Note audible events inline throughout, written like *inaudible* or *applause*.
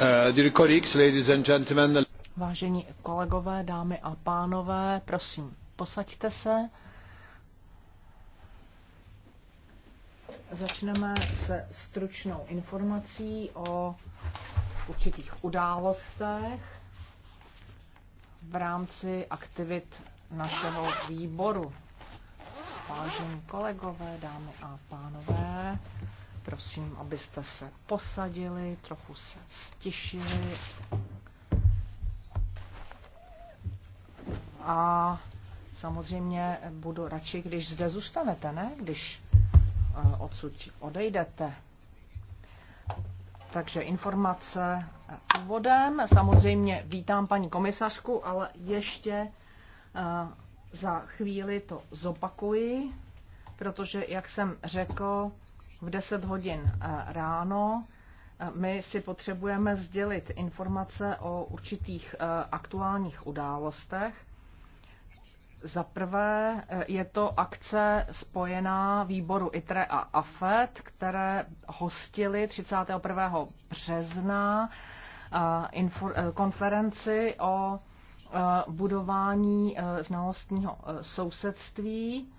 Uh, Vážení kolegové, dámy a pánové, prosím, posaďte se. Začneme se stručnou informací o určitých událostech v rámci aktivit našeho výboru. Vážení kolegové, dámy a pánové, Prosím, abyste se posadili, trochu se stišili. A samozřejmě budu radši, když zde zůstanete, ne? Když eh, odsud odejdete. Takže informace úvodem. Samozřejmě vítám paní komisařku, ale ještě eh, za chvíli to zopakuji, protože, jak jsem řekl, v 10 hodin eh, ráno. Eh, my si potřebujeme sdělit informace o určitých eh, aktuálních událostech. Za prvé je to akce spojená výboru ITRE a AFET, které hostili 31. března konferenci o budování znalostního sousedství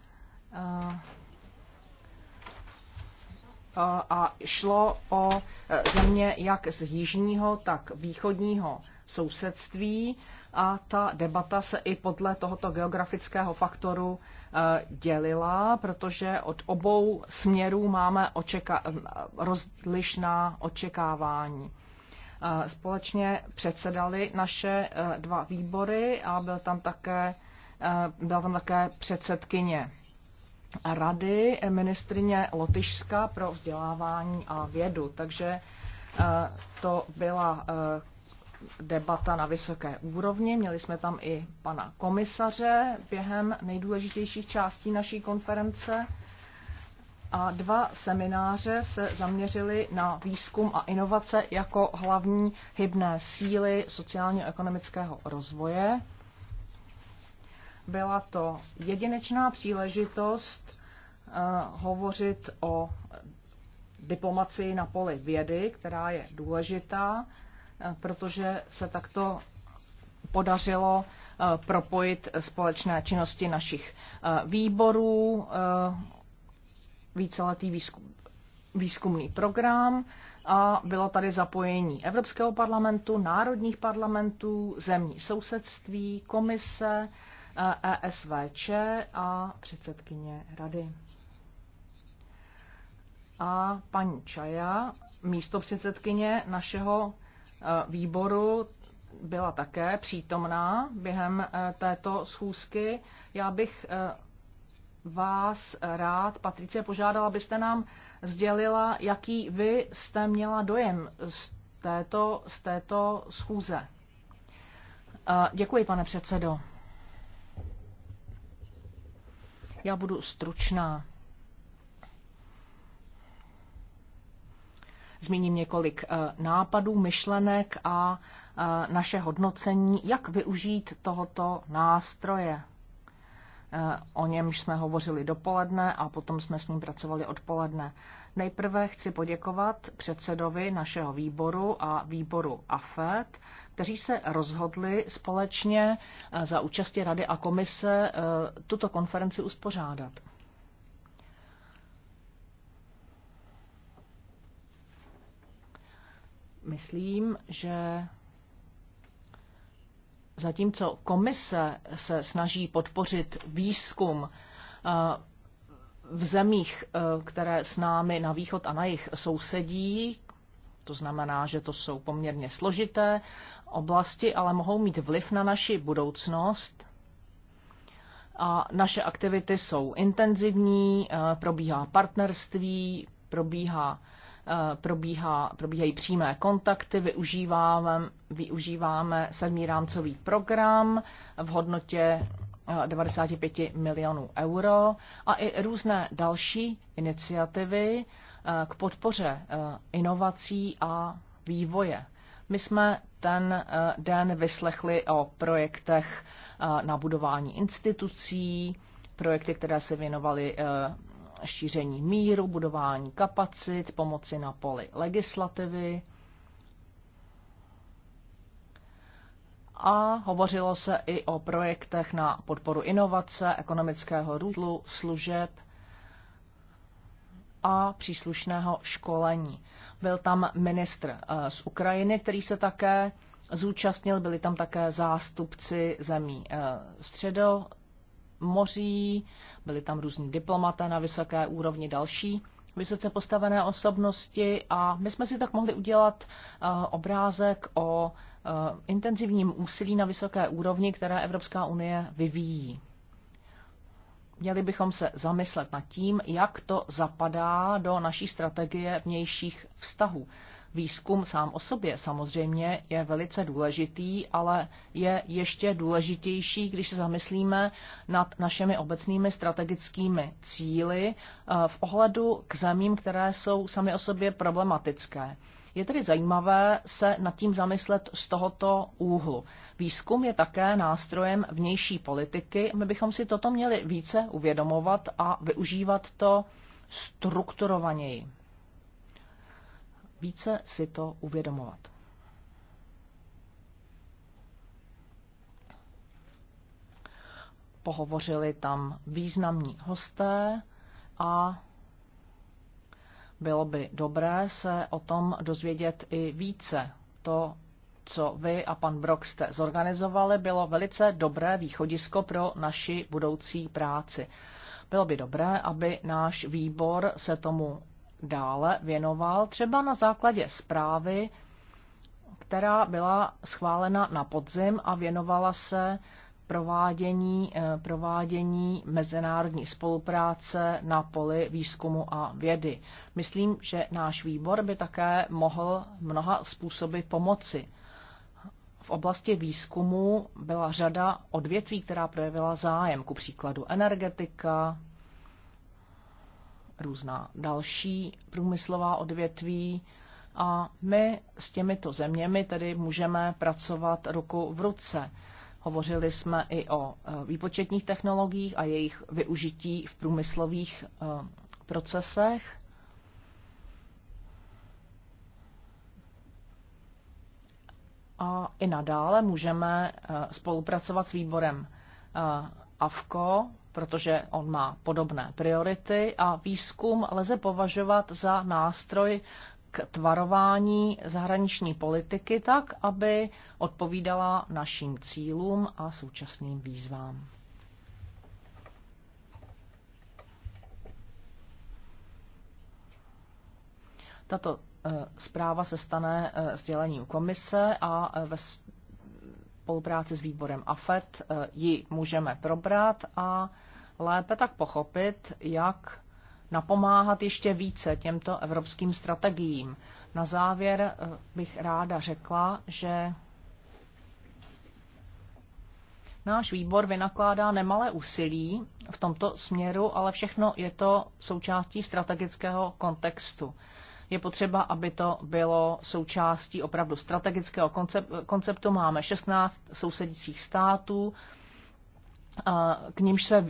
a šlo o e, země jak z jižního, tak východního sousedství a ta debata se i podle tohoto geografického faktoru e, dělila, protože od obou směrů máme očeka- rozlišná očekávání. E, společně předsedali naše dva výbory a byl tam také, byla tam také předsedkyně rady ministrině Lotyšska pro vzdělávání a vědu. Takže eh, to byla eh, debata na vysoké úrovni. Měli jsme tam i pana komisaře během nejdůležitějších částí naší konference. A dva semináře se zaměřily na výzkum a inovace jako hlavní hybné síly sociálně-ekonomického rozvoje. Byla to jedinečná příležitost eh, hovořit o diplomacii na poli vědy, která je důležitá, eh, protože se takto podařilo eh, propojit společné činnosti našich výborů, víceletý výzkum, výzkumný program a bylo tady zapojení Evropského parlamentu, národních parlamentů, zemí sousedství, komise, ESVČ eh, e a předsedkyně rady. A paní Čaja, místo předsedkyně našeho eh, výboru, byla také přítomná během eh, této schůzky. Já bych vás rád, Patrice, požádala, abyste nám sdělila, jaký vy jste měla dojem z této, z této schůze. Děkuji, pane předsedo. Já budu stručná. Zmíním několik eh, nápadů, myšlenek a eh, naše hodnocení, jak využít tohoto nástroje. Eh, o něm jsme hovořili dopoledne a potom jsme s ním pracovali odpoledne. Nejprve chci poděkovat předsedovi našeho výboru a výboru AFET kteří se rozhodli společně eh, za účasti Rady a komise eh, tuto konferenci uspořádat. Myslím, že zatímco komise se snaží podpořit výzkum eh, v zemích, které s námi na východ a na jich sousedí, to znamená, že to jsou poměrně složité oblasti, ale mohou mít vliv na naši budoucnost. A naše aktivity jsou intenzivní, eh, probíhá partnerství, probíhá, eh, probíhá, probíhají přímé kontakty, využíváme, využíváme sedmý rámcový program v hodnotě 95 eh, milionů euro a i různé další iniciativy k podpoře inovací a vývoje. My jsme ten eh, den vyslechli o projektech eh, na budování institucí, projekty, které se věnovaly eh, šíření míru, budování kapacit, pomoci na poli legislativy. A hovořilo se i o projektech na podporu inovace, ekonomického růstu, služeb a příslušného školení. Byl tam ministr eh, z Ukrajiny, který se také zúčastnil, byli tam také zástupci zemí eh, středo moří, byli tam různí diplomaté na vysoké úrovni, další vysoce postavené osobnosti a my jsme si tak mohli udělat eh, obrázek o intenzivním úsilí na vysoké úrovni, které Evropská unie vyvíjí měli bychom se zamyslet nad tím, jak to zapadá do naší strategie vnějších vztahů. Výzkum sám o sobě samozřejmě je velice důležitý, ale je ještě důležitější, když se zamyslíme nad našimi obecnými strategickými cíly eh, v ohledu k zemím, které jsou sami o sobě problematické. Je tedy zajímavé se nad tím zamyslet z tohoto úhlu. Výzkum je také nástrojem vnější politiky. My bychom si toto měli více uvědomovat a využívat to strukturovaněji. Více si to uvědomovat. Pohovořili tam významní hosté a bylo by dobré se o tom dozvědět i více. To, co vy a pan Brock jste zorganizovali, bylo velice dobré východisko pro naši budoucí práci. Bylo by dobré, aby náš výbor se tomu dále věnoval, třeba na základě zprávy, která byla schválena na podzim a věnovala se provádění, eh, provádění mezinárodní spolupráce na poli výzkumu a vědy. Myslím, že náš výbor by také mohl mnoha způsoby pomoci. V oblasti výzkumu byla řada odvětví, která projevila zájem, ku příkladu energetika, různá další průmyslová odvětví, a my s těmito zeměmi tedy můžeme pracovat ruku v ruce. Hovořili jsme i o e, výpočetních technologiích a jejich využití v průmyslových e, procesech. A i nadále můžeme e, spolupracovat s výborem AFKO, protože on má podobné priority a výzkum lze považovat za nástroj k tvarování zahraniční politiky tak, aby odpovídala našim cílům a současným výzvám. Tato eh, zpráva se stane eh, sdělením komise a eh, ve spolupráci s výborem AFET ji můžeme probrat a lépe tak pochopit, jak napomáhat ještě více těmto evropským strategiím. Na závěr eh, bych ráda řekla, že náš výbor vynakládá nemalé úsilí v tomto směru, ale všechno je to součástí strategického kontextu. Je potřeba, aby to bylo součástí opravdu strategického konceptu. Máme 16 sousedících států, k nímž se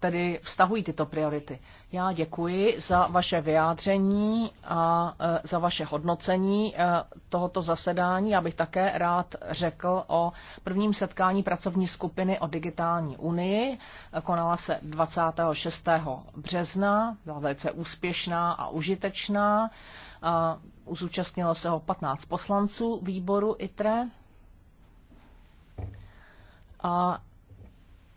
tedy vztahují tyto priority. Já děkuji za vaše vyjádření a e, za vaše hodnocení e, tohoto zasedání. Já bych také rád řekl o prvním setkání pracovní skupiny o digitální unii. E, konala se 26. března, byla velice úspěšná a užitečná. Zúčastnilo se ho 15 poslanců výboru ITRE. A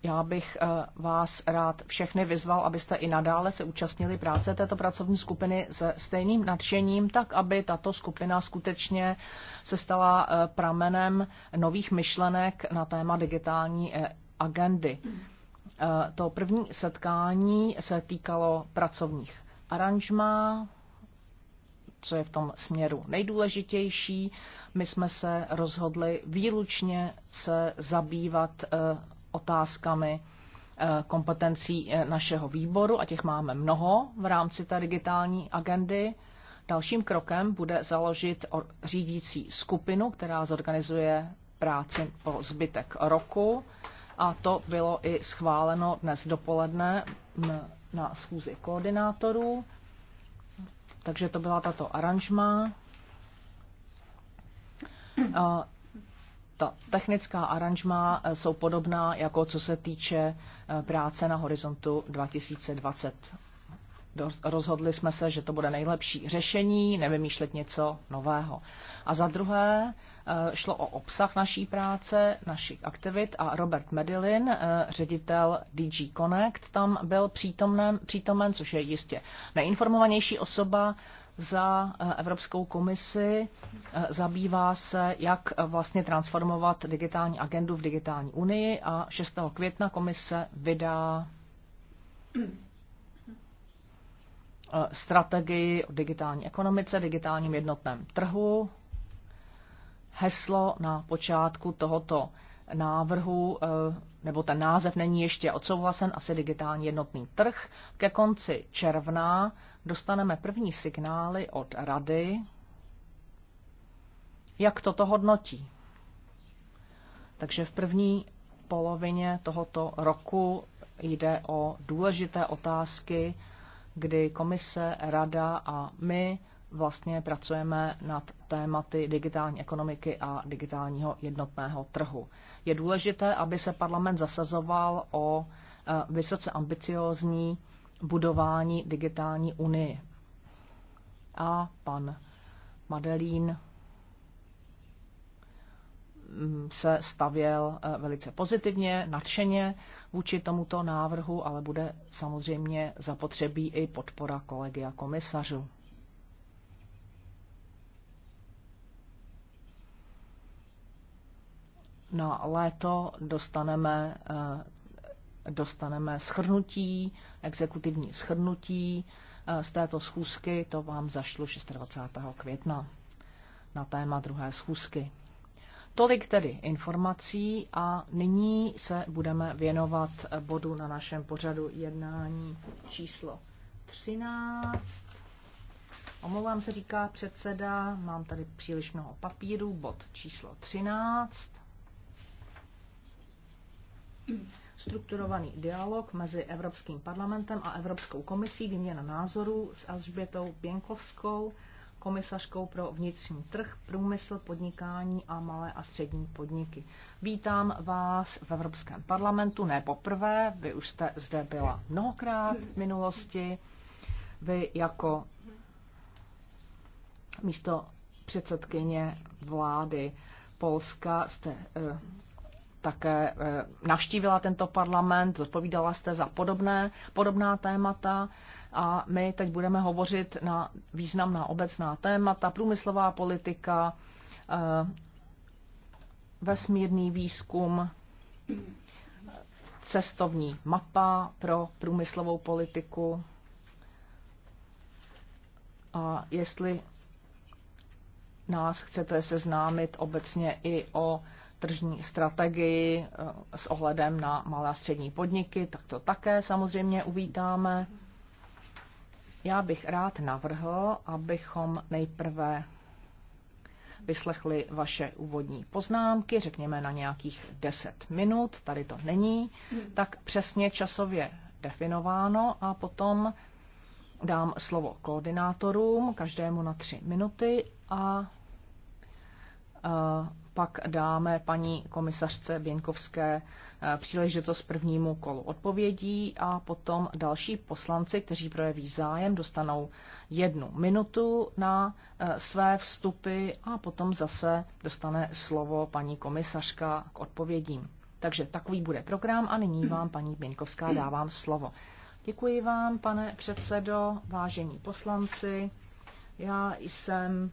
já bych eh, vás rád všechny vyzval, abyste i nadále se účastnili práce této pracovní skupiny se stejným nadšením, tak aby tato skupina skutečně se stala eh, pramenem nových myšlenek na téma digitální eh, agendy. To první setkání se týkalo pracovních aranžmá, co je v tom směru nejdůležitější. My jsme se rozhodli výlučně se zabývat otázkami eh, kompetencí eh, našeho výboru a těch máme mnoho v rámci té digitální agendy. Dalším krokem bude založit řídící skupinu, která zorganizuje práci po zbytek roku a to bylo i schváleno dnes dopoledne na schůzi koordinátorů. Takže to byla tato aranžma. Eh, ta technická aranžma eh, jsou podobná, jako co se týče eh, práce na horizontu 2020. Rozhodli jsme se, že to bude nejlepší řešení, nevymýšlet něco nového. A za druhé eh, šlo o obsah naší práce, našich aktivit a Robert Medilin, ředitel DG Connect, tam byl přítomen, přítomen což je jistě neinformovanější osoba, za eh, Evropskou komisi, eh, zabývá se, jak eh, vlastně transformovat digitální agendu v digitální unii a 6. května komise vydá strategii o digitální ekonomice, digitálním jednotném trhu. Heslo na počátku tohoto návrhu, nebo ten název není ještě odsouhlasen, asi digitální jednotný trh. Ke konci června dostaneme první signály od rady, jak toto hodnotí. Takže v první polovině tohoto roku jde o důležité otázky, kdy komise, rada a my vlastně pracujeme nad tématy digitální ekonomiky a digitálního jednotného trhu. Je důležité, aby se parlament zasazoval o eh, vysoce ambiciózní budování digitální unie. A pan Madelín mm, se stavěl eh, velice pozitivně, nadšeně vůči tomuto návrhu, ale bude samozřejmě zapotřebí i podpora kolegy a komisařů. Na léto dostaneme eh, dostaneme schrnutí, exekutivní schrnutí eh, z této schůzky, to vám zašlu 26. května na téma druhé schůzky. Tolik tedy informací a nyní se budeme věnovat bodu na našem pořadu jednání číslo 13. Omlouvám se, říká předseda, mám tady příliš mnoho papíru, bod číslo 13 strukturovaný dialog mezi Evropským parlamentem a Evropskou komisí, výměna názorů s Alžbětou Běnkovskou, komisařkou pro vnitřní trh, průmysl, podnikání a malé a střední podniky. Vítám vás v Evropském parlamentu, ne poprvé, vy už jste zde byla mnohokrát v minulosti. Vy jako místo předsedkyně vlády Polska jste eh, také eh, navštívila tento parlament, zodpovídala jste za podobné, podobná témata a my teď budeme hovořit na významná obecná témata, průmyslová politika, eh, vesmírný výzkum, cestovní mapa pro průmyslovou politiku a jestli nás chcete seznámit obecně i o tržní strategii eh, s ohledem na malé a střední podniky, tak to také samozřejmě uvítáme. Já bych rád navrhl, abychom nejprve vyslechli vaše úvodní poznámky, řekněme na nějakých 10 minut, tady to není, tak přesně časově definováno a potom dám slovo koordinátorům, každému na 3 minuty a eh, pak dáme paní komisařce Běnkovské eh, příležitost prvnímu kolu odpovědí a potom další poslanci, kteří projeví zájem, dostanou jednu minutu na eh, své vstupy a potom zase dostane slovo paní komisařka k odpovědím. Takže takový bude program a nyní vám, paní Běnkovská dávám slovo. Děkuji vám, pane předsedo, vážení poslanci. Já jsem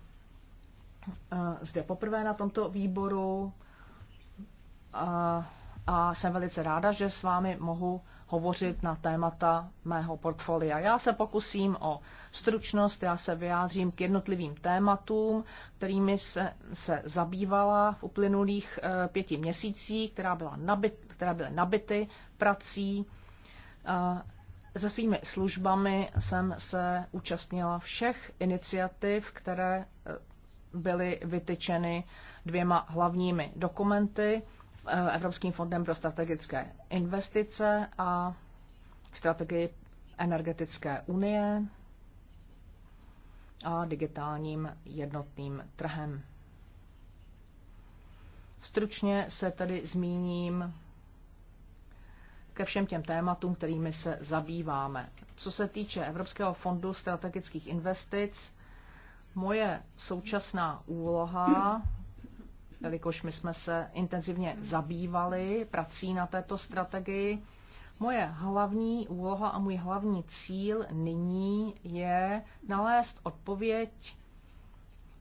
Eh, zde poprvé na tomto výboru a, eh, a jsem velice ráda, že s vámi mohu hovořit na témata mého portfolia. Já se pokusím o stručnost, já se vyjádřím k jednotlivým tématům, kterými se, se zabývala v uplynulých eh, pěti měsících, která byla nabit, která byly nabity prací. Se svými službami jsem se účastnila všech iniciativ, které byly vytyčeny dvěma hlavními dokumenty, eh, Evropským fondem pro strategické investice a strategii energetické unie a digitálním jednotným trhem. Stručně se tedy zmíním ke všem těm tématům, kterými se zabýváme. Co se týče Evropského fondu strategických investic, Moje současná úloha, jelikož my jsme se intenzivně zabývali prací na této strategii, moje hlavní úloha a můj hlavní cíl nyní je nalézt odpověď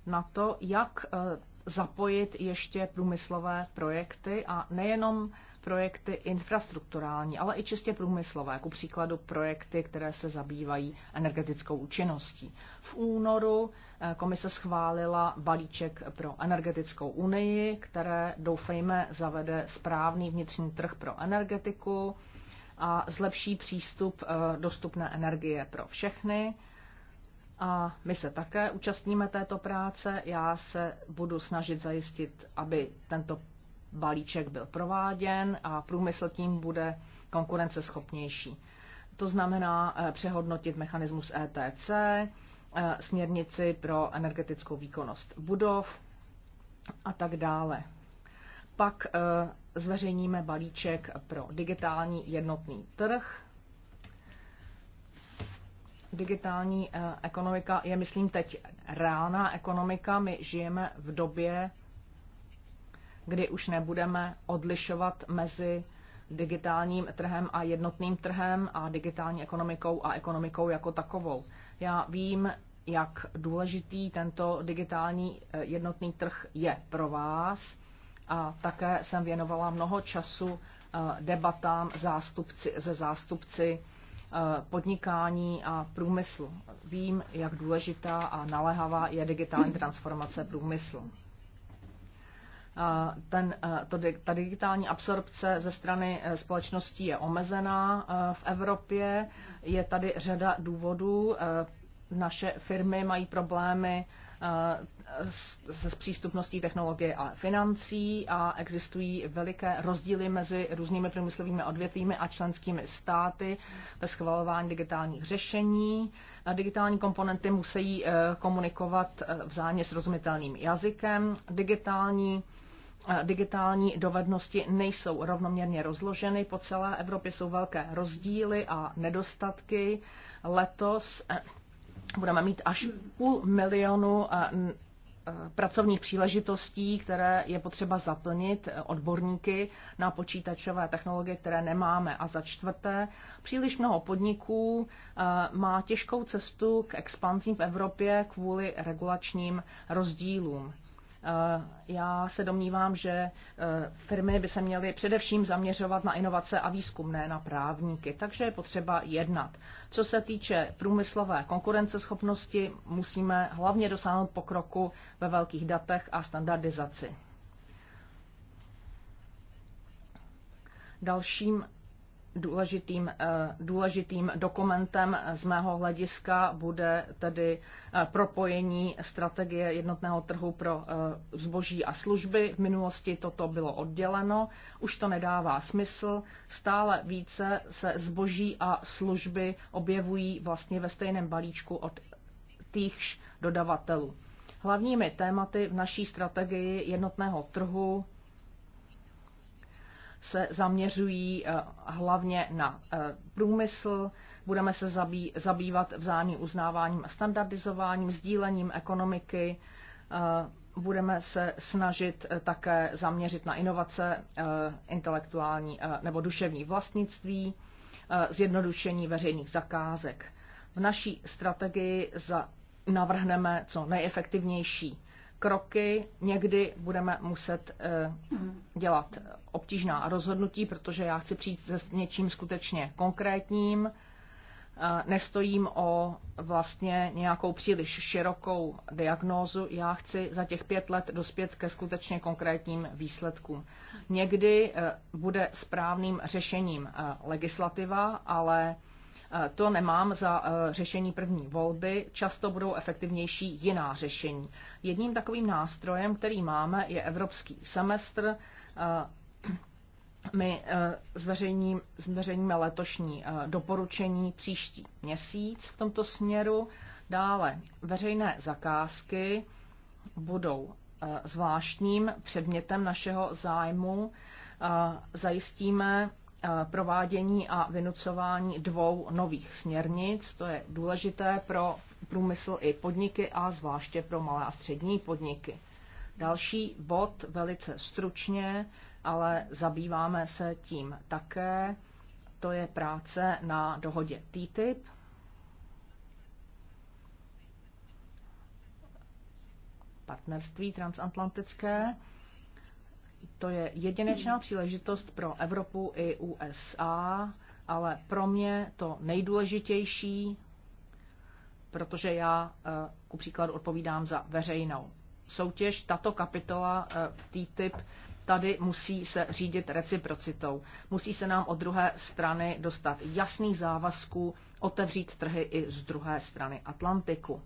na to, jak eh, zapojit ještě průmyslové projekty a nejenom projekty infrastrukturální, ale i čistě průmyslové, jako příkladu projekty, které se zabývají energetickou účinností. V únoru eh, komise schválila balíček pro energetickou unii, které doufejme zavede správný vnitřní trh pro energetiku a zlepší přístup eh, dostupné energie pro všechny. A my se také účastníme této práce. Já se budu snažit zajistit, aby tento balíček byl prováděn a průmysl tím bude konkurenceschopnější. To znamená eh, přehodnotit mechanismus ETC, eh, směrnici pro energetickou výkonnost budov a tak dále. Pak eh, zveřejníme balíček pro digitální jednotný trh. Digitální ekonomika je, myslím, teď reálná ekonomika. My žijeme v době kdy už nebudeme odlišovat mezi digitálním trhem a jednotným trhem a digitální ekonomikou a ekonomikou jako takovou. Já vím, jak důležitý tento digitální eh, jednotný trh je pro vás a také jsem věnovala mnoho času eh, debatám zástupci, ze zástupci eh, podnikání a průmyslu. Vím, jak důležitá a naléhavá je digitální transformace průmyslu ten, to, ta digitální absorpce ze strany e, společností je omezená e, v Evropě. Je tady řada důvodů. E, naše firmy mají problémy se přístupností technologie a financí a existují veliké rozdíly mezi různými průmyslovými odvětvími a členskými státy ve schvalování digitálních řešení. Digitální komponenty musí komunikovat vzájemně srozumitelným jazykem. Digitální digitální dovednosti nejsou rovnoměrně rozloženy. Po celé Evropě jsou velké rozdíly a nedostatky. Letos eh, budeme mít až půl milionu eh, eh, pracovních příležitostí, které je potřeba zaplnit odborníky na počítačové technologie, které nemáme. A za čtvrté, příliš mnoho podniků má těžkou cestu k expanzím v Evropě kvůli regulačním rozdílům. Eh, já se domnívám, že eh, firmy by se měly především zaměřovat na inovace a výzkumné, na právníky, takže je potřeba jednat. Co se týče průmyslové konkurenceschopnosti, musíme hlavně dosáhnout pokroku ve velkých datech a standardizaci. Dalším důležitým, eh, důležitým dokumentem z mého hlediska bude tedy eh, propojení strategie jednotného trhu pro eh, zboží a služby. V minulosti toto bylo odděleno, už to nedává smysl. Stále více se zboží a služby objevují vlastně ve stejném balíčku od týchž dodavatelů. Hlavními tématy v naší strategii jednotného trhu se zaměřují eh, hlavně na eh, průmysl. Budeme se zabývat vzájemným uznáváním a standardizováním, sdílením ekonomiky. Eh, budeme se snažit také zaměřit na inovace intelektuální nebo duševní vlastnictví, zjednodušení veřejných zakázek. V naší strategii navrhneme co nejefektivnější kroky. Někdy budeme muset eh, dělat obtížná rozhodnutí, protože já chci přijít se něčím skutečně konkrétním. Eh, nestojím o vlastně nějakou příliš širokou diagnózu. Já chci za těch pět let dospět ke skutečně konkrétním výsledkům. Někdy eh, bude správným řešením legislativa, ale to nemám za e, řešení první volby, často budou efektivnější jiná řešení. Jedním takovým nástrojem, který máme, je evropský semestr. E, *clears throat* my e, zveřejní, zveřejníme letošní doporučení příští měsíc v tomto směru. Dále veřejné zakázky budou zvláštním předmětem našeho zájmu. Zajistíme Eh, provádění a vynucování dvou nových směrnic. To je důležité pro průmysl i podniky a zvláště pro malé a střední podniky. Další bod velice stručně, ale zabýváme se tím také. To je práce na dohodě TTIP. Partnerství transatlantické to je jedinečná příležitost pro Evropu i USA, ale pro mě to nejdůležitější, protože já eh, ku příkladu odpovídám za veřejnou soutěž. Tato kapitola eh, TTIP tady musí se řídit reciprocitou. Musí se nám od druhé strany dostat jasných závazků, otevřít trhy i z druhé strany Atlantiku.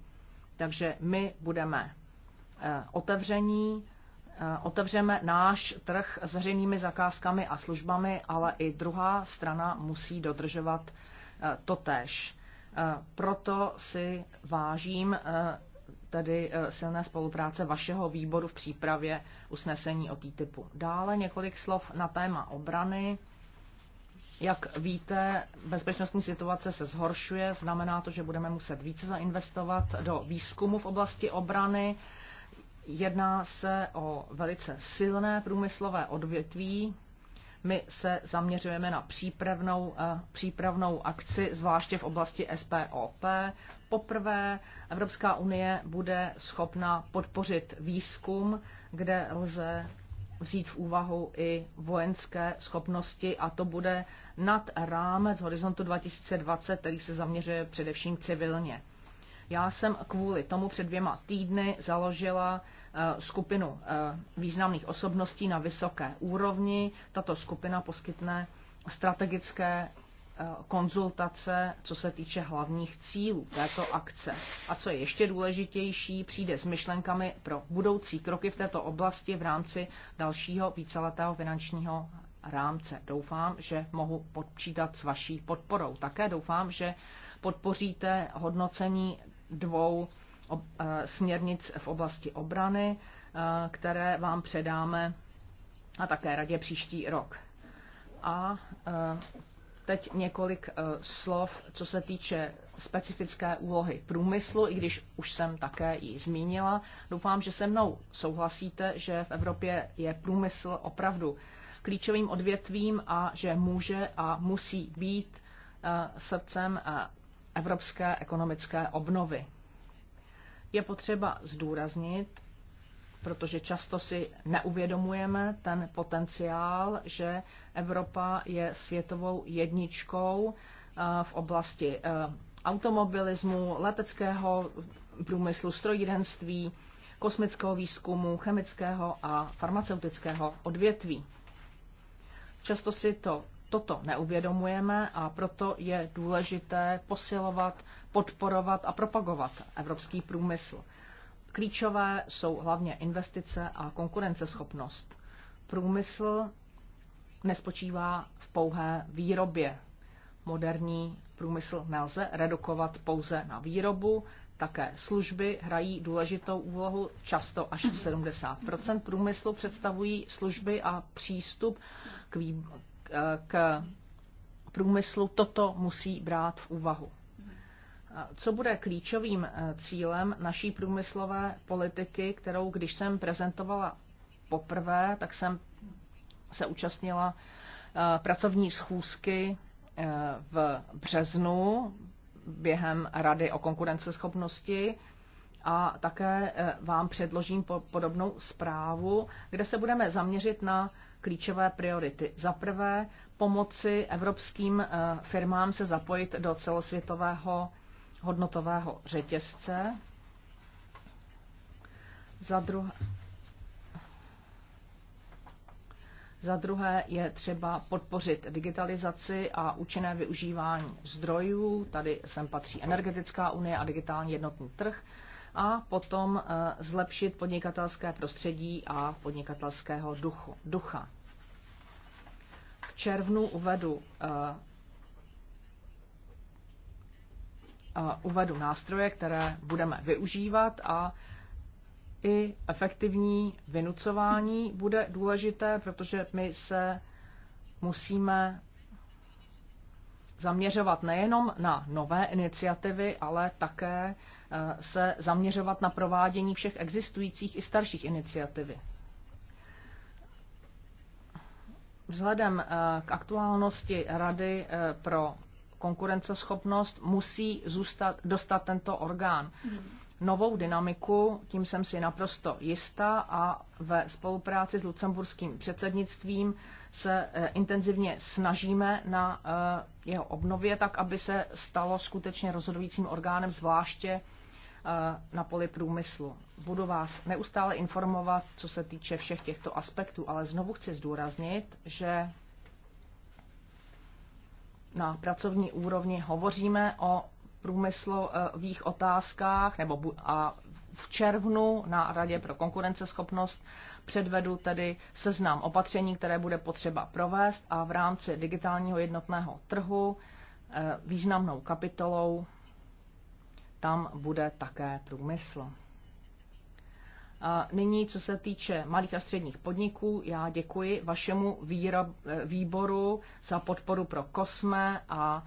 Takže my budeme eh, otevření, Eh, otevřeme náš trh s veřejnými zakázkami a službami, ale i druhá strana musí dodržovat eh, tež. Eh, proto si vážím tedy silné spolupráce vašeho výboru v přípravě usnesení o TTIPu. Dále několik slov na téma obrany. Jak víte, bezpečnostní situace se zhoršuje, znamená to, že budeme muset více zainvestovat do výzkumu v oblasti obrany Jedná se o velice silné průmyslové odvětví. My se zaměřujeme na přípravnou, eh, přípravnou akci, zvláště v oblasti SPOP. Poprvé Evropská unie bude schopna podpořit výzkum, kde lze vzít v úvahu i vojenské schopnosti a to bude nad rámec horizontu 2020, který se zaměřuje především civilně. Já jsem kvůli tomu před dvěma týdny založila eh, skupinu eh, významných osobností na vysoké úrovni. Tato skupina poskytne strategické eh, konzultace, co se týče hlavních cílů této akce. A co je ještě důležitější, přijde s myšlenkami pro budoucí kroky v této oblasti v rámci dalšího víceletého finančního rámce. Doufám, že mohu počítat s vaší podporou. Také doufám, že podpoříte hodnocení dvou eh, směrnic v oblasti obrany, eh, které vám předáme a také radě příští rok. A eh, teď několik slov, co se týče specifické úlohy průmyslu, i když už jsem také ji zmínila. Doufám, že se mnou souhlasíte, že v Evropě je průmysl opravdu klíčovým odvětvím a že může a musí být srdcem evropské ekonomické obnovy. Je potřeba zdůraznit, protože často si neuvědomujeme ten potenciál, že Evropa je světovou jedničkou eh, v oblasti eh, automobilismu, leteckého průmyslu, strojírenství, kosmického výzkumu, chemického a farmaceutického odvětví. Často si to toto neuvědomujeme a proto je důležité posilovat, podporovat a propagovat evropský průmysl. Klíčové jsou hlavně investice a konkurenceschopnost. Průmysl nespočívá v pouhé výrobě. Moderní průmysl nelze redukovat pouze na výrobu, také služby hrají důležitou úlohu, často až 70 *clears throat* průmyslu představují služby a přístup k, vý, Eh, k průmyslu toto musí brát v úvahu. Eh, co bude klíčovým eh, cílem naší průmyslové politiky, kterou když jsem prezentovala poprvé, tak jsem se účastnila pracovní schůzky v březnu během Rady o konkurenceschopnosti a také vám předložím podobnou zprávu, kde se budeme zaměřit na klíčové priority. Za prvé, pomoci evropským eh, firmám se zapojit do celosvětového hodnotového řetězce. Za druhé, Za druhé je třeba podpořit digitalizaci a účinné využívání zdrojů. Tady sem patří energetická unie a digitální jednotný trh a potom eh, zlepšit podnikatelské prostředí a podnikatelského duchu, ducha. K červnu uvedu eh, eh, uvedu nástroje, které budeme využívat a i efektivní vynucování bude důležité, protože my se musíme zaměřovat nejenom na nové iniciativy, ale také Eh, se zaměřovat na provádění všech existujících i starších iniciativy. Vzhledem eh, k aktuálnosti Rady eh, pro konkurenceschopnost musí zůstat, dostat tento orgán hmm novou dynamiku, tím jsem si naprosto jistá a ve spolupráci s lucemburským předsednictvím se eh, intenzivně snažíme na eh, jeho obnově, tak aby se stalo skutečně rozhodujícím orgánem, zvláště eh, na poli průmyslu. Budu vás neustále informovat, co se týče všech těchto aspektů, ale znovu chci zdůraznit, že na pracovní úrovni hovoříme o průmyslových eh, otázkách nebo a v červnu na Radě pro konkurenceschopnost předvedu tedy seznam opatření, které bude potřeba provést a v rámci digitálního jednotného trhu eh, významnou kapitolou tam bude také průmysl. A nyní, co se týče malých a středních podniků, já děkuji vašemu výrob, eh, výboru za podporu pro Kosme a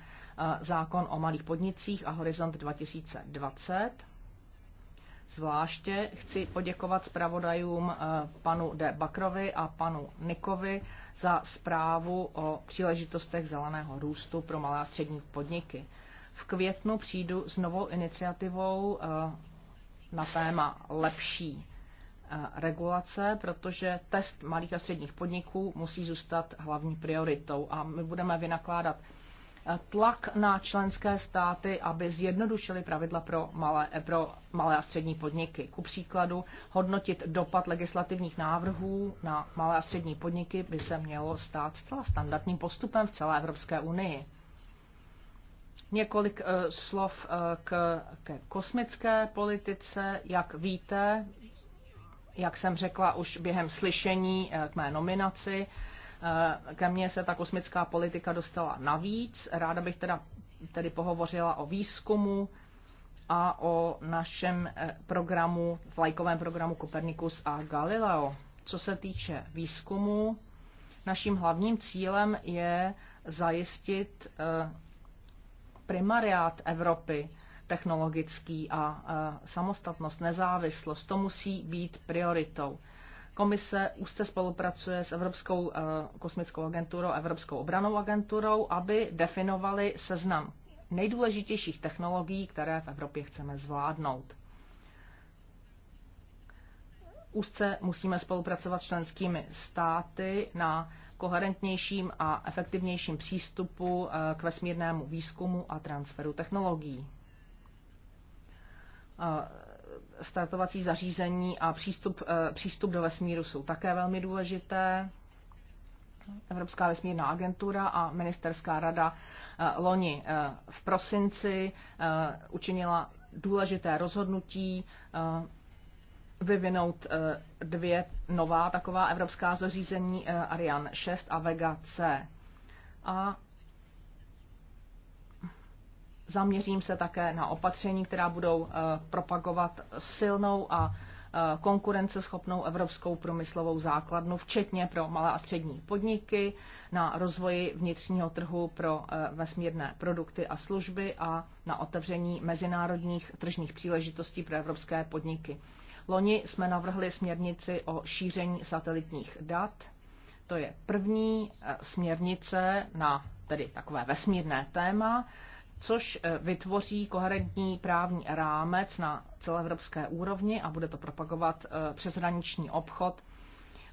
zákon o malých podnicích a Horizont 2020. Zvláště chci poděkovat zpravodajům eh, panu De Bakrovi a panu Nikovi za zprávu o příležitostech zeleného růstu pro malé a střední podniky. V květnu přijdu s novou iniciativou eh, na téma lepší eh, regulace, protože test malých a středních podniků musí zůstat hlavní prioritou a my budeme vynakládat tlak na členské státy, aby zjednodušili pravidla pro malé, pro malé a střední podniky. Ku příkladu, hodnotit dopad legislativních návrhů na malé a střední podniky by se mělo stát zcela standardním postupem v celé Evropské unii. Několik uh, slov uh, k, ke kosmické politice. Jak víte, jak jsem řekla už během slyšení uh, k mé nominaci, uh, Eh, ke mně se ta kosmická politika dostala navíc. Ráda bych teda, tedy pohovořila o výzkumu a o našem eh, programu, vlajkovém programu Copernicus a Galileo. Co se týče výzkumu, naším hlavním cílem je zajistit eh, primariát Evropy technologický a samostatnost, nezávislost. To musí být prioritou. Komise úzce spolupracuje s Evropskou eh, kosmickou agenturou a Evropskou obranou agenturou, aby definovali seznam nejdůležitějších technologií, které v Evropě chceme zvládnout. Úzce musíme spolupracovat s členskými státy na koherentnějším a efektivnějším přístupu eh, k vesmírnému výzkumu a transferu technologií eh, startovací zařízení a přístup, eh, přístup do vesmíru jsou také velmi důležité. Evropská vesmírná agentura a ministerská rada eh, loni eh, v prosinci učinila důležité rozhodnutí vyvinout dvě nová taková evropská zařízení Ariane 6 a Vega C. A Zaměřím se také na opatření, která budou eh, propagovat silnou a eh, konkurenceschopnou evropskou průmyslovou základnu, včetně pro malé a střední podniky, na rozvoji vnitřního trhu pro eh, vesmírné produkty a služby a na otevření mezinárodních tržních příležitostí pro evropské podniky. Loni jsme navrhli směrnici o šíření satelitních dat. To je první směrnice na tedy takové vesmírné téma, což eh, vytvoří koherentní právní rámec na celoevropské úrovni a bude to propagovat eh, přeshraniční obchod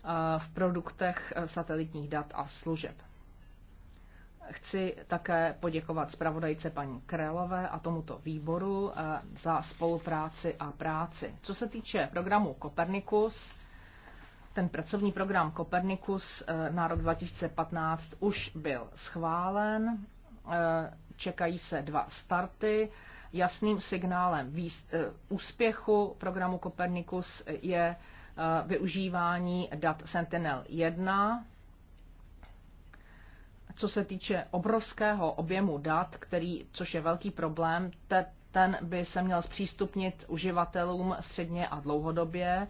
eh, v produktech satelitních dat a služeb. Chci také poděkovat zpravodajce paní Krélové a tomuto výboru za spolupráci a práci. Co se týče programu Kopernikus, ten pracovní program Kopernikus na rok 2015 už byl schválen čekají se dva starty. Jasným signálem eh, úspěchu programu Copernicus je eh, využívání dat Sentinel-1. Co se týče obrovského objemu dat, který, což je velký problém, ten by se měl zpřístupnit uživatelům středně a dlouhodobě.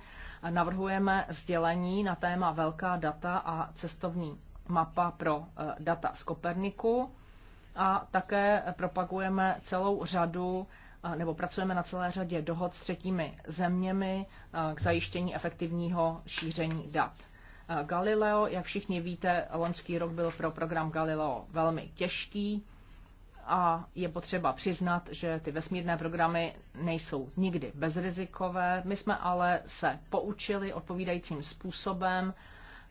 Navrhujeme sdělení na téma velká data a cestovní mapa pro eh, data z Koperniku a také propagujeme celou řadu eh, nebo pracujeme na celé řadě dohod s třetími zeměmi eh, k zajištění efektivního šíření dat. Eh, Galileo, jak všichni víte, loňský rok byl pro program Galileo velmi těžký a je potřeba přiznat, že ty vesmírné programy nejsou nikdy bezrizikové. My jsme ale se poučili odpovídajícím způsobem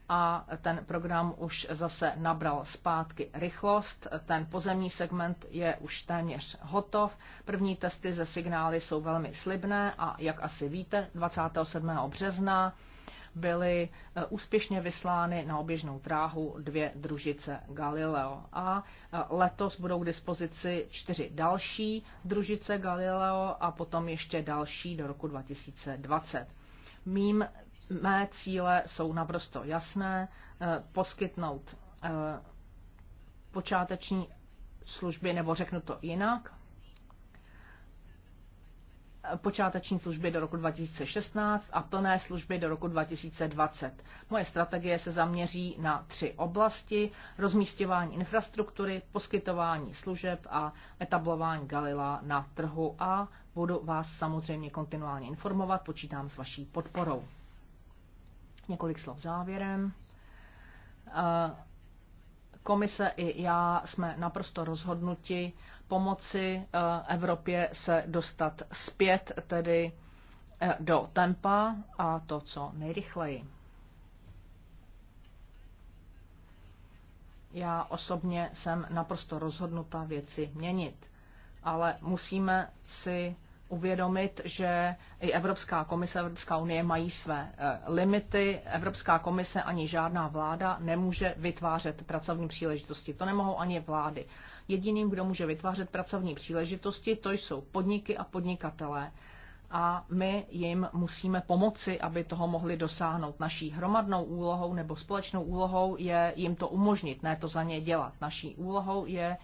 a ten program už zase nabral zpátky rychlost. Ten pozemní segment je už téměř hotov. První testy ze signály jsou velmi slibné a jak asi víte, 27. března byly e, úspěšně vyslány na oběžnou dráhu dvě družice Galileo. A e, letos budou k dispozici čtyři další družice Galileo a potom ještě další do roku 2020. Mým Mé cíle jsou naprosto jasné. Eh, poskytnout eh, počáteční služby, nebo řeknu to jinak, eh, počáteční služby do roku 2016 a plné služby do roku 2020. Moje strategie se zaměří na tři oblasti. Rozmístěvání infrastruktury, poskytování služeb a etablování Galila na trhu a budu vás samozřejmě kontinuálně informovat, počítám s vaší podporou. Několik slov závěrem. Eh, komise i já jsme naprosto rozhodnuti pomoci eh, Evropě se dostat zpět, tedy eh, do tempa a to co nejrychleji. Já osobně jsem naprosto rozhodnuta věci měnit, ale musíme si uvědomit, že i Evropská komise, Evropská unie mají své eh, limity. Evropská komise ani žádná vláda nemůže vytvářet pracovní příležitosti. To nemohou ani vlády. Jediným, kdo může vytvářet pracovní příležitosti, to jsou podniky a podnikatelé. A my jim musíme pomoci, aby toho mohli dosáhnout. Naší hromadnou úlohou nebo společnou úlohou je jim to umožnit, ne to za ně dělat. Naší úlohou je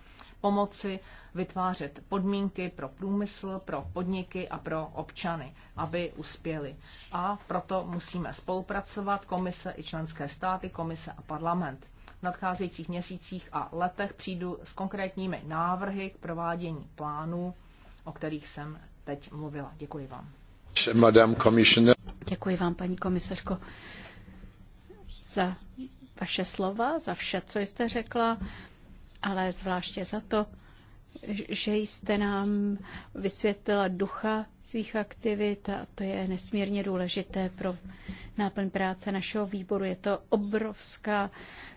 pomoci vytvářet podmínky pro průmysl, pro podniky a pro občany, aby uspěli. A proto musíme spolupracovat komise i členské státy, komise a parlament. V nadcházejících měsících a letech přijdu s konkrétními návrhy k provádění plánů, o kterých jsem teď mluvila. Děkuji vám. Děkuji vám, paní komisařko, za vaše slova, za vše, co jste řekla ale zvláště za to, že jste nám vysvětlila ducha svých aktivit a to je nesmírně důležité pro náplň práce našeho výboru. Je to obrovská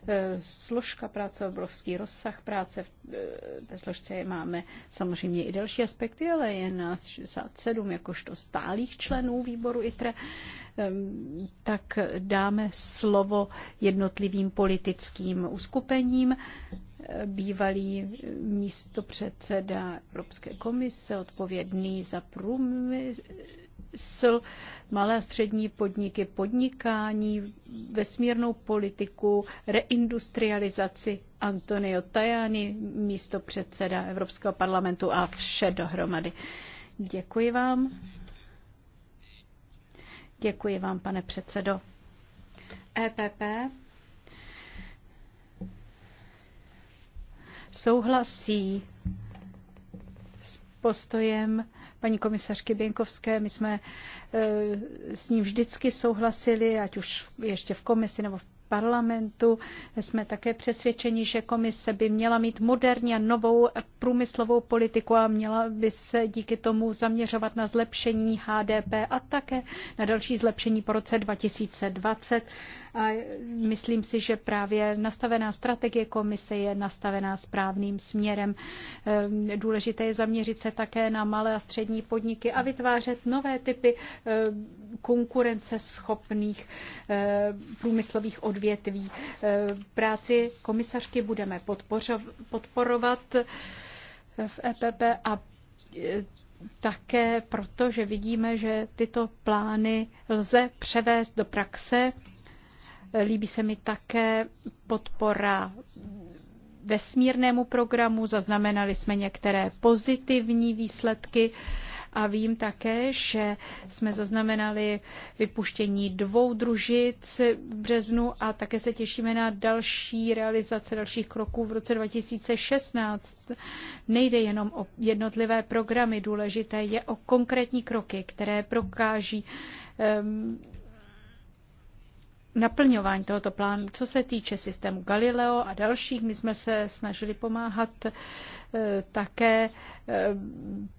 eh, složka práce, obrovský rozsah práce. V eh, té složce máme samozřejmě i další aspekty, ale je nás 67 jakožto stálých členů výboru ITRE. Ehm, tak dáme slovo jednotlivým politickým uskupením bývalý místopředseda Evropské komise, odpovědný za průmysl, malé a střední podniky, podnikání, vesmírnou politiku, reindustrializaci Antonio Tajani, místopředseda Evropského parlamentu a vše dohromady. Děkuji vám. Děkuji vám, pane předsedo. EPP souhlasí s postojem paní komisařky Běnkovské. My jsme eh, s ním vždycky souhlasili, ať už ještě v komisi nebo v parlamentu jsme také přesvědčeni, že komise by měla mít moderní a novou průmyslovou politiku a měla by se díky tomu zaměřovat na zlepšení HDP a také na další zlepšení po roce 2020. A myslím si, že právě nastavená strategie komise je nastavená správným směrem. Ehm, důležité je zaměřit se také na malé a střední podniky a vytvářet nové typy ehm, konkurenceschopných ehm, průmyslových odvětví odvětví. E, práci komisařky budeme podporovat v EPP a e, také proto, že vidíme, že tyto plány lze převést do praxe. Líbí se mi také podpora vesmírnému programu. Zaznamenali jsme některé pozitivní výsledky. A vím také, že jsme zaznamenali vypuštění dvou družic v březnu a také se těšíme na další realizace dalších kroků v roce 2016. Nejde jenom o jednotlivé programy, důležité je o konkrétní kroky, které prokáží um, naplňování tohoto plánu. Co se týče systému Galileo a dalších, my jsme se snažili pomáhat eh, také eh,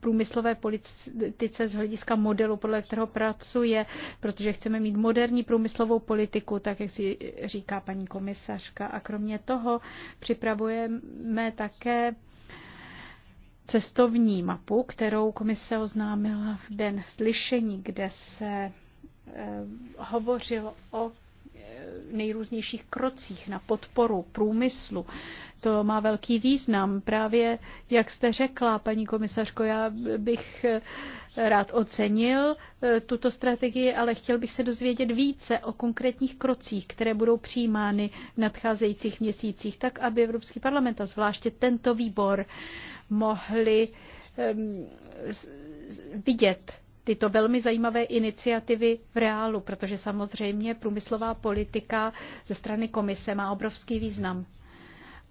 průmyslové politice z hlediska modelu, podle kterého pracuje, protože chceme mít moderní průmyslovou politiku, tak jak si říká paní komisařka. A kromě toho připravujeme také cestovní mapu, kterou komise oznámila v den slyšení, kde se eh, hovořilo o Eh, nejrůznějších krocích na podporu průmyslu. To má velký význam. Právě, jak jste řekla, paní komisařko, já bych eh, rád ocenil eh, tuto strategii, ale chtěl bych se dozvědět více o konkrétních krocích, které budou přijímány v nadcházejících měsících, tak aby Evropský parlament a zvláště tento výbor mohli ehm, vidět tyto velmi zajímavé iniciativy v reálu, protože samozřejmě průmyslová politika ze strany komise má obrovský význam.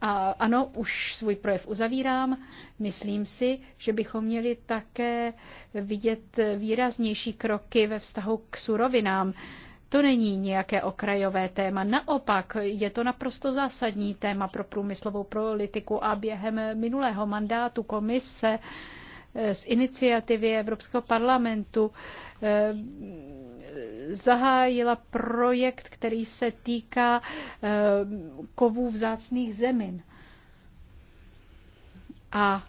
A ano, už svůj projev uzavírám. Myslím si, že bychom měli také vidět výraznější kroky ve vztahu k surovinám. To není nějaké okrajové téma, naopak je to naprosto zásadní téma pro průmyslovou politiku a během minulého mandátu komise uh, z iniciativy Evropského parlamentu eh, zahájila projekt, který se týká eh, kovů vzácných zemin. A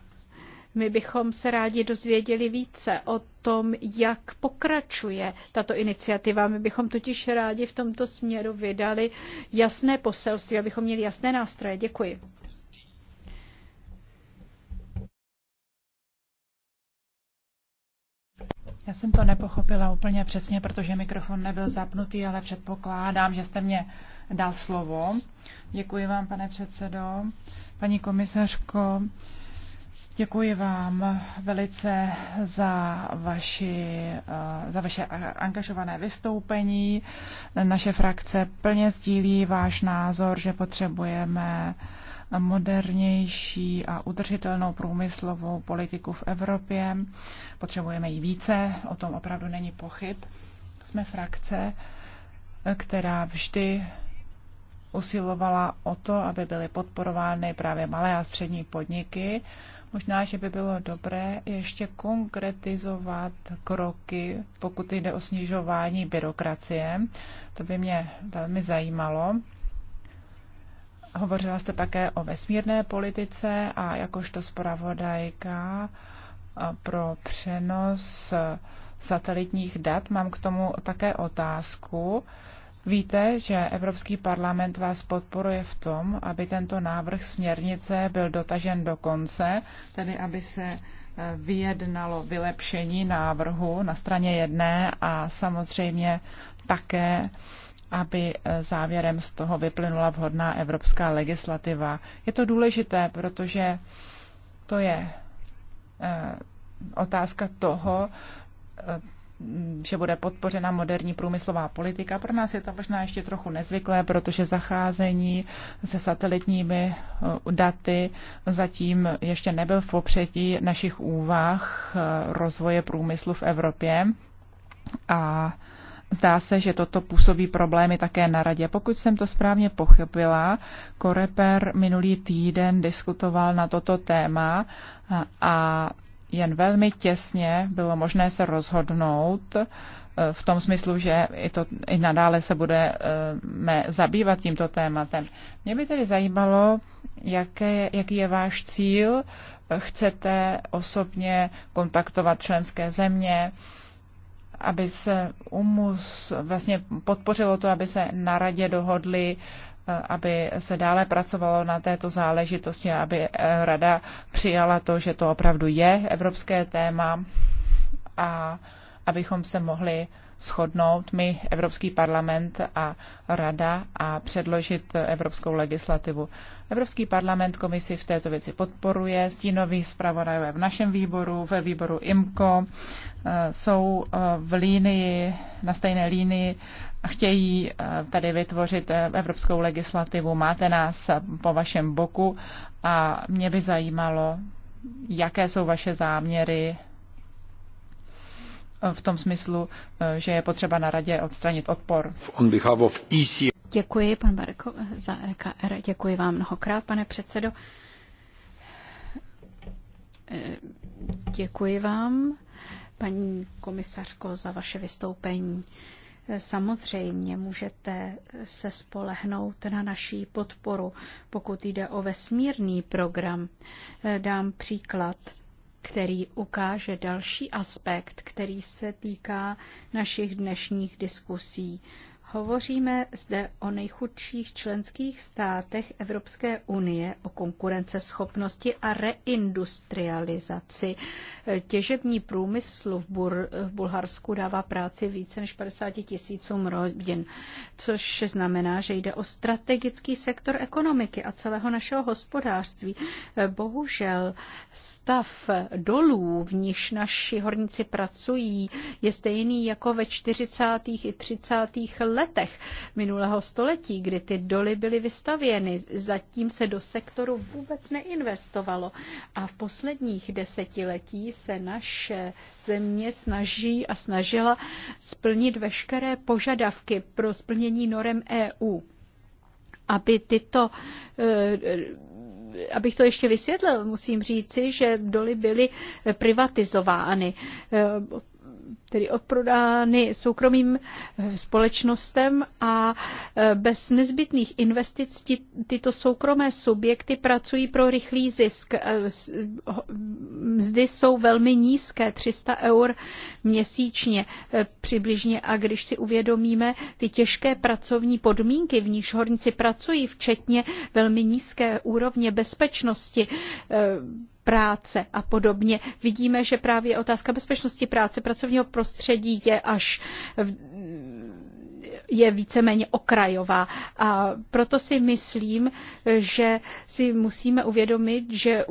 my bychom se rádi dozvěděli více o tom, jak pokračuje tato iniciativa. My bychom totiž rádi v tomto směru vydali jasné poselství, abychom měli jasné nástroje. Děkuji. Já jsem to nepochopila úplně přesně, protože mikrofon nebyl zapnutý, ale předpokládám, že jste mě dal slovo. Děkuji vám, pane předsedo. Paní komisařko, Děkuji vám velice za, vaši, eh, za vaše angažované vystoupení. Naše frakce plně sdílí váš názor, že potřebujeme modernější a udržitelnou průmyslovou politiku v Evropě. Potřebujeme ji více, o tom opravdu není pochyb. Jsme frakce, která vždy usilovala o to, aby byly podporovány právě malé a střední podniky. Možná, že by bylo dobré ještě konkretizovat kroky, pokud jde o snižování byrokracie. To by mě velmi zajímalo. Hovořila jste také o vesmírné politice a jakožto zpravodajka pro přenos e, satelitních dat mám k tomu také otázku. Víte, že Evropský parlament vás podporuje v tom, aby tento návrh směrnice byl dotažen do konce, tedy aby se e, vyjednalo vylepšení návrhu na straně jedné a samozřejmě také aby eh, závěrem z toho vyplynula vhodná evropská legislativa. Je to důležité, protože to je eh, otázka toho, eh, že bude podpořena moderní průmyslová politika. Pro nás je to možná ještě trochu nezvyklé, protože zacházení se satelitními daty zatím ještě nebyl v popředí našich úvah rozvoje průmyslu v Evropě. A Zdá se, že toto působí problémy také na radě. Pokud jsem to správně pochopila, Koreper minulý týden diskutoval na toto téma a jen velmi těsně bylo možné se rozhodnout eh, v tom smyslu, že i, to, i nadále se budeme eh, zabývat tímto tématem. Mě by tedy zajímalo, jaké, jaký je váš cíl. Chcete osobně kontaktovat členské země, aby se umus vlastně podpořilo to, aby se na radě dohodli, eh, aby se dále pracovalo na této záležitosti, aby eh, rada přijala to, že to opravdu je evropské téma a abychom se mohli shodnout, my, Evropský parlament a Rada, a předložit evropskou legislativu. Evropský parlament komisi v této věci podporuje, stínový zpravodajové v našem výboru, ve výboru IMCO, eh, jsou eh, v línii, na stejné línii, chtějí eh, tady vytvořit evropskou legislativu. Máte nás po vašem boku a mě by zajímalo, jaké jsou vaše záměry v tom smyslu, eh, že je potřeba na radě odstranit odpor. On e Děkuji, pan Barko, za EKR. Děkuji vám mnohokrát, pane předsedo. Eh, děkuji vám, paní komisařko, za vaše vystoupení. Eh, samozřejmě můžete se spolehnout na naší podporu, pokud jde o vesmírný program. Dám příklad který ukáže další aspekt, který se týká našich dnešních diskusí. Hovoříme zde o nejchudších členských státech Evropské unie, o konkurenceschopnosti a reindustrializaci. Těžební průmysl v, Bur- v Bulharsku dává práci více než 50 tisícům rodin, což znamená, že jde o strategický sektor ekonomiky a celého našeho hospodářství. Bohužel stav dolů, v nichž naši horníci pracují, je stejný jako ve 40. i 30. letech letech minulého století, kdy ty doly byly vystavěny. Zatím se do sektoru vůbec neinvestovalo. A v posledních desetiletí se naše země snaží a snažila splnit veškeré požadavky pro splnění norem EU. Aby tyto eh, abych to ještě vysvětlil, musím říci, že doly byly privatizovány tedy odprodány soukromým eh, společnostem a eh, bez nezbytných investic tyto soukromé subjekty pracují pro rychlý zisk. Eh, mzdy jsou velmi nízké, 300 eur měsíčně přibližně a když si uvědomíme ty těžké pracovní podmínky, v níž horníci pracují, včetně velmi nízké úrovně bezpečnosti, práce a podobně. Vidíme, že právě otázka bezpečnosti práce, pracovního prostředí je až v, je víceméně okrajová. A proto si myslím, že si musíme uvědomit, že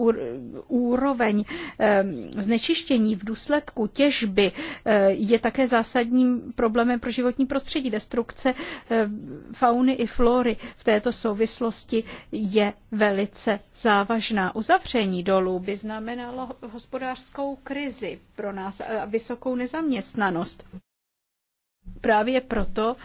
úroveň ehm, znečištění v důsledku těžby eh, je také zásadním problémem pro životní prostředí. Destrukce ehm, fauny i flory v této souvislosti je velice závažná. Uzavření dolů by znamenalo hospodářskou krizi pro nás a vysokou nezaměstnanost. Právě proto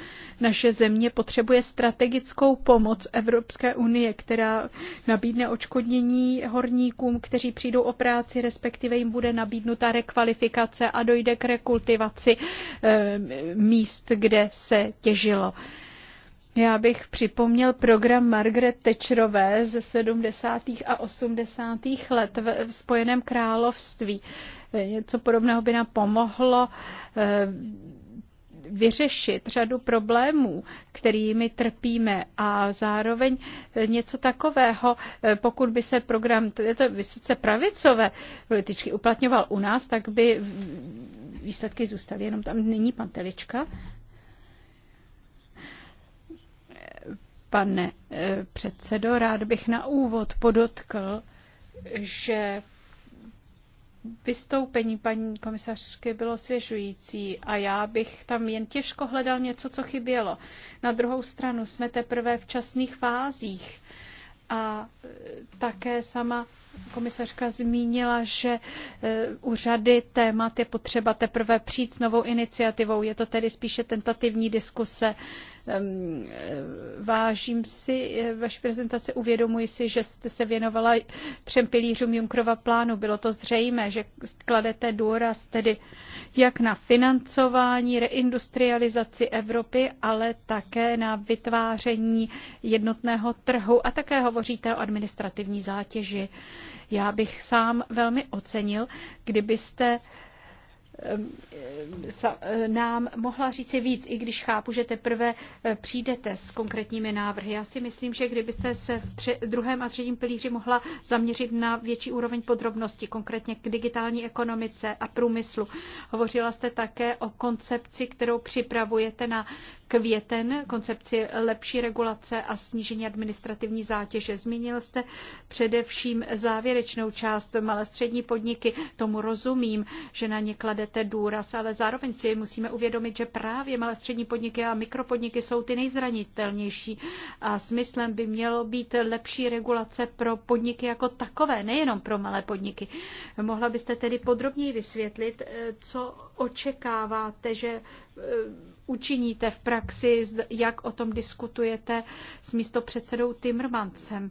naše země potřebuje strategickou pomoc Evropské unie, která nabídne očkodnění horníkům, kteří přijdou o práci, respektive jim bude nabídnuta rekvalifikace a dojde k rekultivaci eh, míst, kde se těžilo. Já bych připomněl program Margaret Thatcherové ze 70. a 80. let v Spojeném království. Eh, něco podobného by nám pomohlo eh, vyřešit řadu problémů, kterými trpíme a zároveň něco takového, pokud by se program této vysoce pravicové političky uplatňoval u nás, tak by výsledky zůstaly jenom tam. Není pan Telička? Pane eh, předsedo, rád bych na úvod podotkl, že vystoupení paní komisařky bylo svěžující a já bych tam jen těžko hledal něco, co chybělo. Na druhou stranu jsme teprve v časných fázích a také sama komisařka zmínila, že e, u řady témat je potřeba teprve přijít s novou iniciativou. Je to tedy spíše tentativní diskuse. E, vážím si e, vaši prezentaci, uvědomuji si, že jste se věnovala třem pilířům Junkrova plánu. Bylo to zřejmé, že kladete důraz tedy jak na financování, reindustrializaci Evropy, ale také na vytváření jednotného trhu a také hovoříte o administrativní zátěži. Já bych sám velmi ocenil, kdybyste nám mohla říci víc, i když chápu, že teprve eh, přijdete s konkrétními návrhy. Já si myslím, že kdybyste se v tři, druhém a třetím pilíři mohla zaměřit na větší úroveň podrobnosti, konkrétně k digitální ekonomice a průmyslu. Hovořila jste také o koncepci, kterou připravujete na květen koncepci lepší regulace a snížení administrativní zátěže. Zmínil jste především závěrečnou část malé střední podniky. Tomu rozumím, že na ně kladete důraz, ale zároveň si musíme uvědomit, že právě malé střední podniky a mikropodniky jsou ty nejzranitelnější. A smyslem by mělo být lepší regulace pro podniky jako takové, nejenom pro malé podniky. Mohla byste tedy podrobněji vysvětlit, co očekáváte, že Eh, učiníte v praxi, jak o tom diskutujete s místopředsedou Timmermansem.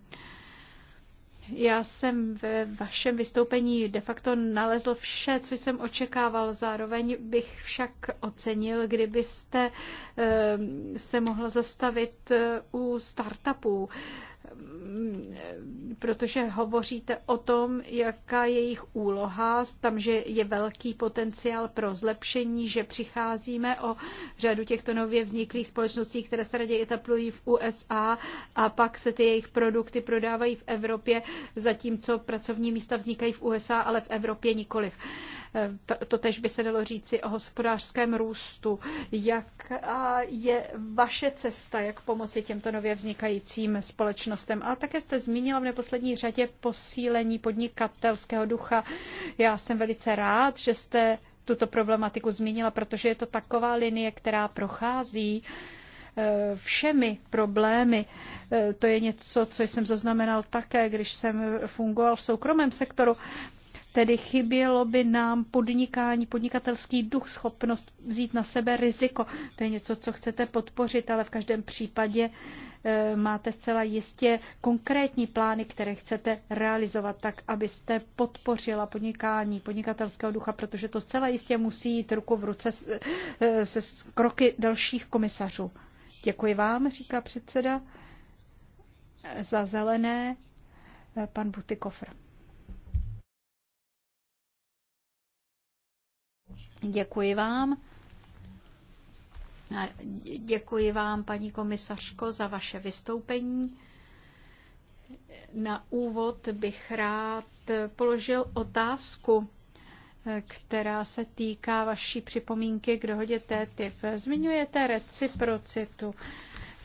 Já jsem ve vašem vystoupení de facto nalezl vše, co jsem očekával. Zároveň bych však ocenil, kdybyste eh, se mohla zastavit eh, u startupů protože hovoříte o tom, jaká je jejich úloha, tam, že je velký potenciál pro zlepšení, že přicházíme o řadu těchto nově vzniklých společností, které se raději etaplují v USA a pak se ty jejich produkty prodávají v Evropě, zatímco pracovní místa vznikají v USA, ale v Evropě nikoliv. Eh, to tež by se dalo říci o hospodářském růstu. Jak je vaše cesta, jak pomoci těmto nově vznikajícím společnostem? A také jste zmínila v neposlední řadě posílení podnikatelského ducha. Já jsem velice rád, že jste tuto problematiku zmínila, protože je to taková linie, která prochází eh, všemi problémy. Eh, to je něco, co jsem zaznamenal také, když jsem fungoval v soukromém sektoru. Tedy chybělo by nám podnikání, podnikatelský duch, schopnost vzít na sebe riziko. To je něco, co chcete podpořit, ale v každém případě eh, máte zcela jistě konkrétní plány, které chcete realizovat tak, abyste podpořila podnikání podnikatelského ducha, protože to zcela jistě musí jít ruku v ruce eh, se kroky dalších komisařů. Děkuji vám, říká předseda, eh, za zelené pan Butikofr. Děkuji vám. Děkuji vám, paní komisařko, za vaše vystoupení. Na úvod bych rád položil otázku, která se týká vaší připomínky k dohodě TTIP. Zmiňujete reciprocitu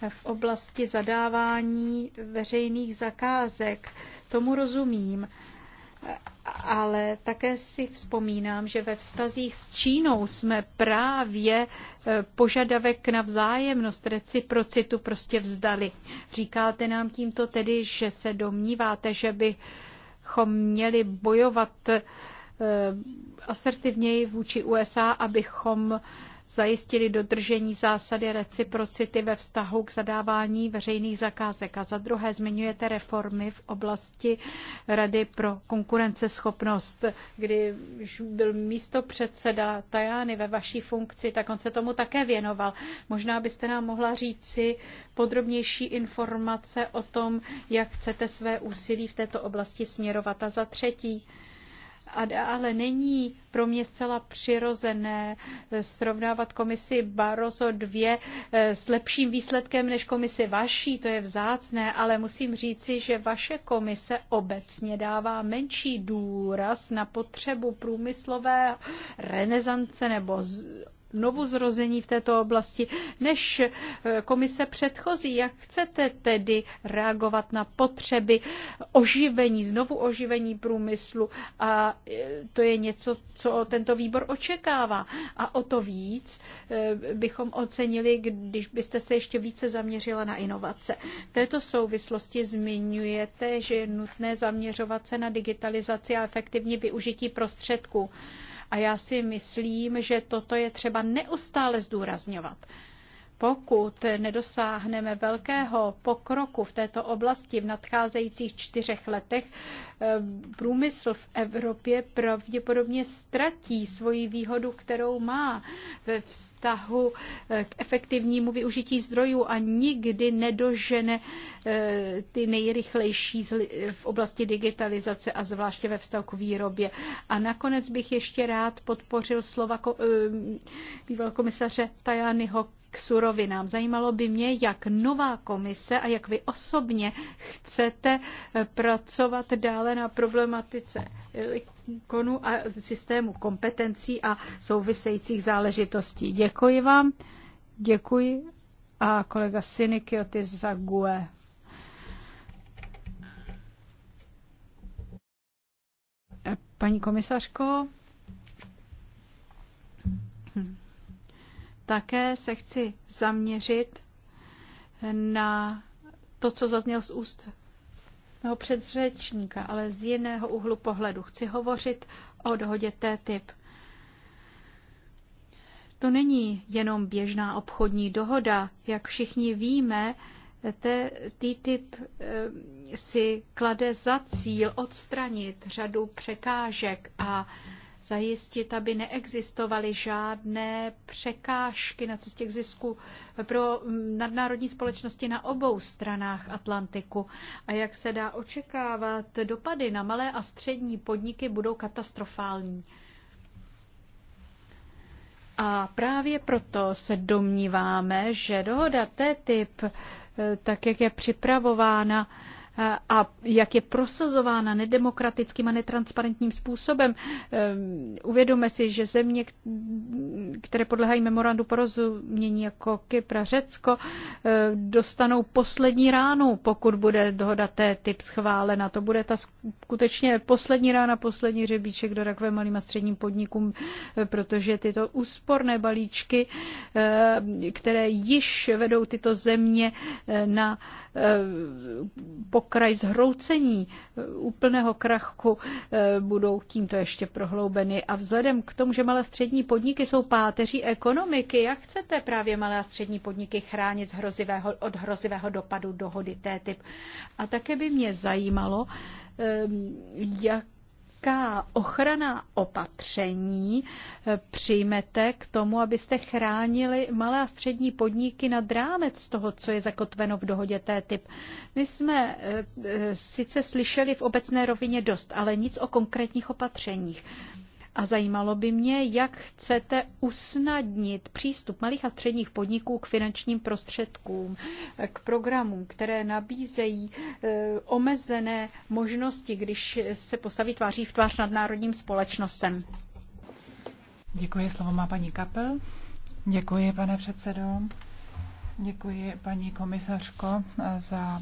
v oblasti zadávání veřejných zakázek. Tomu rozumím ale také si vzpomínám, že ve vztazích s Čínou jsme právě e, požadavek na vzájemnost, reciprocitu prostě vzdali. Říkáte nám tímto tedy, že se domníváte, že bychom měli bojovat e, asertivněji vůči USA, abychom zajistili dodržení zásady reciprocity ve vztahu k zadávání veřejných zakázek. A za druhé zmiňujete reformy v oblasti Rady pro konkurenceschopnost, kdy byl místo předseda Tajány ve vaší funkci, tak on se tomu také věnoval. Možná byste nám mohla říci podrobnější informace o tom, jak chcete své úsilí v této oblasti směrovat. A za třetí, ale není pro mě zcela přirozené eh, srovnávat komisi Barroso 2 eh, s lepším výsledkem než komisi vaší, to je vzácné, ale musím říci, že vaše komise obecně dává menší důraz na potřebu průmyslové renesance nebo novuzrození v této oblasti než eh, komise předchozí. Jak chcete tedy reagovat na potřeby oživení, znovu oživení průmyslu? A eh, to je něco, co tento výbor očekává. A o to víc eh, bychom ocenili, když byste se ještě více zaměřila na inovace. V této souvislosti zmiňujete, že je nutné zaměřovat se na digitalizaci a efektivní využití prostředků. A já si myslím, že toto je třeba neustále zdůrazňovat. Pokud nedosáhneme velkého pokroku v této oblasti v nadcházejících čtyřech letech, eh, průmysl v Evropě pravděpodobně ztratí svoji výhodu, kterou má ve vztahu eh, k efektivnímu využití zdrojů a nikdy nedožene eh, ty nejrychlejší v oblasti digitalizace a zvláště ve vztahu k výrobě. A nakonec bych ještě rád podpořil slova bývalého komisaře Tajányho k surovinám. Zajímalo by mě, jak nová komise a jak vy osobně chcete eh, pracovat dále na problematice konu a systému kompetencí a souvisejících záležitostí. Děkuji vám. Děkuji. A kolega Sinikiotis GUE. Paní komisařko, Také se chci zaměřit na to, co zazněl z úst mého předřečníka, ale z jiného úhlu pohledu. Chci hovořit o dohodě té typ. To není jenom běžná obchodní dohoda. Jak všichni víme, typ eh, si klade za cíl odstranit řadu překážek a zajistit, aby neexistovaly žádné překážky na cestě k zisku pro mm, nadnárodní společnosti na obou stranách Atlantiku. A jak se dá očekávat, dopady na malé a střední podniky budou katastrofální. A právě proto se domníváme, že dohoda TTIP, eh, tak jak je připravována, a jak je prosazována nedemokratickým a netransparentním způsobem. Ehm, uvědomme si, že země, které podlehají memorandu porozumění jako Kypra, Řecko, ehm, dostanou poslední ránu, pokud bude dohoda té typ schválena. To bude ta skutečně poslední rána, poslední řebíček do rakve malým a středním podnikům, ehm, protože tyto úsporné balíčky, které již vedou tyto země na pokud okraj zhroucení, e, úplného krachu e, budou tímto ještě prohloubeny. A vzhledem k tomu, že malé střední podniky jsou páteří ekonomiky, jak chcete právě malé a střední podniky chránit z hrozivého, od hrozivého dopadu dohody TTIP? A také by mě zajímalo, e, jak jaká ochrana opatření eh, přijmete k tomu, abyste chránili malé a střední podniky nad rámec toho, co je zakotveno v dohodě té typ. My jsme eh, eh, sice slyšeli v obecné rovině dost, ale nic o konkrétních opatřeních. A zajímalo by mě, jak chcete usnadnit přístup malých a středních podniků k finančním prostředkům, k programům, které nabízejí eh, omezené možnosti, když se postaví tváří v tvář národním společnostem. Děkuji, slovo má paní Kapel. Děkuji, pane předsedo. Děkuji, paní komisařko, za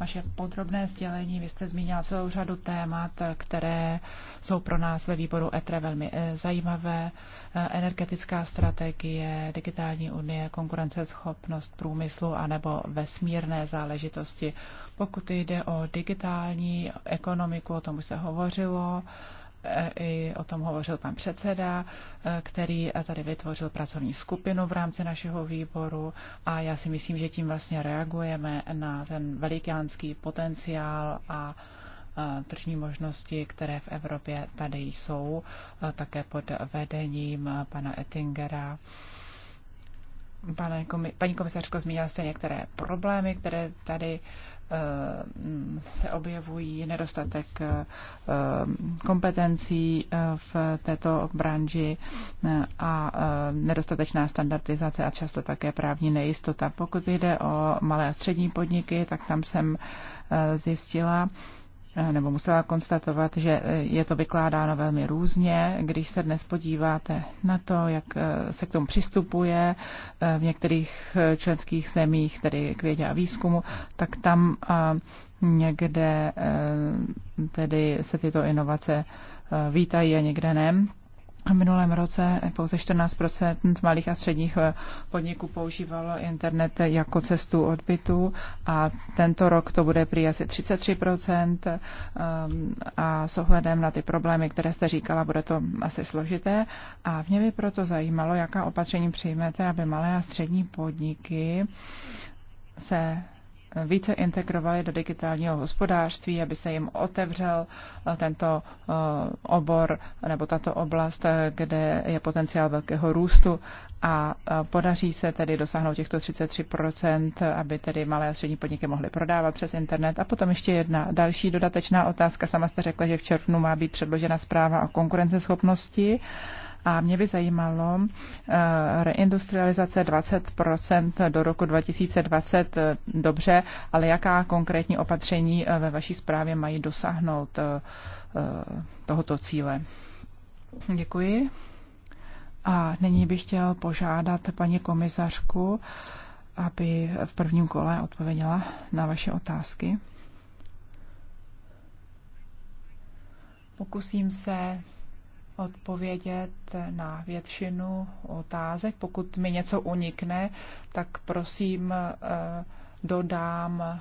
vaše podrobné sdělení. Vy jste zmínila celou řadu témat, které jsou pro nás ve výboru ETRE velmi eh, zajímavé. Eh, energetická strategie, digitální unie, konkurenceschopnost průmyslu anebo vesmírné záležitosti. Pokud jde o digitální ekonomiku, o tom už se hovořilo, i o tom hovořil pan předseda, eh, který tady vytvořil pracovní skupinu v rámci našeho výboru a já si myslím, že tím vlastně reagujeme na ten velikánský potenciál a eh, tržní možnosti, které v Evropě tady jsou, eh, také pod vedením pana Ettingera. Pane, paní komisařko, zmínila jste některé problémy, které tady uh, Eh, se objevují nedostatek eh, kompetencí eh, v této branži a nedostatečná standardizace a často také právní nejistota. Pokud jde o malé a střední podniky, tak tam jsem zjistila, Eh, nebo musela konstatovat, že eh, je to vykládáno velmi různě. Když se dnes podíváte na to, jak eh, se k tomu přistupuje v některých členských zemích, tedy k vědě a výzkumu, tak tam někde tedy se tyto inovace vítají a někde ne. V minulém roce pouze 14 malých a středních eh, podniků používalo internet jako cestu odbytu a tento rok to bude prý asi 33 eh, a s ohledem na ty problémy, které jste říkala, bude to asi složité. A mě by proto zajímalo, jaká opatření přijmete, aby malé a střední podniky se více integrovali do digitálního hospodářství, aby se jim otevřel eh, tento eh, obor nebo tato oblast, eh, kde je potenciál velkého růstu a podaří se tedy dosáhnout těchto 33%, aby tedy malé a střední podniky mohly prodávat přes internet. A potom ještě jedna další dodatečná otázka. Sama jste řekla, že v červnu má být předložena zpráva o konkurenceschopnosti. A mě by zajímalo, eh, reindustrializace 20% do roku 2020, eh, dobře, ale jaká konkrétní opatření eh, ve vaší zprávě mají dosáhnout tohoto cíle? Děkuji. A nyní bych chtěl požádat paní komisařku, aby v prvním kole odpověděla na vaše otázky. Pokusím se odpovědět na většinu otázek. Pokud mi něco unikne, tak prosím eh, dodám eh,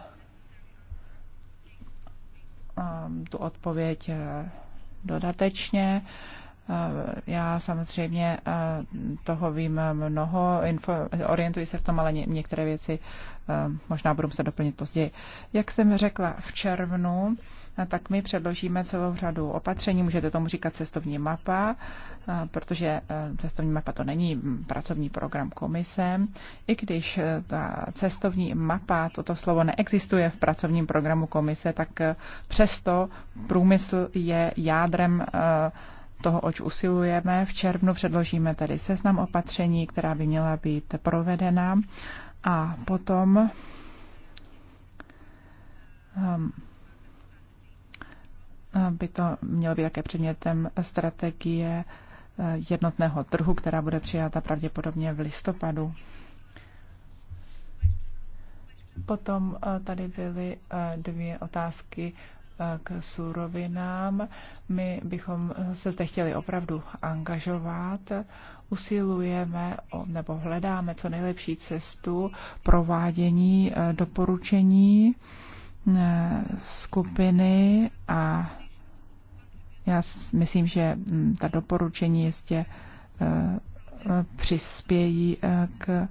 tu odpověď eh, dodatečně. Já samozřejmě toho vím mnoho, info, orientuji se v tom, ale některé věci možná budu muset doplnit později. Jak jsem řekla v červnu, tak my předložíme celou řadu opatření. Můžete tomu říkat cestovní mapa, protože e, cestovní mapa to není pracovní program komise. I když e, ta cestovní mapa, toto slovo neexistuje v pracovním programu komise, tak e, přesto průmysl je jádrem toho, oč usilujeme. V červnu předložíme tedy seznam opatření, která by měla být provedena. A potom um, by to mělo být také předmětem strategie eh, jednotného trhu, která bude přijata pravděpodobně v listopadu. Potom eh, tady byly eh, dvě otázky k surovinám. My bychom se zde chtěli opravdu angažovat. Usilujeme nebo hledáme co nejlepší cestu provádění doporučení skupiny a já myslím, že mm, ta doporučení jistě e, e, přispějí e, k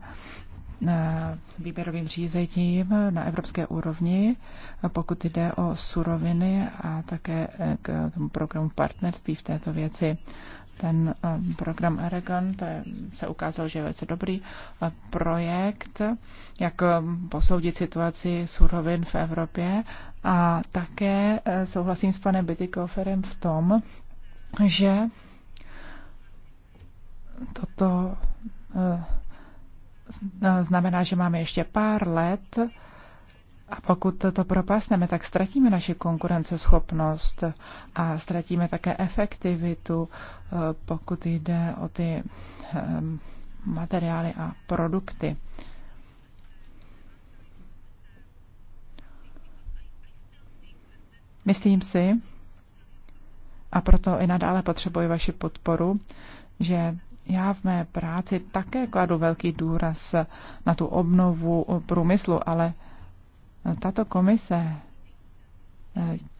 výběrovým řízením na evropské úrovni, pokud jde o suroviny a také k tomu programu partnerství v této věci. Ten program Aragon to je, se ukázal, že je velice dobrý projekt, jak posoudit situaci surovin v Evropě a také eh, souhlasím s panem Bytykoferem v tom, že toto eh, znamená, že máme ještě pár let a pokud to propásneme, tak ztratíme naši konkurenceschopnost a ztratíme také efektivitu, eh, pokud jde o ty materiály a produkty. Myslím si, a proto i nadále potřebuji vaši podporu, že já v mé práci také kladu velký důraz na tu obnovu průmyslu, ale tato komise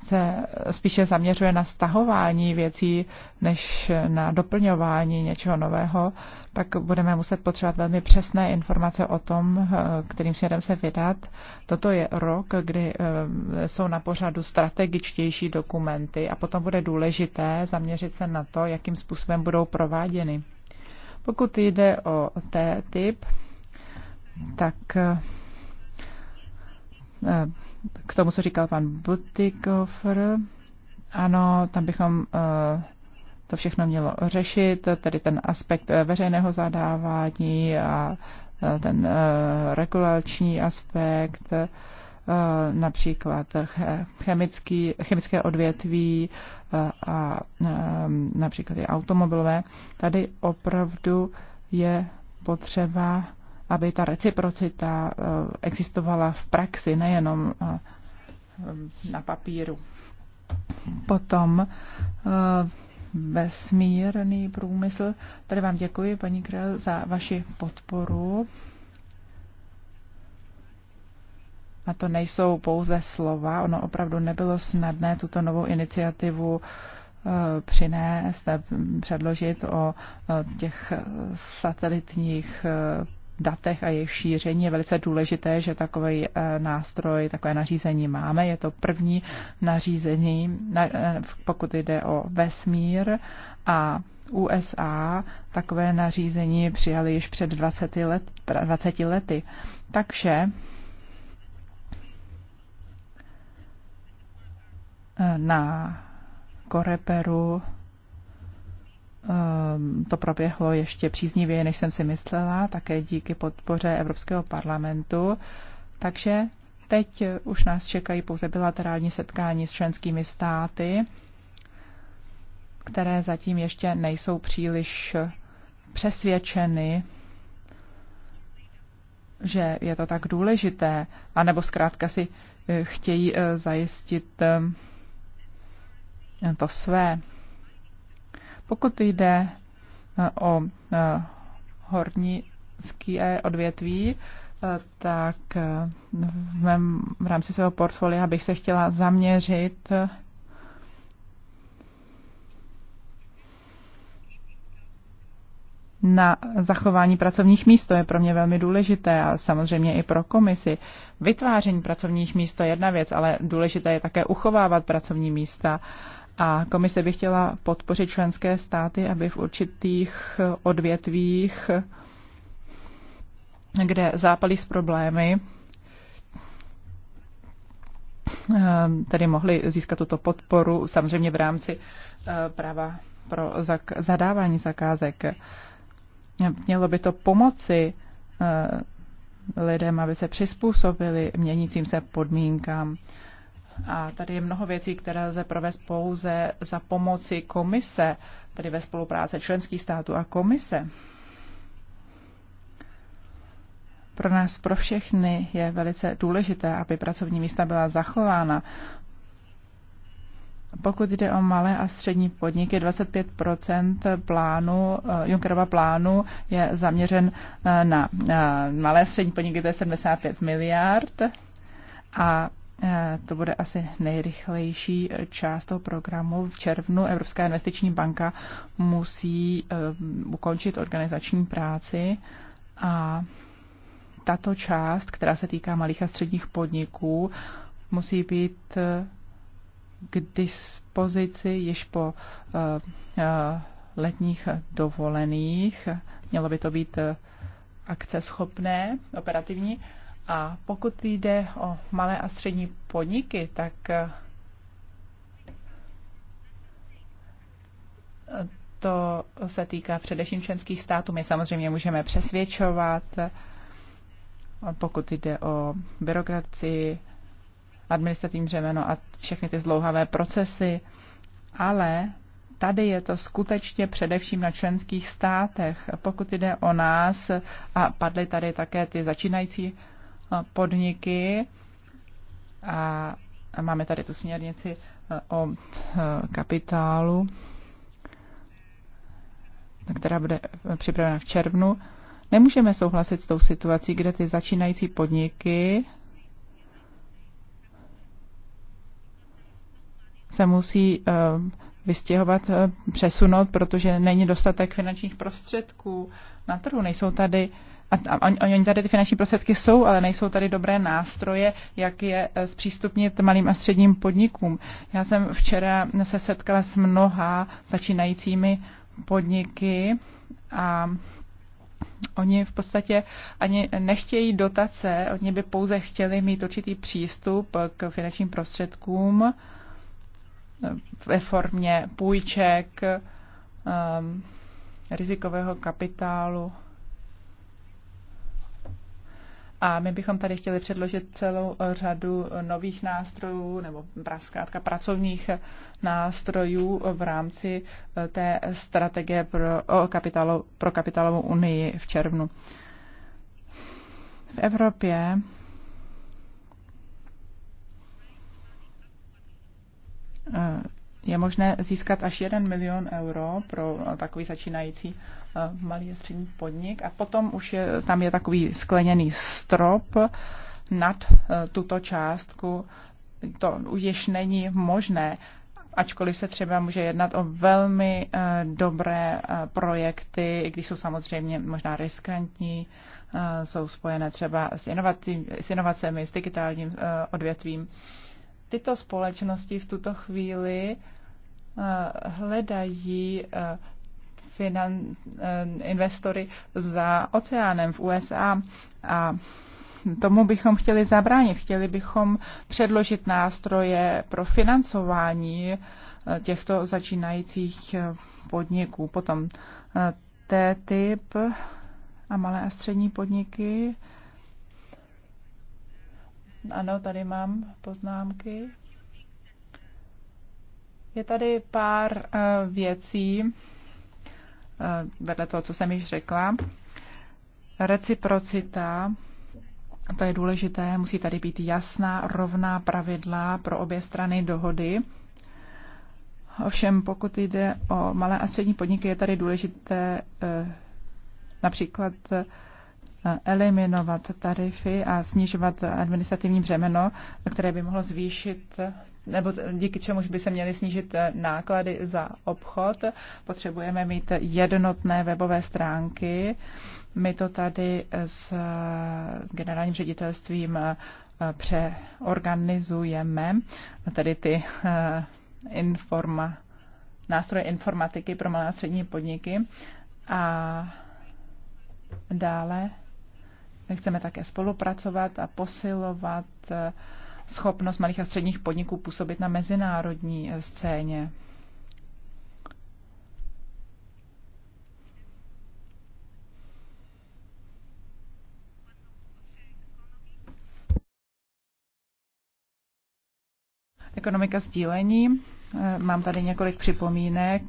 se spíše zaměřuje na stahování věcí, než na doplňování něčeho nového, tak budeme muset potřebovat velmi přesné informace o tom, eh, kterým směrem se vydat. Toto je rok, kdy eh, jsou na pořadu strategičtější dokumenty a potom bude důležité zaměřit se na to, jakým způsobem budou prováděny. Pokud jde o té typ, tak eh, k tomu, co říkal pan Butikofr. Ano, tam bychom eh, to všechno mělo řešit, tedy ten aspekt eh, veřejného zadávání a eh, ten regulační aspekt, například chemický, chemické odvětví a například i automobilové. Tady opravdu je potřeba aby ta reciprocita eh, existovala v praxi, nejenom eh, na papíru. Potom eh, vesmírný průmysl. Tady vám děkuji, paní Krel, za vaši podporu. A to nejsou pouze slova, ono opravdu nebylo snadné tuto novou iniciativu přinést, předložit o těch satelitních datech a jejich šíření. Je velice důležité, že takový eh, nástroj, takové nařízení máme. Je to první nařízení, eh, pokud jde o vesmír a USA takové nařízení přijali již před 20, let, 20 lety. Takže eh, na Koreperu Ehm, to proběhlo ještě příznivěji, než jsem si myslela, také díky podpoře Evropského parlamentu. Takže teď už nás čekají pouze bilaterální setkání s členskými státy, které zatím ještě nejsou příliš přesvědčeny, že je to tak důležité, anebo zkrátka si eh, chtějí eh, zajistit ehm, to své. Pokud jde eh, o eh, hornické odvětví, eh, tak v, mém, v rámci svého portfolia bych se chtěla zaměřit na zachování pracovních míst. To je pro mě velmi důležité a samozřejmě i pro komisi. Vytváření pracovních míst je jedna věc, ale důležité je také uchovávat pracovní místa. A komise by chtěla podpořit členské státy, aby v určitých odvětvích, kde zápaly s problémy, eh, tedy mohli získat tuto podporu, samozřejmě v rámci eh, práva pro zadávání zakázek. Mělo by to pomoci eh, lidem, aby se přizpůsobili měnícím se podmínkám. A tady je mnoho věcí, které lze provést pouze za pomoci komise, tedy ve spolupráce členských států a komise. Pro nás, pro všechny, je velice důležité, aby pracovní místa byla zachována. Pokud jde o malé a střední podniky, 25 plánu, eh, Junckerova plánu je zaměřen eh, na eh, malé a střední podniky, to je 75 miliard. A Eh, to bude asi nejrychlejší eh, část toho programu. V červnu Evropská investiční banka musí eh, ukončit organizační práci a tato část, která se týká malých a středních podniků, musí být k dispozici již po letních dovolených. Mělo by to být akceschopné, operativní. A pokud jde o malé a střední podniky, tak eh, to se týká především členských států. My samozřejmě můžeme přesvědčovat, eh, pokud jde o byrokracii, administrativní řemeno a všechny ty zlouhavé procesy, ale tady je to skutečně především na členských státech. Pokud jde o nás, a padly tady také ty začínající podniky a máme tady tu směrnici eh, o eh, kapitálu, která bude eh, připravena v červnu. Nemůžeme souhlasit s tou situací, kde ty začínající podniky se musí vystěhovat, přesunout, protože není dostatek finančních prostředků na trhu. Nejsou tady a, a oni tady ty finanční prostředky jsou, ale nejsou tady dobré nástroje, jak je eh, zpřístupnit malým a středním podnikům. Já jsem včera se setkala s mnoha začínajícími podniky a Oni v podstatě ani nechtějí dotace, oni by pouze chtěli mít určitý přístup k finančním prostředkům eh, ve formě půjček, ehm, rizikového kapitálu a my bychom tady chtěli předložit celou řadu nových nástrojů nebo zkrátka pracovních nástrojů v rámci eh, té strategie pro, kapitalo, pro kapitálovou unii v červnu. V Evropě eh, je možné získat až 1 milion euro pro eh, takový začínající eh, malý a střední podnik a potom už je, tam je takový skleněný strop nad eh, tuto částku. To už již není možné, ačkoliv se třeba může jednat o velmi dobré projekty, i když jsou samozřejmě možná riskantní, jsou spojené třeba s, inovací, s inovacemi, s digitálním odvětvím tyto společnosti v tuto chvíli Eh, hledají eh, finan, eh, investory za oceánem v USA a tomu bychom chtěli zabránit. Chtěli bychom předložit nástroje pro financování těchto začínajících podniků. Potom T-typ a malé a střední podniky. Ano, tady mám poznámky. Je tady pár eh, věcí, eh, vedle toho, co jsem již řekla. Reciprocita, to je důležité, musí tady být jasná, rovná pravidla pro obě strany dohody. Ovšem, pokud jde o malé a střední podniky, je tady důležité eh, například eliminovat tarify a snižovat administrativní břemeno, které by mohlo zvýšit nebo díky čemuž by se měly snížit eh, náklady za obchod. Potřebujeme mít jednotné webové stránky. My to tady s eh, generálním ředitelstvím eh, přeorganizujeme, tedy ty informa, nástroje informatiky pro malé a střední podniky. A dále chceme také spolupracovat a posilovat uh, schopnost malých a středních podniků působit na mezinárodní scéně. Ekonomika sdílení. Mám tady několik připomínek.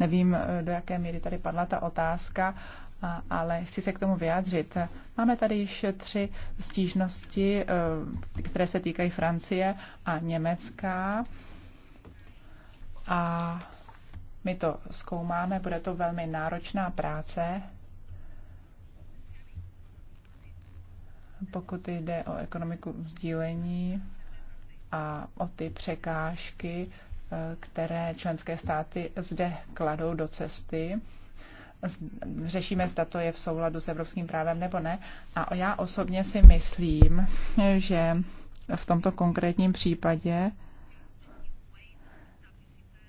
Nevím, do jaké míry tady padla ta otázka ale chci se k tomu vyjádřit. Máme tady již tři stížnosti, eh, které se týkají Francie a Německa. A my to zkoumáme, bude to velmi náročná práce. Pokud jde o ekonomiku vzdílení a o ty překážky, eh, které členské státy zde kladou do cesty, řešíme, zda to je v souladu s evropským právem nebo ne. A já osobně si myslím, že v tomto konkrétním případě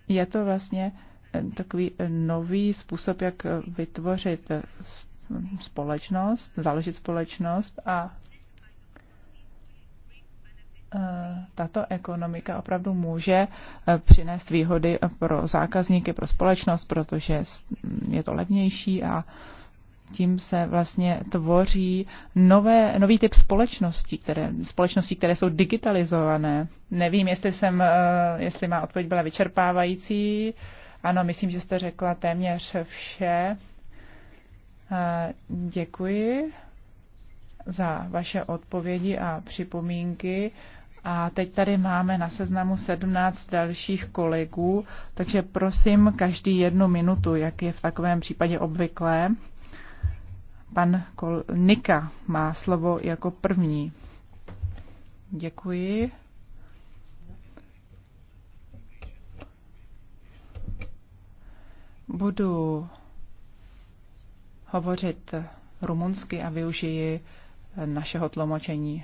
je to vlastně eh, takový eh, nový způsob, jak vytvořit společnost, založit společnost a Eh, tato ekonomika opravdu může eh, přinést výhody eh, pro zákazníky, pro společnost, protože mm, je to levnější a tím se vlastně tvoří nové, nový typ společností, které, společnosti, které jsou digitalizované. Nevím, jestli, jsem, jestli má odpověď byla vyčerpávající. Ano, myslím, že jste řekla téměř vše. Děkuji za vaše odpovědi a připomínky. A teď tady máme na seznamu 17 dalších kolegů, takže prosím každý jednu minutu, jak je v takovém případě obvyklé. Pan Kol- Nika má slovo jako první. Děkuji. Budu hovořit rumunsky a využiji našeho tlumočení.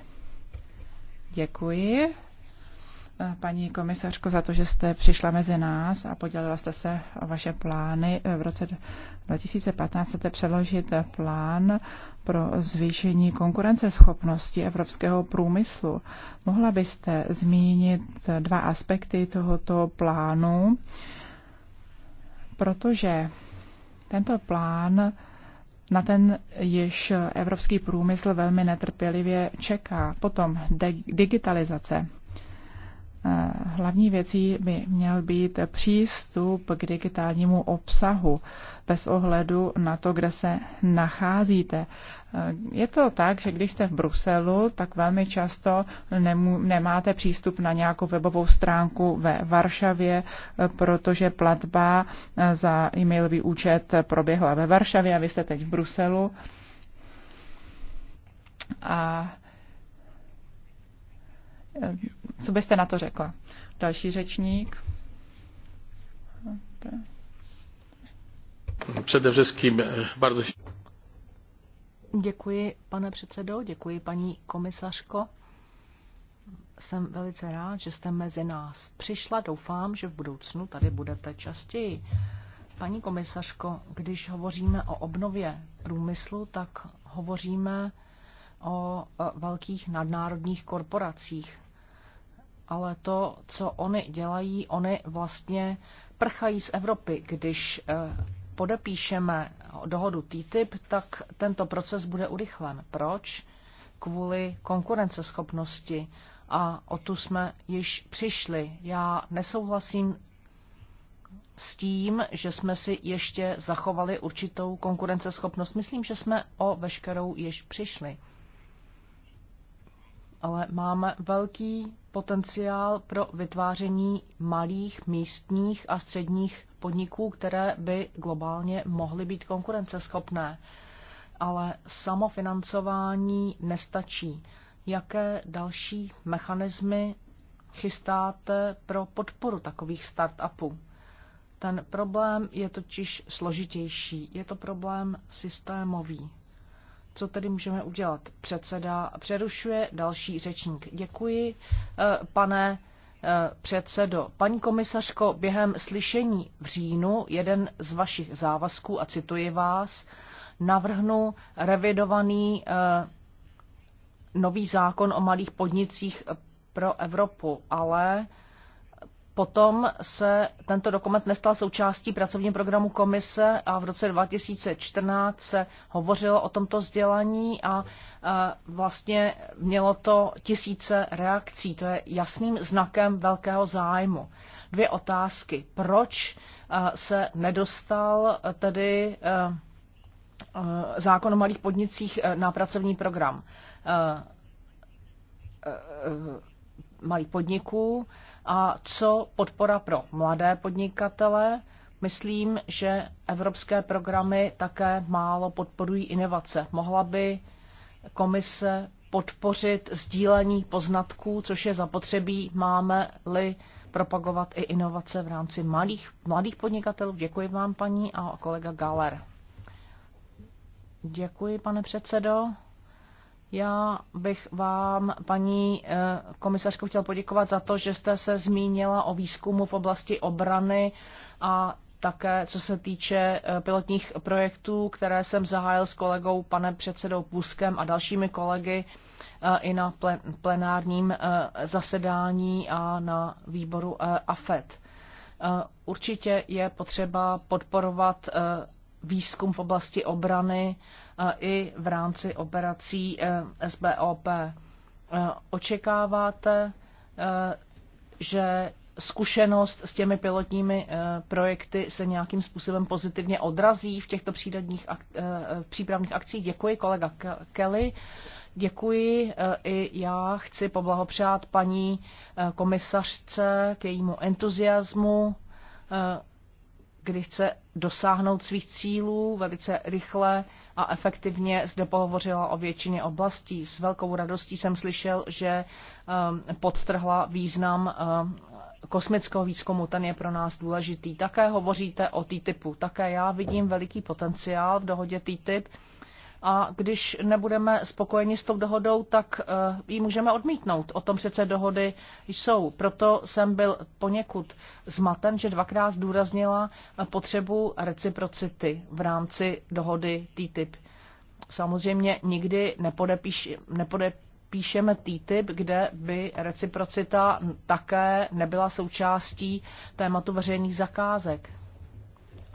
Děkuji, eh, paní komisařko, za to, že jste přišla mezi nás a podělila jste se o vaše plány. Eh, v roce 2015 chcete přeložit eh, plán pro zvýšení konkurenceschopnosti evropského průmyslu. Mohla byste zmínit dva aspekty tohoto plánu, protože tento plán na ten již evropský průmysl velmi netrpělivě čeká. Potom digitalizace. Eh, hlavní věcí by měl být přístup k digitálnímu obsahu bez ohledu na to, kde se nacházíte. Eh, je to tak, že když jste v Bruselu, tak velmi často nemů, nemáte přístup na nějakou webovou stránku ve Varšavě, eh, protože platba eh, za e-mailový účet proběhla ve Varšavě a vy jste teď v Bruselu. A co byste na to řekla? Další řečník. Okay. Eh, bardzo... Děkuji, pane předsedo, děkuji, paní komisařko. Jsem velice rád, že jste mezi nás přišla. Doufám, že v budoucnu tady budete častěji. Paní komisařko, když hovoříme o obnově průmyslu, tak hovoříme o eh, velkých nadnárodních korporacích. Ale to, co oni dělají, oni vlastně prchají z Evropy, když eh, podepíšeme dohodu TTIP, tak tento proces bude urychlen. Proč? Kvůli konkurenceschopnosti. A o tu jsme již přišli. Já nesouhlasím s tím, že jsme si ještě zachovali určitou konkurenceschopnost. Myslím, že jsme o veškerou již přišli ale máme velký potenciál pro vytváření malých místních a středních podniků, které by globálně mohly být konkurenceschopné. Ale samofinancování nestačí. Jaké další mechanismy chystáte pro podporu takových startupů? Ten problém je totiž složitější. Je to problém systémový. Co tedy můžeme udělat? Předseda přerušuje další řečník. Děkuji, eh, pane eh, předsedo. Paní komisařko, během slyšení v říjnu jeden z vašich závazků, a cituji vás, navrhnu revidovaný eh, nový zákon o malých podnicích pro Evropu, ale Potom se tento dokument nestal součástí pracovního programu komise a v roce 2014 se hovořilo o tomto sdělení a e, vlastně mělo to tisíce reakcí. To je jasným znakem velkého zájmu. Dvě otázky. Proč e, se nedostal e, tedy zákon o malých podnicích na pracovní program malých podniků? A co podpora pro mladé podnikatele? Myslím, že evropské programy také málo podporují inovace. Mohla by komise podpořit sdílení poznatků, což je zapotřebí, máme-li propagovat i inovace v rámci malých, mladých podnikatelů. Děkuji vám, paní a kolega Galer. Děkuji, pane předsedo. Já bych vám, paní eh, komisařko, chtěl poděkovat za to, že jste se zmínila o výzkumu v oblasti obrany a také co se týče eh, pilotních projektů, které jsem zahájil s kolegou panem předsedou Puskem a dalšími kolegy eh, i na plenárním zasedání a na výboru AFET. Určitě je potřeba podporovat výzkum v oblasti obrany i v rámci operací eh, SBOP. Eh, očekáváte, eh, že zkušenost s těmi pilotními projekty se nějakým způsobem pozitivně odrazí v těchto ak- přípravných akcích. Děkuji kolega Kelly, děkuji i já chci poblahopřát paní komisařce k jejímu entuziasmu, kdy chce dosáhnout svých cílů velice rychle a efektivně. Zde pohovořila o většině oblastí. S velkou radostí jsem slyšel, že um, podtrhla význam uh, kosmického výzkumu, ten je pro nás důležitý. Také hovoříte o TTIPu. Také já vidím veliký potenciál v dohodě TTIP a když nebudeme spokojeni s tou dohodou, tak eh, ji můžeme odmítnout. O tom přece dohody jsou. Proto jsem byl poněkud zmaten, že dvakrát zdůraznila eh, potřebu reciprocity v rámci dohody TTIP. Samozřejmě nikdy nepodepíš, nepodepíšeme TTIP, kde by reciprocita také nebyla součástí tématu veřejných zakázek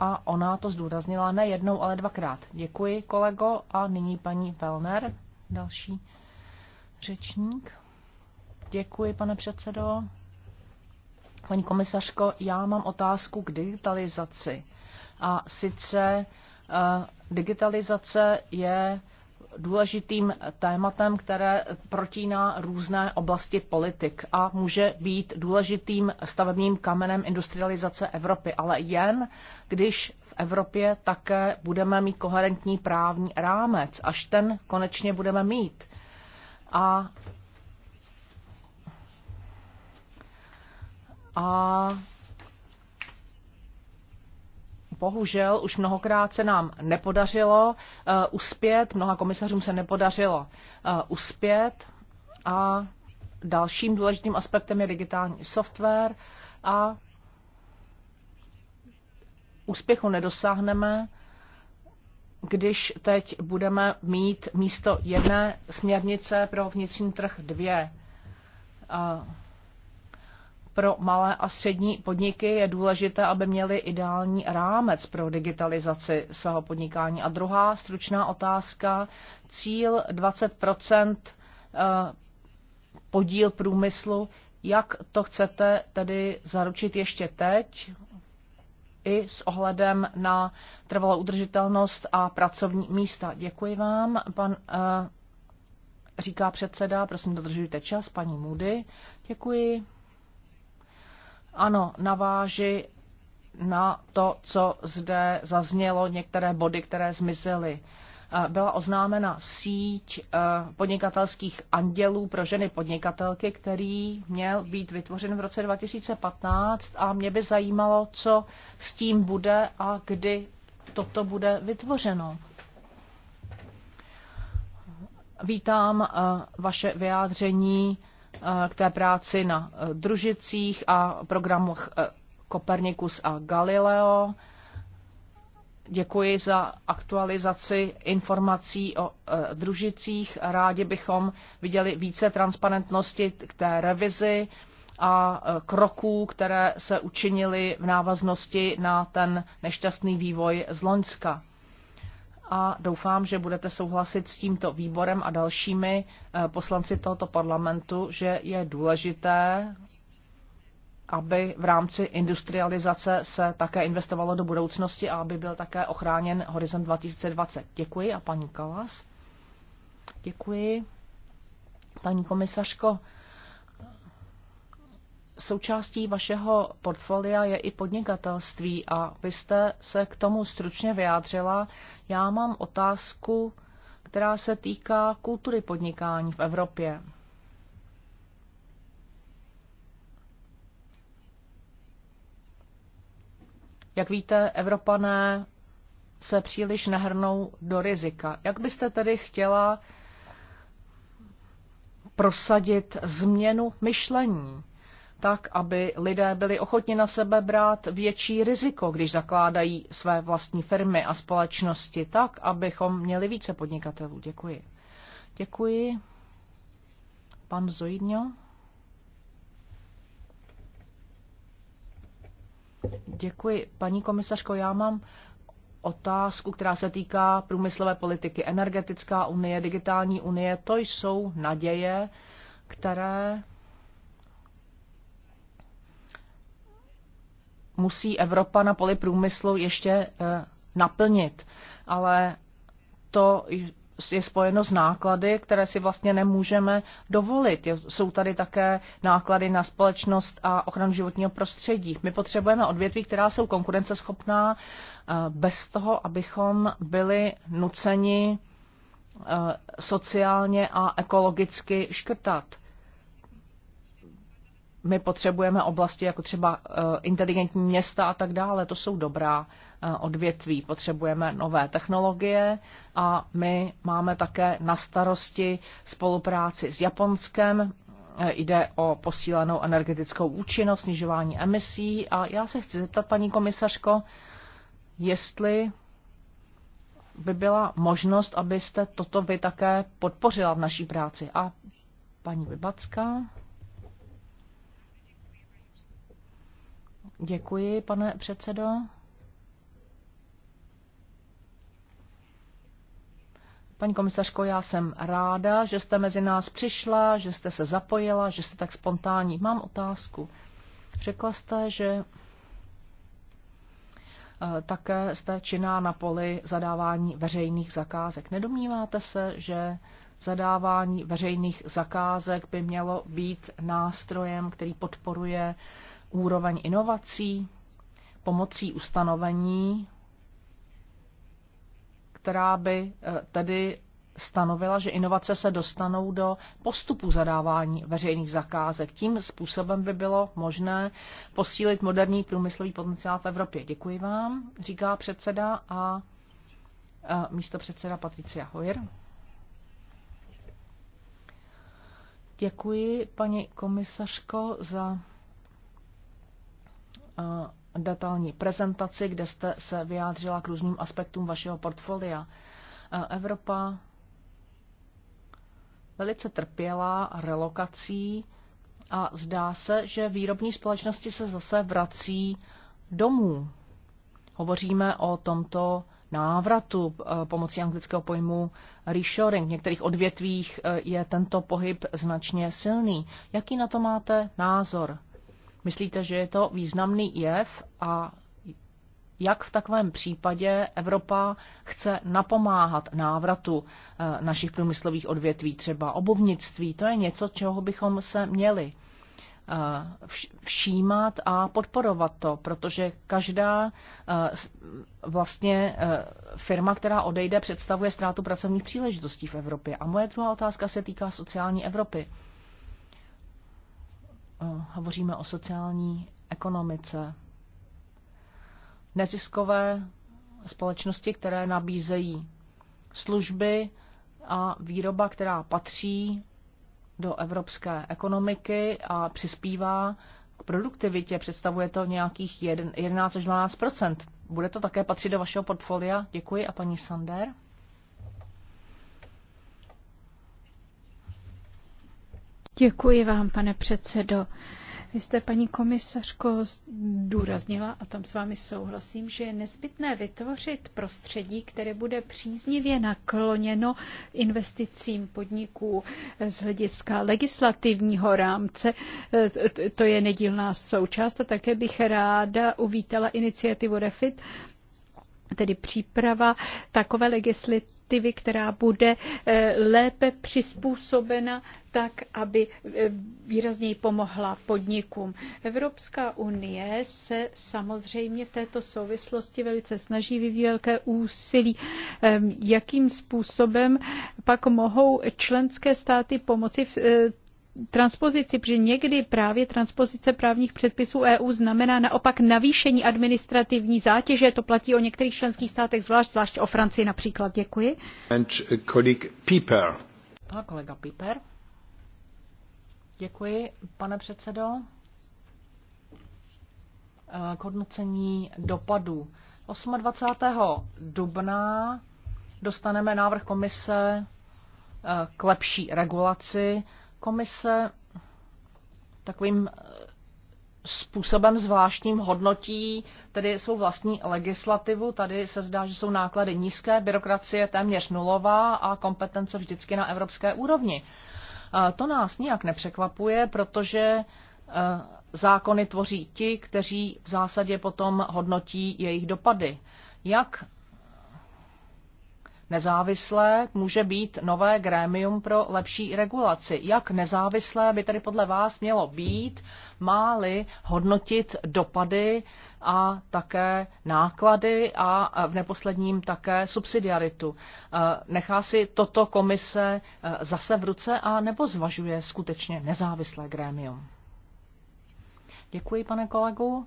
a ona to zdůraznila ne jednou, ale dvakrát. Děkuji, kolego. A nyní paní Velner, další řečník. Děkuji, pane předsedo. Paní komisařko, já mám otázku k digitalizaci. A sice eh, digitalizace je důležitým tématem, které protíná různé oblasti politik a může být důležitým stavebním kamenem industrializace Evropy, ale jen když v Evropě také budeme mít koherentní právní rámec, až ten konečně budeme mít. A a bohužel už mnohokrát se nám nepodařilo eh, uspět, mnoha komisařům se nepodařilo eh, uspět a dalším důležitým aspektem je digitální software a úspěchu nedosáhneme, když teď budeme mít místo jedné směrnice pro vnitřní trh dvě. Eh, pro malé a střední podniky je důležité, aby měli ideální rámec pro digitalizaci svého podnikání. A druhá stručná otázka, cíl 20 eh, podíl průmyslu, jak to chcete tedy zaručit ještě teď i s ohledem na trvalou udržitelnost a pracovní místa. Děkuji vám, pan eh, říká předseda, prosím dodržujte čas, paní Moody. Děkuji. Ano, naváži na to, co zde zaznělo, některé body, které zmizely. Eh, byla oznámena síť eh, podnikatelských andělů pro ženy podnikatelky, který měl být vytvořen v roce 2015 a mě by zajímalo, co s tím bude a kdy toto bude vytvořeno. Vítám eh, vaše vyjádření Eh, k té práci na eh, družicích a programech eh, Kopernikus a Galileo. Děkuji za aktualizaci informací o e, družicích. Rádi bychom viděli více transparentnosti k té revizi a e, kroků, které se učinily v návaznosti na ten nešťastný vývoj z Loňska a doufám, že budete souhlasit s tímto výborem a dalšími eh, poslanci tohoto parlamentu, že je důležité, aby v rámci industrializace se také investovalo do budoucnosti a aby byl také ochráněn horizont 2020. Děkuji a paní Kalas. Děkuji. Paní komisařko, součástí vašeho portfolia je i podnikatelství a vy jste se k tomu stručně vyjádřila. Já mám otázku, která se týká kultury podnikání v Evropě. Jak víte, Evropané se příliš nehrnou do rizika. Jak byste tedy chtěla prosadit změnu myšlení tak, aby lidé byli ochotni na sebe brát větší riziko, když zakládají své vlastní firmy a společnosti, tak, abychom měli více podnikatelů. Děkuji. Děkuji. Pan Zoidňo. Děkuji. Paní komisařko, já mám otázku, která se týká průmyslové politiky, energetická unie, digitální unie. To jsou naděje, které musí Evropa na poli průmyslu ještě eh, naplnit. Ale to je spojeno s náklady, které si vlastně nemůžeme dovolit. Jsou tady také náklady na společnost a ochranu životního prostředí. My potřebujeme odvětví, která jsou konkurenceschopná eh, bez toho, abychom byli nuceni eh, sociálně a ekologicky škrtat my potřebujeme oblasti jako třeba eh, inteligentní města a tak dále. To jsou dobrá eh, odvětví. Potřebujeme nové technologie a my máme také na starosti spolupráci s Japonskem. Eh, jde o posílenou energetickou účinnost, snižování emisí a já se chci zeptat, paní komisařko, jestli by byla možnost, abyste toto vy také podpořila v naší práci. A paní Vybacka. Děkuji, pane předsedo. Paní komisařko, já jsem ráda, že jste mezi nás přišla, že jste se zapojila, že jste tak spontánní. Mám otázku. Řekla jste, že eh, také jste činná na poli zadávání veřejných zakázek. Nedomníváte se, že zadávání veřejných zakázek by mělo být nástrojem, který podporuje uh, úroveň inovací pomocí ustanovení, která by eh, tedy stanovila, že inovace se dostanou do postupu zadávání veřejných zakázek. Tím způsobem by bylo možné posílit moderní průmyslový potenciál v Evropě. Děkuji vám, říká předseda a eh, místo předseda Patricia Hoyer. Děkuji, paní komisařko, za Eh, detailní prezentaci, kde jste se vyjádřila k různým aspektům vašeho portfolia. Eh, Evropa velice trpěla relokací a zdá se, že výrobní společnosti se zase vrací domů. Hovoříme o tomto návratu eh, pomocí anglického pojmu reshoring. V některých odvětvích je tento pohyb značně silný. Jaký na to máte názor? Myslíte, že je to významný jev a jak v takovém případě Evropa chce napomáhat návratu eh, našich průmyslových odvětví, třeba obovnictví. To je něco, čeho bychom se měli eh, všímat a podporovat to, protože každá eh, vlastně firma, která odejde, představuje ztrátu pracovních příležitostí v Evropě. A moje druhá otázka se týká sociální Evropy. Eh, hovoříme o sociální ekonomice. Neziskové společnosti, které nabízejí služby a výroba, která patří do evropské ekonomiky a přispívá k produktivitě. Představuje to nějakých 11 až 12 Bude to také patřit do vašeho portfolia? Děkuji a paní Sander. Děkuji vám, pane předsedo. Vy jste, paní komisařko, důraznila, a tam s vámi souhlasím, že je nezbytné vytvořit prostředí, které bude příznivě nakloněno investicím podniků z hlediska legislativního rámce. To je nedílná součást a také bych ráda uvítala iniciativu REFIT, tedy příprava takové legislativy, která bude eh, lépe přizpůsobena tak, aby eh, výrazněji pomohla podnikům. Evropská unie se samozřejmě v této souvislosti velice snaží vyvíjet velké úsilí, eh, jakým způsobem pak mohou členské státy pomoci v transpozici, protože někdy právě transpozice právních předpisů EU znamená naopak navýšení administrativní zátěže. To platí o některých členských státech, zvlášť, zvlášť o Francii například. Děkuji. And kolik Piper. A kolega Piper. Děkuji, pane předsedo. Eh, k hodnocení dopadů. 28. dubna dostaneme návrh komise eh, k lepší regulaci Komise takovým eh, způsobem zvláštním hodnotí tedy svou vlastní legislativu. Tady se zdá, že jsou náklady nízké, byrokracie téměř nulová a kompetence vždycky na evropské úrovni. Eh, to nás nijak nepřekvapuje, protože eh, zákony tvoří ti, kteří v zásadě potom hodnotí jejich dopady. Jak nezávislé, může být nové grémium pro lepší regulaci. Jak nezávislé by tedy podle vás mělo být, má-li hodnotit dopady a také náklady a v neposledním také subsidiaritu. Eh, nechá si toto komise eh, zase v ruce a nebo zvažuje skutečně nezávislé grémium? Děkuji, pane kolegu.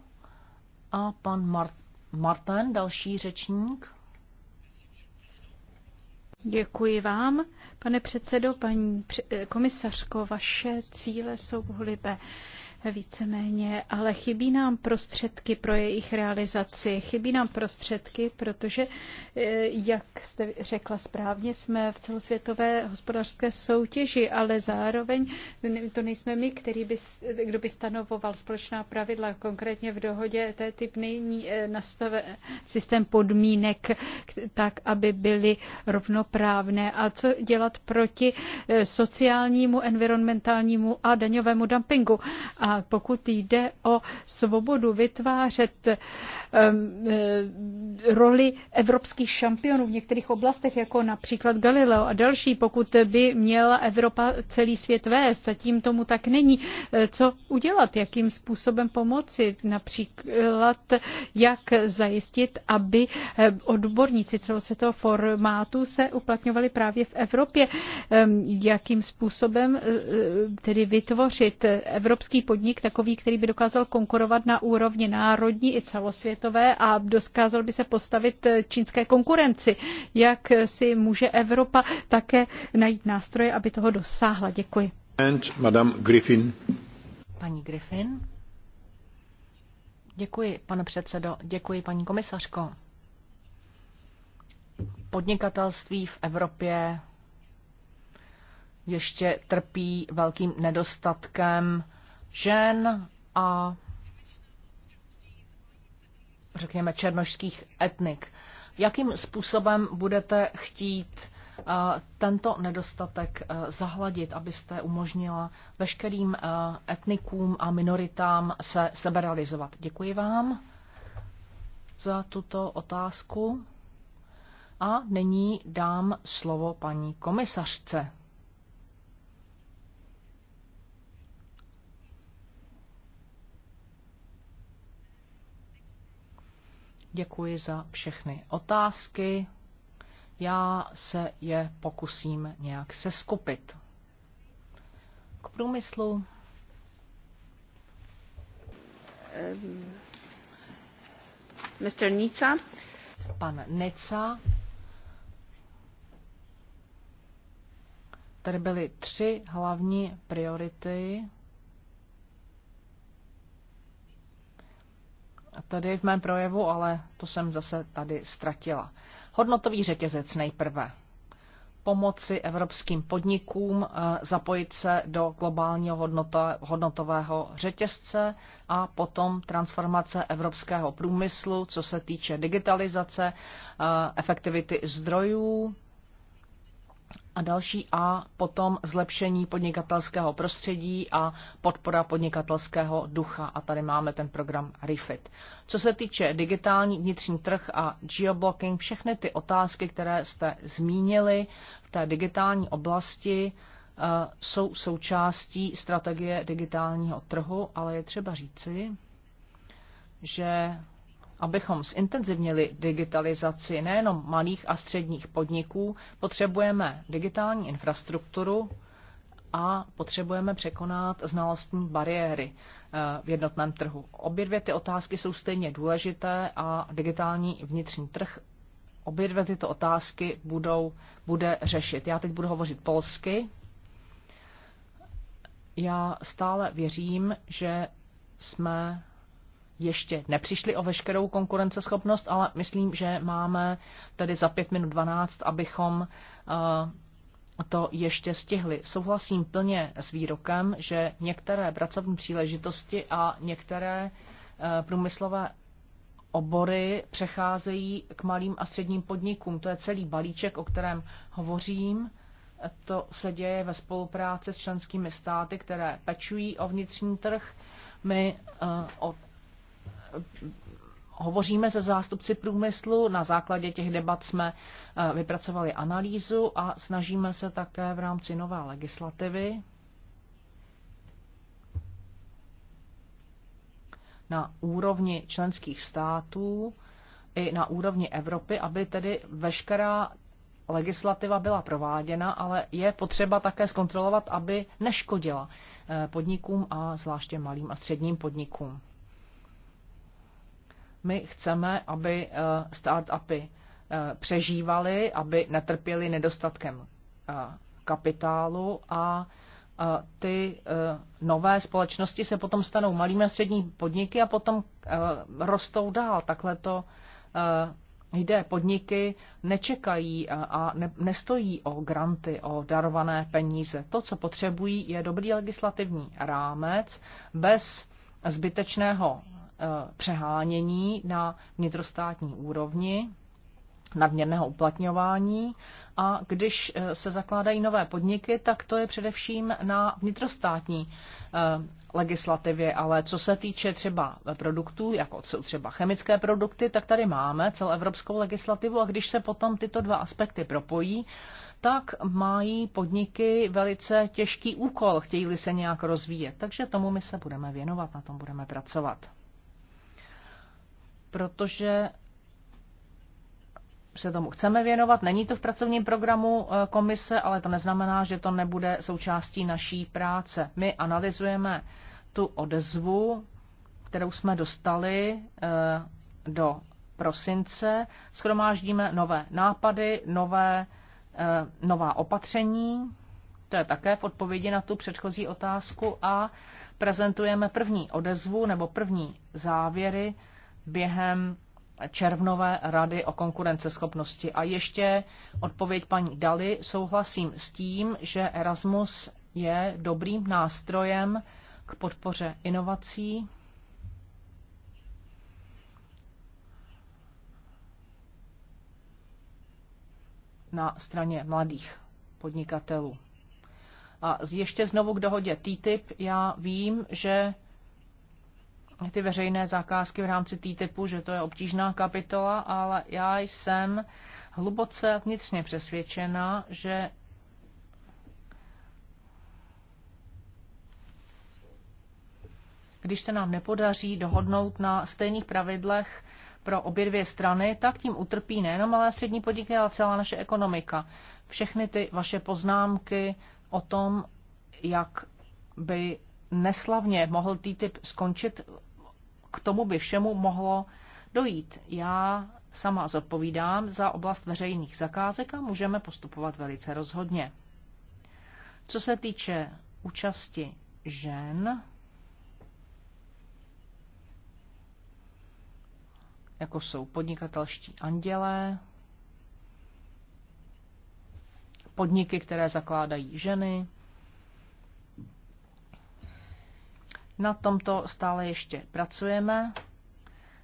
A pan Mart- Martin, další řečník. Děkuji vám. Pane předsedo, paní eh, komisařko, vaše cíle jsou hlibé víceméně, ale chybí nám prostředky pro jejich realizaci. Chybí nám prostředky, protože, eh, jak jste řekla správně, jsme v celosvětové hospodářské soutěži, ale zároveň to nejsme my, který by, kdo by stanovoval společná pravidla. Konkrétně v dohodě té typ není eh, nastave systém podmínek tak, aby byly rovnoprávné. A co dělat proti eh, sociálnímu, environmentálnímu a daňovému dumpingu? A pokud jde o svobodu vytvářet Um, eh, roli evropských šampionů v některých oblastech, jako například Galileo a další, pokud by měla Evropa celý svět vést. Zatím tomu tak není. Eh, co udělat? Jakým způsobem pomoci? Například jak zajistit, aby eh, odborníci celosvětového formátu se uplatňovali právě v Evropě? Ehm, jakým způsobem tedy vytvořit evropský podnik takový, který by dokázal konkurovat na úrovni národní i celosvětové? světové a dokázal by se postavit čínské konkurenci. Jak si může Evropa také najít nástroje, aby toho dosáhla? Děkuji. And Madame Griffin. Paní Griffin. Děkuji, pane předsedo. Děkuji, paní komisařko. Podnikatelství v Evropě ještě trpí velkým nedostatkem žen a řekněme, černožských etnik. Jakým způsobem budete chtít eh, tento nedostatek eh, zahladit, abyste umožnila veškerým eh, etnikům a minoritám se seberalizovat? Děkuji vám za tuto otázku. A nyní dám slovo paní komisařce. Děkuji za všechny otázky. Já se je pokusím nějak seskupit. K průmyslu. Mr. Um, Nica. Pan Nica. Tady byly tři hlavní priority tady v mém projevu, ale to jsem zase tady ztratila. Hodnotový řetězec nejprve. Pomoci evropským podnikům eh, zapojit se do globálního hodnota, hodnotového řetězce a potom transformace evropského průmyslu, co se týče digitalizace, eh, efektivity zdrojů, a další a potom zlepšení podnikatelského prostředí a podpora podnikatelského ducha. A tady máme ten program REFIT. Co se týče digitální vnitřní trh a geoblocking, všechny ty otázky, které jste zmínili v té digitální oblasti, eh, jsou součástí strategie digitálního trhu, ale je třeba říci, že Abychom zintenzivnili digitalizaci nejenom malých a středních podniků, potřebujeme digitální infrastrukturu a potřebujeme překonat znalostní bariéry eh, v jednotném trhu. Obě dvě ty otázky jsou stejně důležité a digitální vnitřní trh obě dvě tyto otázky budou, bude řešit. Já teď budu hovořit polsky. Já stále věřím, že jsme ještě nepřišli o veškerou konkurenceschopnost, ale myslím, že máme tedy za 5 minut 12, abychom eh, to ještě stihli. Souhlasím plně s výrokem, že některé pracovní příležitosti a některé eh, průmyslové obory přecházejí k malým a středním podnikům. To je celý balíček, o kterém hovořím. To se děje ve spolupráci s členskými státy, které pečují o vnitřní trh. My eh, od hovoříme se zástupci průmyslu, na základě těch debat jsme eh, vypracovali analýzu a snažíme se také v rámci nové legislativy na úrovni členských států i na úrovni Evropy, aby tedy veškerá legislativa byla prováděna, ale je potřeba také zkontrolovat, aby neškodila eh, podnikům a zvláště malým a středním podnikům. My chceme, aby eh, startupy eh, přežívaly, aby netrpěly nedostatkem eh, kapitálu a ty nové společnosti se potom stanou malými a střední podniky a potom rostou dál. Takhle to jde. Podniky nečekají a nestojí o granty, o darované peníze. To, co potřebují, je dobrý legislativní rámec bez zbytečného Eh, přehánění na vnitrostátní úrovni, nadměrného uplatňování. A když eh, se zakládají nové podniky, tak to je především na vnitrostátní eh, legislativě. Ale co se týče třeba produktů, jako jsou třeba chemické produkty, tak tady máme celoevropskou legislativu a když se potom tyto dva aspekty propojí, tak mají podniky velice těžký úkol, chtějí-li se nějak rozvíjet. Takže tomu my se budeme věnovat, na tom budeme pracovat protože se tomu chceme věnovat. Není to v pracovním programu eh, komise, ale to neznamená, že to nebude součástí naší práce. My analyzujeme tu odezvu, kterou jsme dostali eh, do prosince, schromáždíme nové nápady, nové, eh, nová opatření, to je také v odpovědi na tu předchozí otázku a prezentujeme první odezvu nebo první závěry během červnové rady o konkurenceschopnosti. A ještě odpověď paní Dali. Souhlasím s tím, že Erasmus je dobrým nástrojem k podpoře inovací. na straně mladých podnikatelů. A ještě znovu k dohodě TTIP. Já vím, že ty veřejné zakázky v rámci typu, že to je obtížná kapitola, ale já jsem hluboce vnitřně přesvědčena, že když se nám nepodaří dohodnout na stejných pravidlech pro obě dvě strany, tak tím utrpí nejenom malé střední podniky, ale celá naše ekonomika. Všechny ty vaše poznámky o tom, jak by neslavně mohl TTIP skončit, k tomu by všemu mohlo dojít. Já sama zodpovídám za oblast veřejných zakázek a můžeme postupovat velice rozhodně. Co se týče účasti žen, jako jsou podnikatelští andělé, podniky, které zakládají ženy, Na tomto stále ještě pracujeme.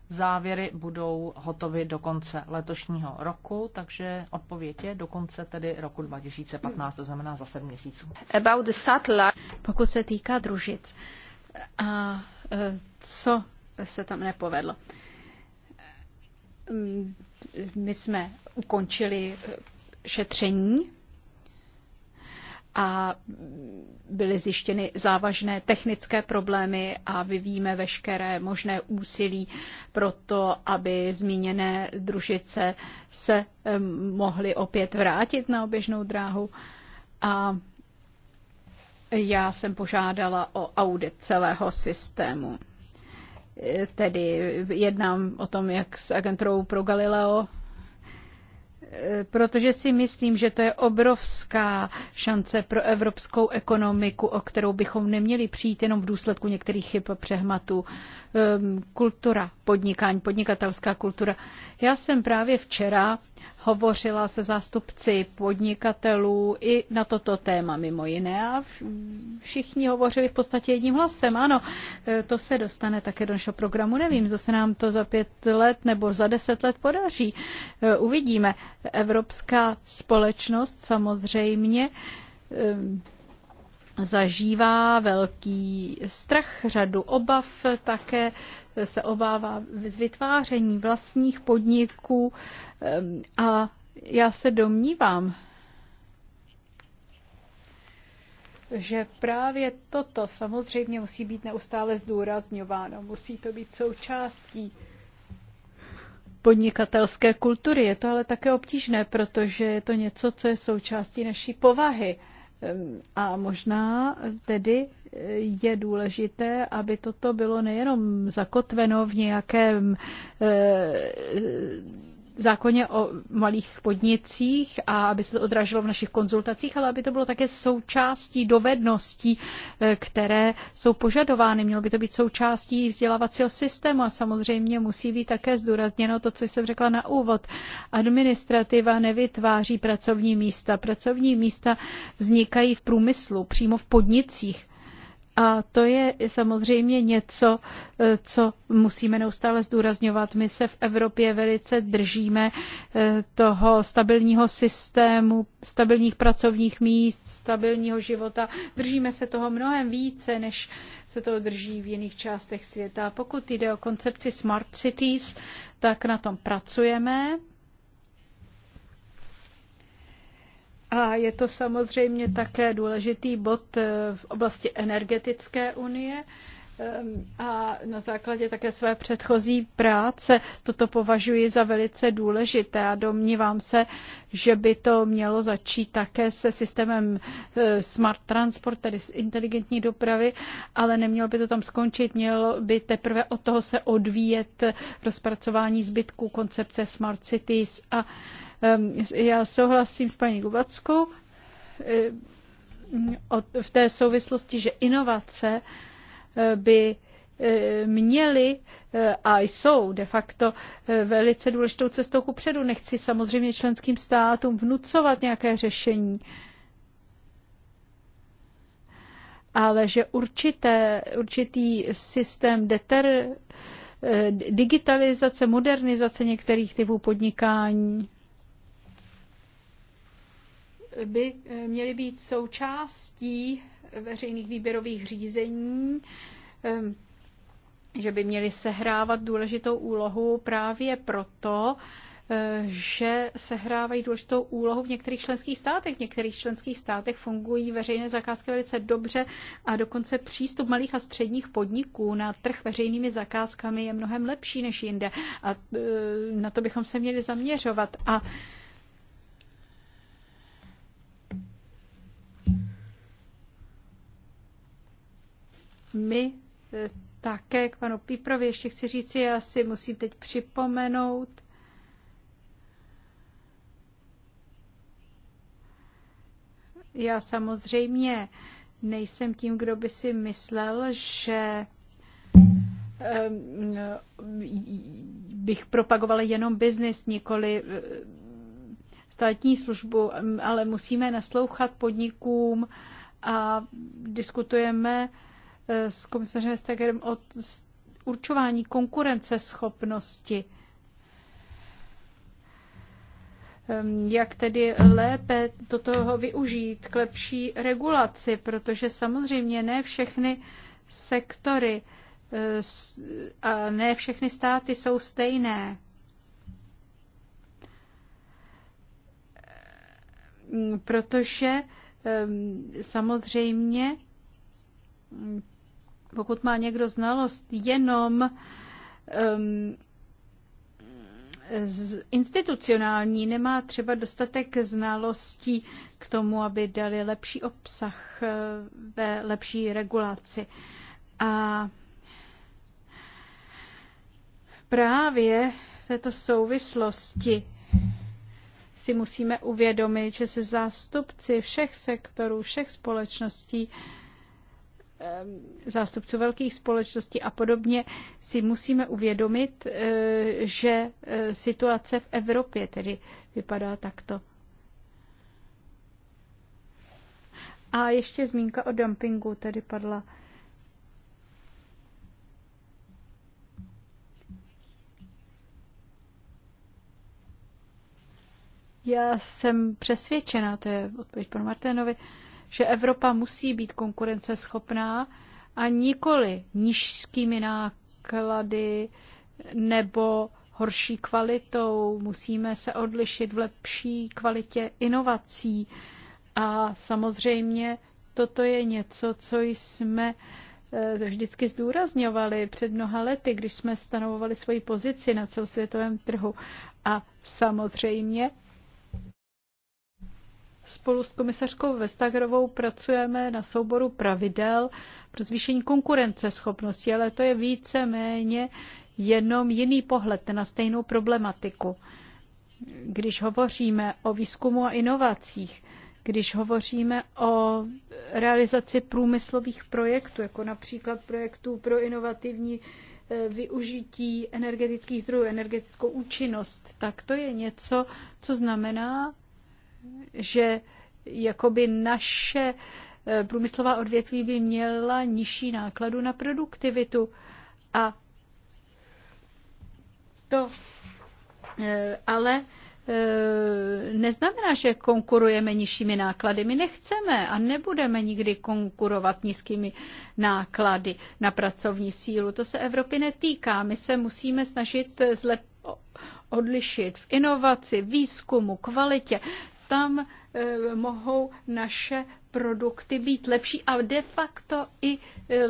Závěry budou hotovy do konce letošního roku, takže odpověď je do konce tedy roku 2015, to znamená za sedm měsíců. About the satellite. Pokud se týká družic, a e, co se tam nepovedlo? Mm, my jsme ukončili e, šetření a byly zjištěny závažné technické problémy a vyvíjíme veškeré možné úsilí pro to, aby zmíněné družice se mohly opět vrátit na oběžnou dráhu. A já jsem požádala o audit celého systému. E, tedy jednám o tom, jak s agenturou pro Galileo Eh, protože si myslím, že to je obrovská šance pro evropskou ekonomiku, o kterou bychom neměli přijít jenom v důsledku některých chyb a přehmatů. Ehm, kultura, podnikání, podnikatelská kultura. Já jsem právě včera hovořila se zástupci podnikatelů i na toto téma mimo jiné a všichni hovořili v podstatě jedním hlasem. Ano, e, to se dostane také do našeho programu, nevím, zda se nám to za pět let nebo za deset let podaří. E, uvidíme. Evropská společnost samozřejmě e, zažívá velký strach, řadu obav, také se obává z vytváření vlastních podniků a já se domnívám, že právě toto samozřejmě musí být neustále zdůrazňováno, musí to být součástí podnikatelské kultury. Je to ale také obtížné, protože je to něco, co je součástí naší povahy. A možná tedy je důležité, aby toto bylo nejenom zakotveno v nějakém eh, zákoně o malých podnicích a aby se to odráželo v našich konzultacích, ale aby to bylo také součástí dovedností, eh, které jsou požadovány. Mělo by to být součástí vzdělávacího systému a samozřejmě musí být také zdůrazněno to, co jsem řekla na úvod. Administrativa nevytváří pracovní místa. Pracovní místa vznikají v průmyslu, přímo v podnicích. A to je samozřejmě něco, eh, co musíme neustále zdůrazňovat. My se v Evropě velice držíme eh, toho stabilního systému, stabilních pracovních míst, stabilního života. Držíme se toho mnohem více, než se toho drží v jiných částech světa. Pokud jde o koncepci Smart Cities, tak na tom pracujeme A je to samozřejmě také důležitý bod eh, v oblasti energetické unie, Ehm, a na základě také své předchozí práce toto považuji za velice důležité a domnívám se, že by to mělo začít také se systémem e, smart transport, tedy s inteligentní dopravy, ale nemělo by to tam skončit, mělo by teprve od toho se odvíjet rozpracování zbytků koncepce smart cities a ehm, já souhlasím s paní Gubackou e, v té souvislosti, že inovace by eh, měli eh, a jsou de facto eh, velice důležitou cestou ku předu. Nechci samozřejmě členským státům vnucovat nějaké řešení, ale že určité, určitý systém deter, digitalizace, modernizace některých typů podnikání by měly být součástí veřejných výběrových řízení, že by měly sehrávat důležitou úlohu právě proto, eh, že sehrávají důležitou úlohu v některých členských státech. V některých členských státech fungují veřejné zakázky velice dobře a dokonce přístup malých a středních podniků na trh veřejnými zakázkami je mnohem lepší než jinde. A eh, na to bychom se měli zaměřovat. A My e, také k panu Píprovi ještě chci říct, já si musím teď připomenout, Já samozřejmě nejsem tím, kdo by si myslel, že e, bych propagovala jenom biznis, nikoli e, státní službu, ale musíme naslouchat podnikům a diskutujeme Eh, s komisařem Stegerem o určování konkurenceschopnosti. Jak tedy lépe toho využít k lepší regulaci, protože samozřejmě ne všechny sektory eh, a ne všechny státy jsou stejné. Protože samozřejmě Mm, pokud má někdo znalost jenom um, z institucionální, nemá třeba dostatek znalostí k tomu, aby dali lepší obsah eh, ve lepší regulaci. A právě v této souvislosti si musíme uvědomit, že se zástupci všech sektorů, všech společností Ehm, zástupců velkých společností a podobně, si musíme uvědomit, eh, že eh, situace v Evropě tedy vypadá takto. A ještě zmínka o dumpingu tady padla. Já jsem přesvědčena, to je odpověď panu Marténovi, že Evropa musí být konkurenceschopná a nikoli nižskými náklady nebo horší kvalitou. Musíme se odlišit v lepší kvalitě inovací. A samozřejmě toto je něco, co jsme eh, vždycky zdůrazňovali před mnoha lety, když jsme stanovovali svoji pozici na celosvětovém trhu. A samozřejmě Spolu s komisařkou Vestagerovou pracujeme na souboru pravidel pro zvýšení konkurenceschopnosti, ale to je více-méně jenom jiný pohled na stejnou problematiku. Když hovoříme o výzkumu a inovacích, když hovoříme o realizaci průmyslových projektů, jako například projektů pro inovativní eh, využití energetických zdrojů, energetickou účinnost, tak to je něco, co znamená že jakoby naše eh, průmyslová odvětví by měla nižší nákladu na produktivitu. A to eh, ale eh, neznamená, že konkurujeme nižšími náklady. My nechceme a nebudeme nikdy konkurovat nízkými náklady na pracovní sílu. To se Evropy netýká. My se musíme snažit zlep odlišit v inovaci, výzkumu, kvalitě tam eh, mohou naše produkty být lepší a de facto i eh,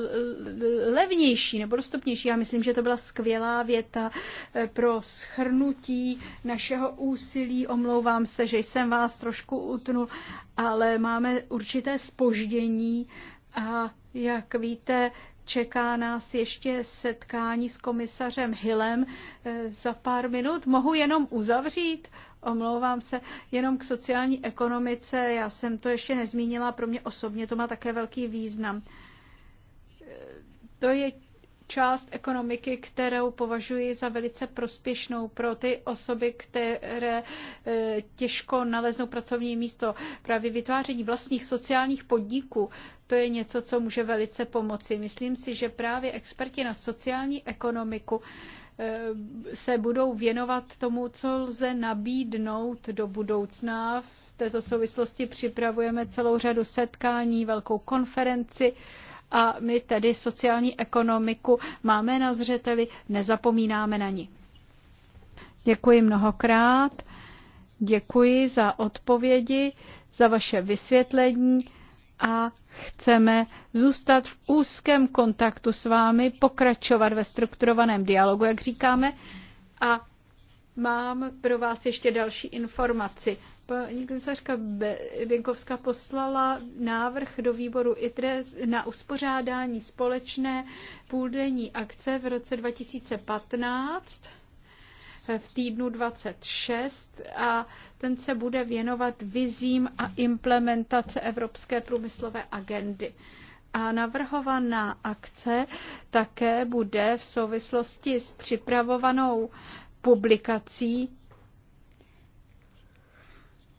levnější nebo dostupnější. Já myslím, že to byla skvělá věta eh, pro schrnutí našeho úsilí. Omlouvám se, že jsem vás trošku utnul, ale máme určité spoždění a jak víte, čeká nás ještě setkání s komisařem Hillem za pár minut. Mohu jenom uzavřít Omlouvám se, jenom k sociální ekonomice, já jsem to ještě nezmínila, pro mě osobně to má také velký význam. To je část ekonomiky, kterou považuji za velice prospěšnou pro ty osoby, které eh, těžko naleznou pracovní místo. Právě vytváření vlastních sociálních podniků, to je něco, co může velice pomoci. Myslím si, že právě experti na sociální ekonomiku Eh, se budou věnovat tomu, co lze nabídnout do budoucna. V této souvislosti připravujeme celou řadu setkání, velkou konferenci a my tedy sociální ekonomiku máme na zřeteli, nezapomínáme na ní. Děkuji mnohokrát, děkuji za odpovědi, za vaše vysvětlení a chceme zůstat v úzkém kontaktu s vámi, pokračovat ve strukturovaném dialogu, jak říkáme. A mám pro vás ještě další informaci. Paní komisařka Věnkovská poslala návrh do výboru ITRE na uspořádání společné půldenní akce v roce 2015 v týdnu 26 a ten se bude věnovat vizím a implementace Evropské průmyslové agendy. A navrhovaná akce také bude v souvislosti s připravovanou publikací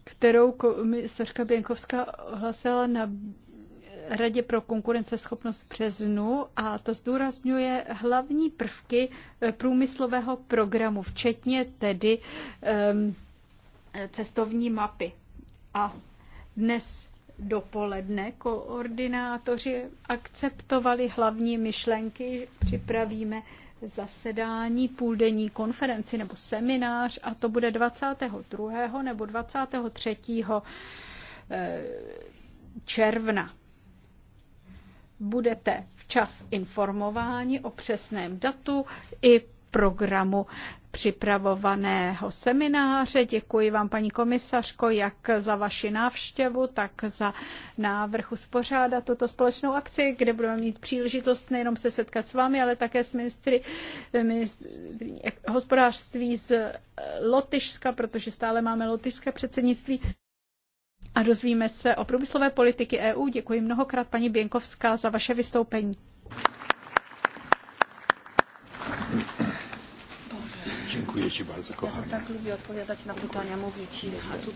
kterou komisařka Běnkovská ohlasila na Radě pro konkurenceschopnost v březnu a to zdůrazňuje hlavní prvky eh, průmyslového programu, včetně tedy um, cestovní mapy. A dnes dopoledne koordinátoři akceptovali hlavní myšlenky, připravíme zasedání, půldenní konferenci nebo seminář a to bude 22. nebo 23. Eh, června budete včas informováni o přesném datu i programu připravovaného semináře. Děkuji vám, paní komisařko, jak za vaši návštěvu, tak za návrh uspořádat tuto společnou akci, kde budeme mít příležitost nejenom se setkat s vámi, ale také s ministry, ministry hospodářství z Lotyšska, protože stále máme lotyšské předsednictví a dozvíme se o průmyslové politiky EU. Děkuji mnohokrát paní Běnkovská za vaše vystoupení. Boże. Dziękuję Ci bardzo, kochani. Ja tak lubię odpowiadać na pytania, mówić. A tu...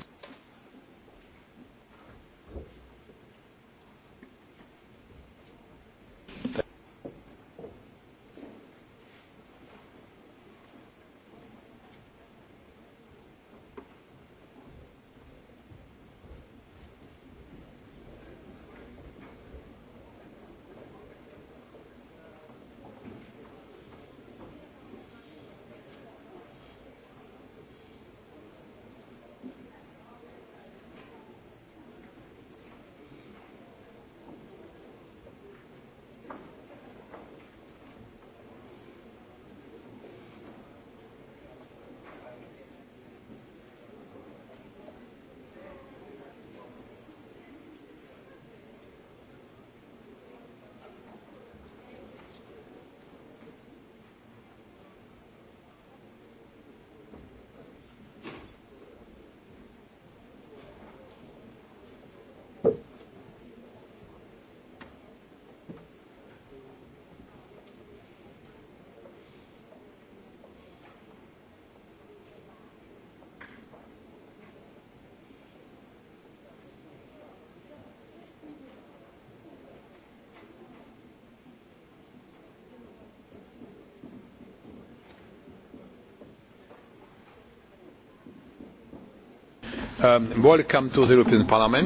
Um,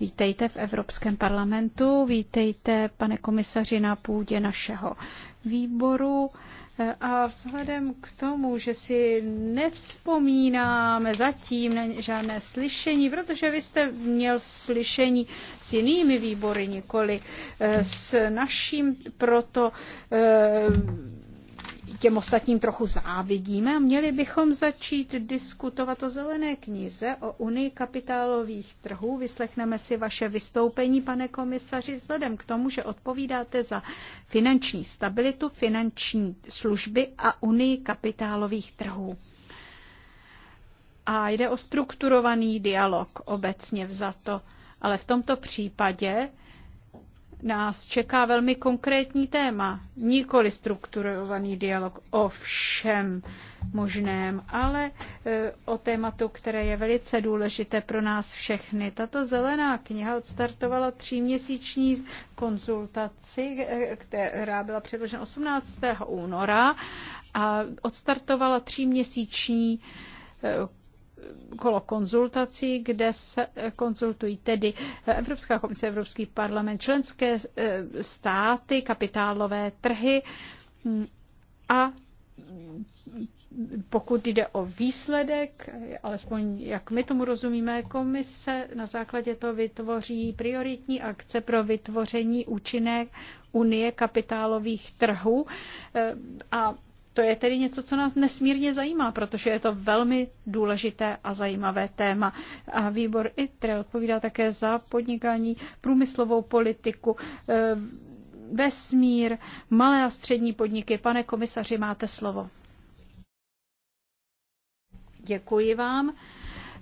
vítejte v Evropském parlamentu, vítejte, pane komisaři, na půdě našeho výboru. Eh, a vzhledem k tomu, že si nevzpomínáme zatím na žádné slyšení, protože vy jste měl slyšení s jinými výbory, nikoli eh, s naším, proto eh, těm ostatním trochu závidíme a měli bychom začít diskutovat o zelené knize, o unii kapitálových trhů. Vyslechneme si vaše vystoupení, pane komisaři, vzhledem k tomu, že odpovídáte za finanční stabilitu, finanční služby a unii kapitálových trhů. A jde o strukturovaný dialog obecně vzato. Ale v tomto případě nás čeká velmi konkrétní téma, nikoli strukturovaný dialog o všem možném, ale e, o tématu, které je velice důležité pro nás všechny. Tato zelená kniha odstartovala tříměsíční konzultaci, e, která byla předložena 18. února a odstartovala tříměsíční e, kolo konzultací, kde se konzultují tedy Evropská komise, Evropský parlament, členské eh, státy, kapitálové trhy a pokud jde o výsledek, alespoň jak my tomu rozumíme, komise na základě toho vytvoří prioritní akce pro vytvoření účinné unie kapitálových trhů eh, a to je tedy něco, co nás nesmírně zajímá, protože je to velmi důležité a zajímavé téma. A výbor ITRE odpovídá také za podnikání, průmyslovou politiku, eh, vesmír, malé a střední podniky. Pane komisaři, máte slovo. Děkuji vám.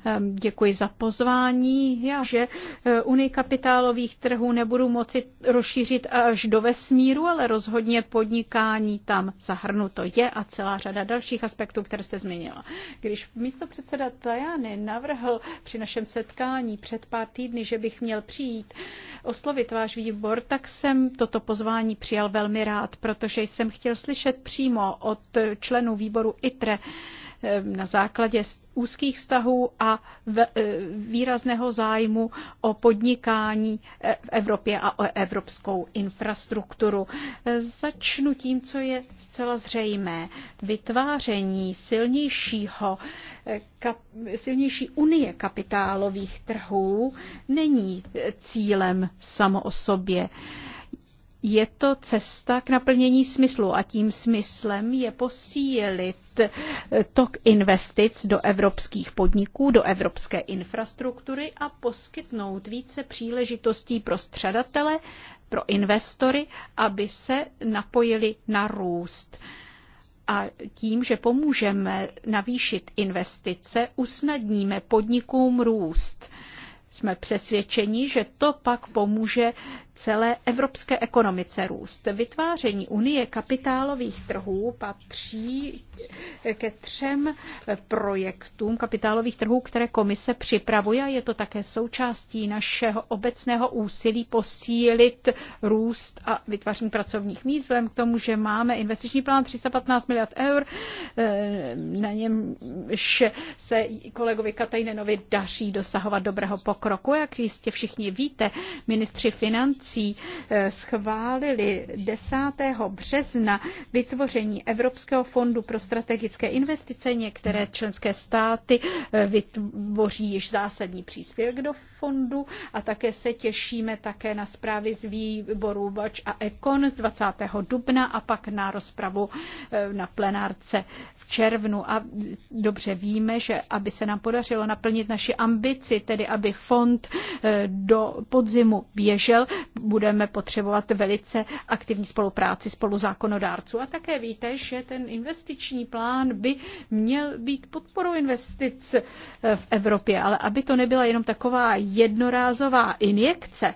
Ehm, děkuji za pozvání. Já, že eh, Unii kapitálových trhů nebudu moci rozšířit až do vesmíru, ale rozhodně podnikání tam zahrnuto je a celá řada dalších aspektů, které jste zmínila. Když místo předseda Tajany navrhl při našem setkání před pár týdny, že bych měl přijít oslovit váš výbor, tak jsem toto pozvání přijal velmi rád, protože jsem chtěl slyšet přímo od členů výboru ITRE, Eh, na základě úzkých vztahů a eh, výrazného zájmu o podnikání eh, v Evropě a o evropskou infrastrukturu. Začnu tím, co je zcela zřejmé. Vytváření silnějšího, kap, silnější unie kapitálových trhů není cílem samo o sobě je to cesta k naplnění smyslu a tím smyslem je posílit tok investic do evropských podniků, do evropské infrastruktury a poskytnout více příležitostí pro středatele, pro investory, aby se napojili na růst. A tím, že pomůžeme navýšit investice, usnadníme podnikům růst. Jsme přesvědčeni, že to pak pomůže celé evropské ekonomice růst. Vytváření Unie kapitálových trhů patří ke třem projektům kapitálových trhů, které komise připravuje. Je to také součástí našeho obecného úsilí posílit růst a vytváření pracovních míst, vzhledem k tomu, že máme investiční plán 315 miliard eur, eh, na něm se kolegovi Katajnenovi daří dosahovat dobrého pokroku. Jak jistě všichni víte, ministři financí institucí eh, schválili 10. března vytvoření Evropského fondu pro strategické investice. Některé členské státy eh, vytvoří již zásadní příspěvek do fondu a také se těšíme také na zprávy z výboru Watch a Econ z 20. dubna a pak na rozpravu eh, na plenárce červnu a dobře víme, že aby se nám podařilo naplnit naši ambici, tedy aby fond eh, do podzimu běžel, budeme potřebovat velice aktivní spolupráci spolu zákonodárců. A také víte, že ten investiční plán by měl být podporou investic eh, v Evropě, ale aby to nebyla jenom taková jednorázová injekce,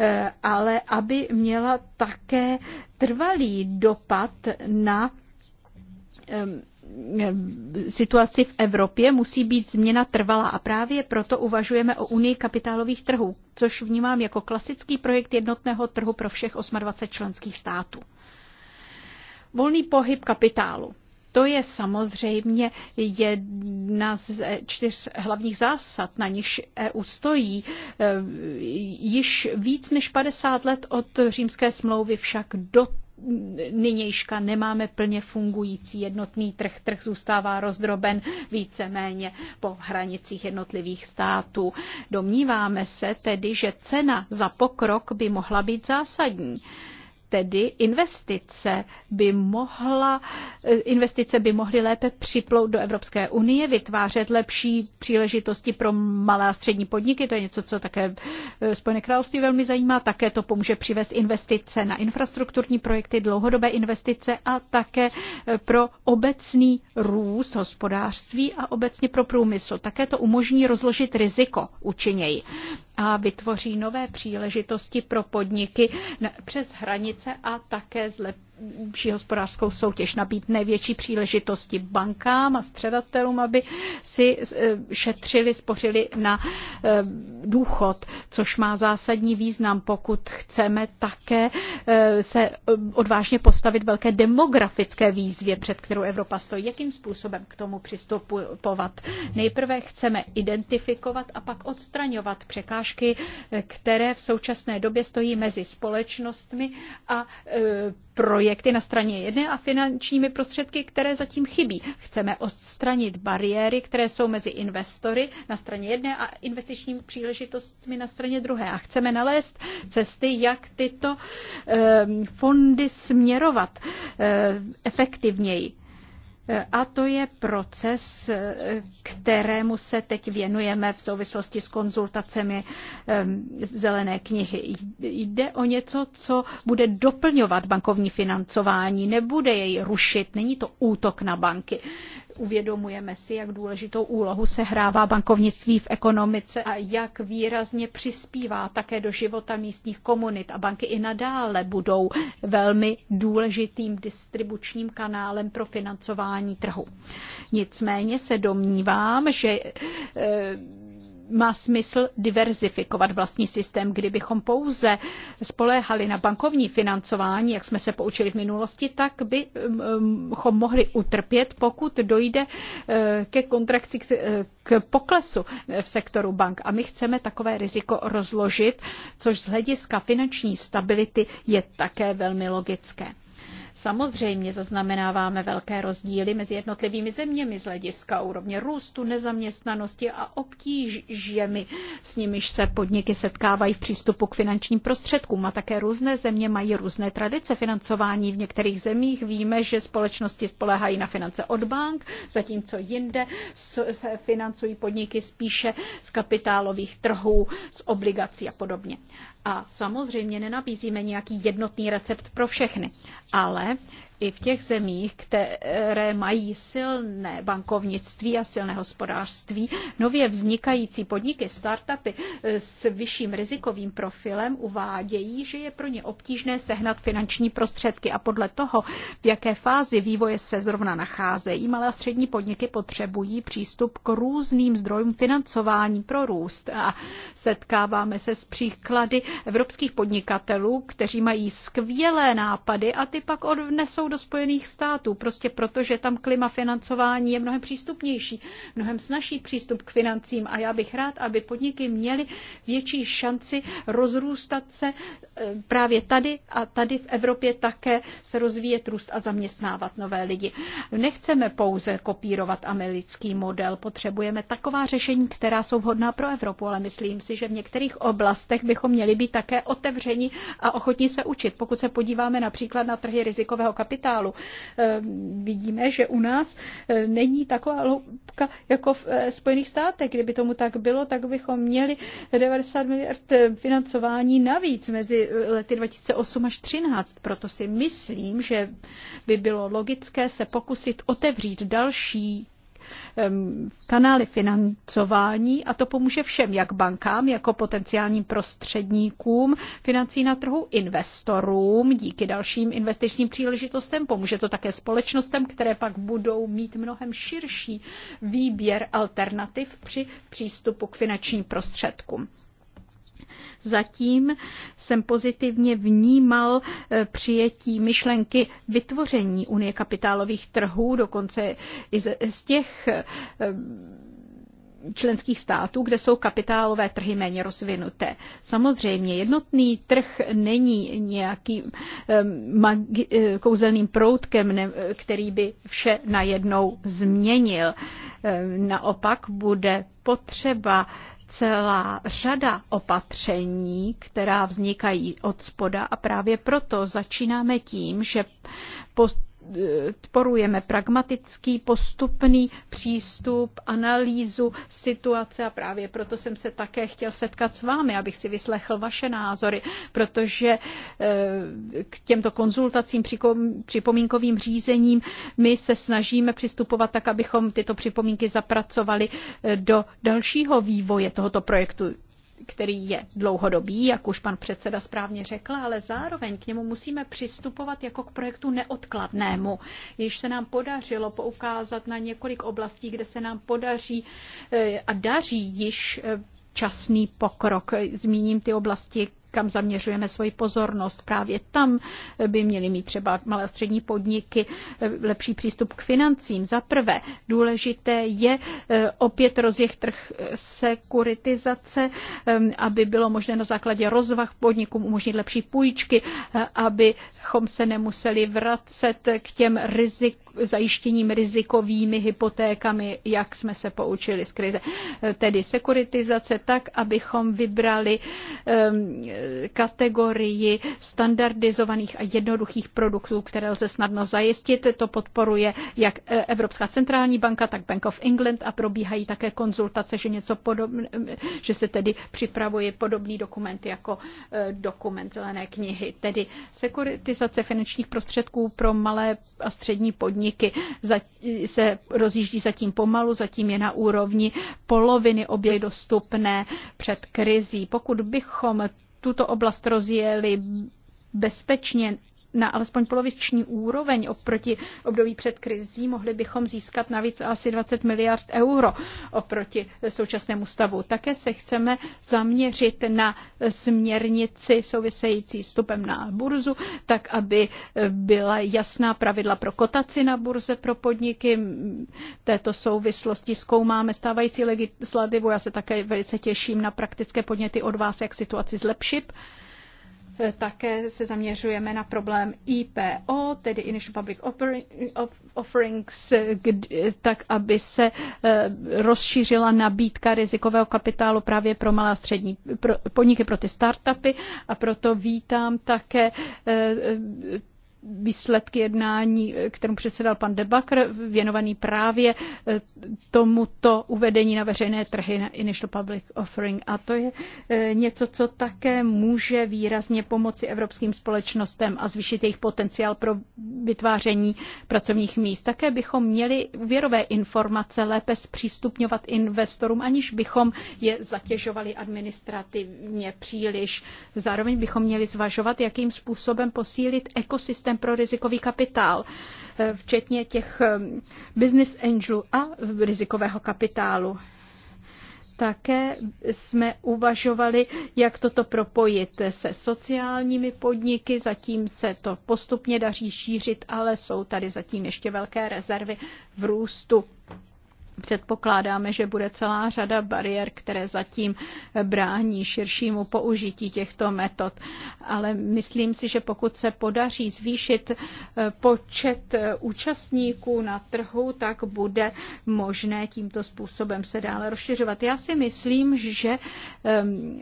eh, ale aby měla také trvalý dopad na situaci v Evropě musí být změna trvalá a právě proto uvažujeme o Unii kapitálových trhů, což vnímám jako klasický projekt jednotného trhu pro všech 28 členských států. Volný pohyb kapitálu. To je samozřejmě jedna z čtyř hlavních zásad, na níž EU stojí. E, již víc než 50 let od římské smlouvy však do nynějška nemáme plně fungující jednotný trh. Trh zůstává rozdroben víceméně po hranicích jednotlivých států. Domníváme se tedy, že cena za pokrok by mohla být zásadní tedy investice by mohla, eh, investice by mohly lépe připlout do Evropské unie, vytvářet lepší příležitosti pro malé a střední podniky, to je něco, co také eh, Spojené království velmi zajímá, také to pomůže přivést investice na infrastrukturní projekty, dlouhodobé investice a také eh, pro obecný růst hospodářství a obecně pro průmysl. Také to umožní rozložit riziko účinněji a vytvoří nové příležitosti pro podniky přes hranice a také zlepší lepší hospodářskou soutěž, nabít největší příležitosti bankám a středatelům, aby si eh, šetřili, spořili na eh, důchod, což má zásadní význam, pokud chceme také eh, se odvážně postavit velké demografické výzvě, před kterou Evropa stojí. Jakým způsobem k tomu přistupovat? Nejprve chceme identifikovat a pak odstraňovat překážky, které v současné době stojí mezi společnostmi a pro projekty na straně jedné a finančními prostředky, které zatím chybí. Chceme odstranit bariéry, které jsou mezi investory na straně jedné a investičními příležitostmi na straně druhé. A chceme nalézt cesty, jak tyto eh, fondy směrovat eh, efektivněji. A to je proces, kterému se teď věnujeme v souvislosti s konzultacemi zelené knihy. Jde o něco, co bude doplňovat bankovní financování, nebude jej rušit, není to útok na banky. Uvědomujeme si, jak důležitou úlohu sehrává bankovnictví v ekonomice a jak výrazně přispívá také do života místních komunit. A banky i nadále budou velmi důležitým distribučním kanálem pro financování trhu. Nicméně se domnívám, že eh, má smysl diverzifikovat vlastní systém. Kdybychom pouze spoléhali na bankovní financování, jak jsme se poučili v minulosti, tak bychom um, um, mohli utrpět, pokud dojde uh, ke kontrakci, k poklesu v sektoru bank. A my chceme takové riziko rozložit, což z hlediska finanční stability je také velmi logické. Samozřejmě zaznamenáváme velké rozdíly mezi jednotlivými zeměmi z hlediska úrovně růstu, nezaměstnanosti a obtížemi, s nimiž se podniky setkávají v přístupu k finančním prostředkům. A také různé země mají různé tradice financování. V některých zemích víme, že společnosti spolehají na finance od bank, zatímco jinde se financují podniky spíše z kapitálových trhů, z obligací a podobně. A samozřejmě nenabízíme nějaký jednotný recept pro všechny, ale i v těch zemích, které mají silné bankovnictví a silné hospodářství, nově vznikající podniky, startupy s vyšším rizikovým profilem uvádějí, že je pro ně obtížné sehnat finanční prostředky a podle toho, v jaké fázi vývoje se zrovna nacházejí, malé a střední podniky potřebují přístup k různým zdrojům financování pro růst. A setkáváme se s příklady evropských podnikatelů, kteří mají skvělé nápady a ty pak odnesou do do Spojených států, prostě proto, že tam klima financování je mnohem přístupnější, mnohem snažší přístup k financím a já bych rád, aby podniky měly větší šanci rozrůstat se eh, právě tady a tady v Evropě také se rozvíjet růst a zaměstnávat nové lidi. Nechceme pouze kopírovat americký model, potřebujeme taková řešení, která jsou vhodná pro Evropu, ale myslím si, že v některých oblastech bychom měli být také otevřeni a ochotní se učit. Pokud se podíváme například na trhy rizikového kapitálu, kapitálu. Eh, vidíme, že u nás eh, není taková hloubka jako v eh, Spojených státech. Kdyby tomu tak bylo, tak bychom měli 90 miliard financování navíc mezi lety 2008 až 2013. Proto si myslím, že by bylo logické se pokusit otevřít další kanály financování a to pomůže všem, jak bankám, jako potenciálním prostředníkům financí na trhu, investorům, díky dalším investičním příležitostem, pomůže to také společnostem, které pak budou mít mnohem širší výběr alternativ při přístupu k finančním prostředkům. Zatím jsem pozitivně vnímal eh, přijetí myšlenky vytvoření Unie kapitálových trhů, dokonce i z těch eh, členských států, kde jsou kapitálové trhy méně rozvinuté. Samozřejmě jednotný trh není nějakým eh, magi- kouzelným proutkem, který by vše najednou změnil. Naopak bude potřeba celá řada opatření, která vznikají od spoda a právě proto začínáme tím, že po podporujeme eh, pragmatický, postupný přístup, analýzu situace a právě proto jsem se také chtěl setkat s vámi, abych si vyslechl vaše názory, protože eh, k těmto konzultacím, připomínkovým řízením my se snažíme přistupovat tak, abychom tyto připomínky zapracovali eh, do dalšího vývoje tohoto projektu který je dlouhodobý, jak už pan předseda správně řekl, ale zároveň k němu musíme přistupovat jako k projektu neodkladnému. Již se nám podařilo poukázat na několik oblastí, kde se nám podaří eh, a daří již eh, časný pokrok. Zmíním ty oblasti, kam zaměřujeme svoji pozornost. Právě tam by měly mít třeba malé a střední podniky eh, lepší přístup k financím. Za prvé, důležité je eh, opět rozjech trh eh, sekuritizace, aby bylo možné na základě rozvah podnikům umožnit lepší půjčky, abychom se nemuseli vracet k těm rizikům, zajištěním rizikovými hypotékami, jak jsme se poučili z krize. Tedy sekuritizace tak, abychom vybrali ehm, kategorii standardizovaných a jednoduchých produktů, které lze snadno zajistit. To podporuje jak e, Evropská centrální banka, tak Bank of England a probíhají také konzultace, že, něco podobné, že se tedy připravuje podobný dokument jako e, dokument zelené knihy. Tedy sekuritizace finančních prostředků pro malé a střední podniky podniky se rozjíždí zatím pomalu, zatím je na úrovni poloviny objevy dostupné před krizí. Pokud bychom tuto oblast rozjeli bezpečně na alespoň poloviční úroveň oproti období před krizí, mohli bychom získat navíc asi 20 miliard euro oproti současnému stavu. Také se chceme zaměřit na směrnici související s vstupem na burzu, tak aby byla jasná pravidla pro kotaci na burze pro podniky. Této souvislosti zkoumáme stávající legislativu. Já se také velice těším na praktické podněty od vás, jak situaci zlepšit. Eh, také se zaměřujeme na problém IPO, tedy Initial Public Offerings, tak aby se eh, rozšířila nabídka rizikového kapitálu právě pro malé a střední podniky, pro ty startupy. A proto vítám také eh, výsledky jednání, kterému předsedal pan Debakr, věnovaný právě eh, tomuto uvedení na veřejné trhy na Initial Public Offering. A to je eh, něco, co také může výrazně pomoci evropským společnostem a zvýšit jejich potenciál pro vytváření pracovních míst. Také bychom měli věrové informace lépe zpřístupňovat investorům, aniž bychom je zatěžovali administrativně příliš. Zároveň bychom měli zvažovat, jakým způsobem posílit ekosystém systém pro rizikový kapitál, eh, včetně těch eh, business angelů a rizikového kapitálu. Také jsme uvažovali, jak toto propojit se sociálními podniky. Zatím se to postupně daří šířit, ale jsou tady zatím ještě velké rezervy v růstu předpokládáme, že bude celá řada bariér, které zatím brání širšímu použití těchto metod. Ale myslím si, že pokud se podaří zvýšit eh, počet eh, účastníků na trhu, tak bude možné tímto způsobem se dále rozšiřovat. Já si myslím, že ehm,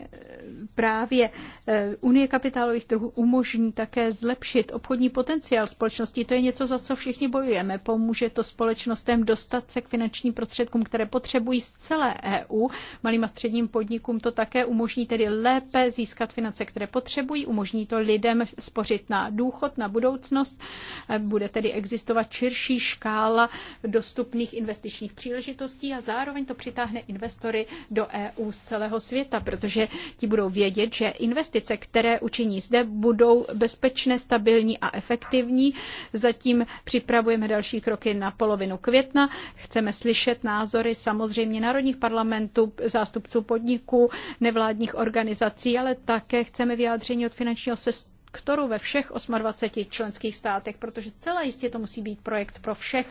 právě eh, Unie kapitálových trhů umožní také zlepšit obchodní potenciál společnosti. To je něco, za co všichni bojujeme. Pomůže to společnostem dostat se k finančním prostředkům, které potřebují z celé EU. Malým a středním podnikům to také umožní tedy lépe získat finance, které potřebují, umožní to lidem spořit na důchod, na budoucnost. Bude tedy existovat širší škála dostupných investičních příležitostí a zároveň to přitáhne investory do EU z celého světa, protože ti budou vědět, že investice, které učiní zde, budou bezpečné, stabilní a efektivní. Zatím připravujeme další kroky na polovinu května. Chceme slyšet slyšet názory samozřejmě národních parlamentů, zástupců podniků, nevládních organizací, ale také chceme vyjádření od finančního kterou ve všech 28 členských státech, protože celé jistě to musí být projekt pro všech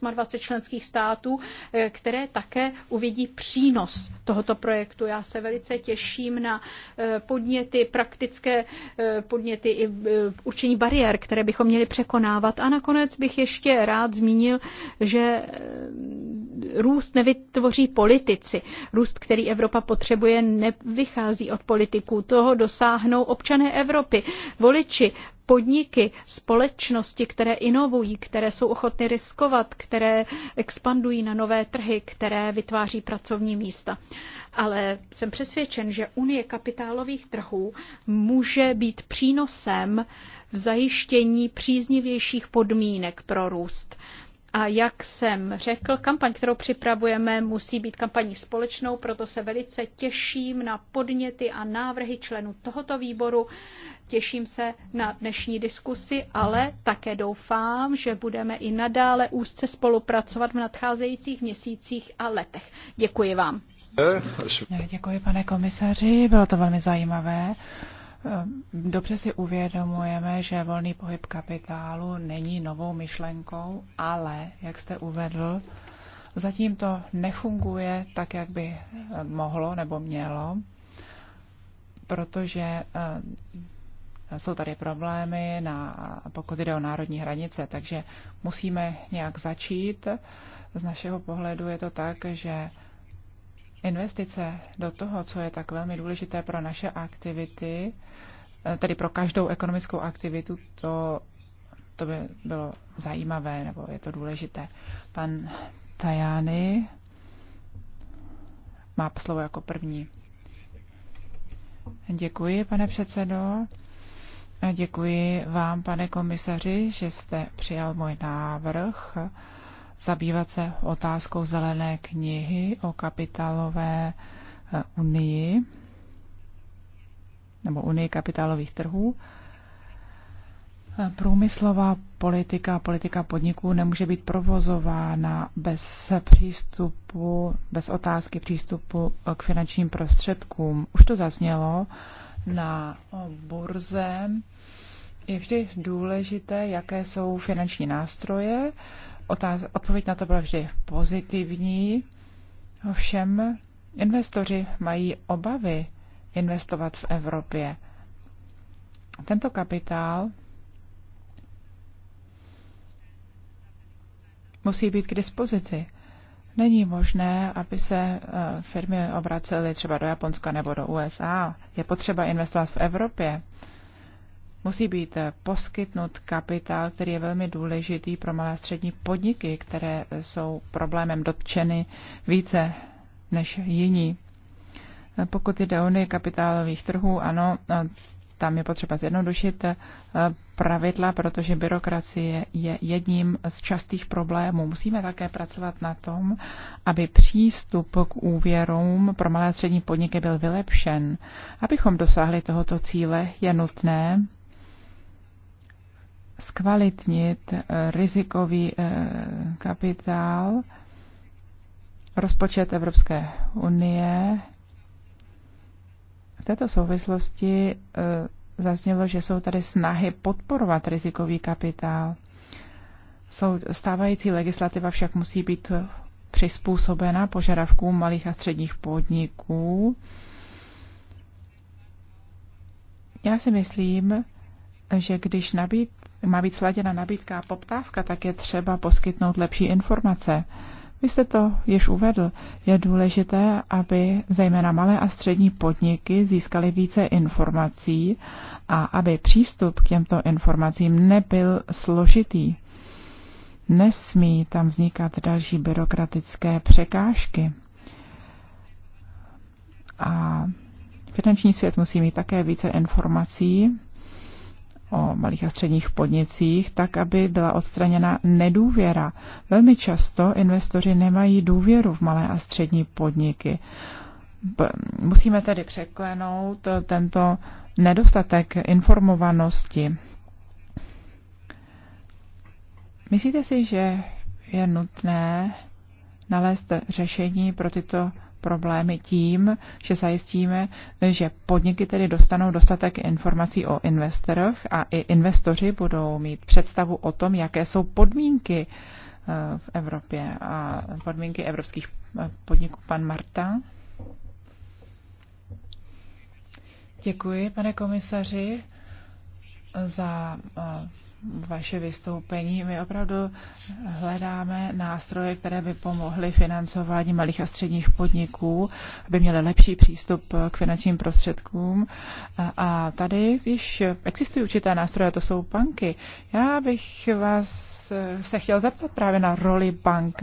28 členských států, eh, které také uvidí přínos tohoto projektu. Já se velice těším na eh, podněty, praktické eh, podněty i určení bariér, které bychom měli překonávat. A nakonec bych ještě rád zmínil, že růst nevytvoří politici. Růst, který Evropa potřebuje, nevychází od politiků. Toho dosáhnou občané Evropy voliči, podniky, společnosti, které inovují, které jsou ochotny riskovat, které expandují na nové trhy, které vytváří pracovní místa. Ale jsem přesvědčen, že Unie kapitálových trhů může být přínosem v zajištění příznivějších podmínek pro růst. A jak jsem řekl, kampaň, kterou připravujeme, musí být kampaní společnou, proto se velice těším na podněty a návrhy členů tohoto výboru. Těším se na dnešní diskusi, ale také doufám, že budeme i nadále úzce spolupracovat v nadcházejících měsících a letech. Děkuji vám. Eh, děkuji, pane komisaři, bylo to velmi zajímavé. Ehm, dobře si uvědomujeme, že volný pohyb kapitálu není novou myšlenkou, ale, jak jste uvedl, zatím to nefunguje tak, jak by ehm, mohlo nebo mělo, protože ehm, jsou tady problémy, na, pokud jde o národní hranice, takže musíme nějak začít. Z našeho pohledu je to tak, že Investice do toho, co je tak velmi důležité pro naše aktivity, eh, tedy pro každou ekonomickou aktivitu, to, to by bylo zajímavé, nebo je to důležité. Pan Tajány má slovo jako první. Děkuji, pane předsedo. Děkuji vám, pane komisaři, že jste přijal můj návrh zabývat se otázkou zelené knihy o kapitálové eh, unii nebo unii kapitálových trhů. Eh, průmyslová politika, politika podniků nemůže být provozována bez přístupu, bez otázky přístupu eh, k finančním prostředkům. Už to zaznělo na burze. Je vždy důležité, jaké jsou finanční nástroje, otáz- odpověď na to byla vždy pozitivní. Ovšem, investoři mají obavy investovat v Evropě. Tento kapitál musí být k dispozici. Není možné, aby se eh, firmy obracely třeba do Japonska nebo do USA. Je potřeba investovat v Evropě musí být eh, poskytnut kapitál, který je velmi důležitý pro malé a střední podniky, které eh, jsou problémem dotčeny více než jiní. Eh, pokud jde o unii kapitálových trhů, ano, tam je potřeba zjednodušit pravidla, protože byrokracie je jedním z častých problémů. Musíme také pracovat na tom, aby přístup k úvěrům pro malé a střední podniky byl vylepšen. Abychom dosáhli tohoto cíle, je nutné, zkvalitnit eh, rizikový eh, kapitál, rozpočet Evropské unie. V této souvislosti eh, zaznělo, že jsou tady snahy podporovat rizikový kapitál. Stávající legislativa však musí být přizpůsobena požadavkům malých a středních podniků. Já si myslím, že když nabít, má být sladěna nabídka a poptávka, tak je třeba poskytnout lepší informace. Vy jste to již uvedl. Je důležité, aby zejména malé a střední podniky získaly více informací a aby přístup k těmto informacím nebyl složitý. Nesmí tam vznikat další byrokratické překážky. A finanční svět musí mít také více informací o malých a středních podnicích, tak aby byla odstraněna nedůvěra. Velmi často investoři nemají důvěru v malé a střední podniky. Musíme tedy překlenout tento nedostatek informovanosti. Myslíte si, že je nutné nalézt řešení pro tyto problémy tím, že zajistíme, že podniky tedy dostanou dostatek informací o investorech a i investoři budou mít představu o tom, jaké jsou podmínky eh, v Evropě a podmínky evropských eh, podniků. Pan Marta. Děkuji, pane komisaři, za eh, vaše vystoupení. My opravdu hledáme nástroje, které by pomohly financování malých a středních podniků, aby měly lepší přístup k finančním prostředkům. A tady již existují určité nástroje, to jsou banky. Já bych vás se chtěl zeptat právě na roli bank.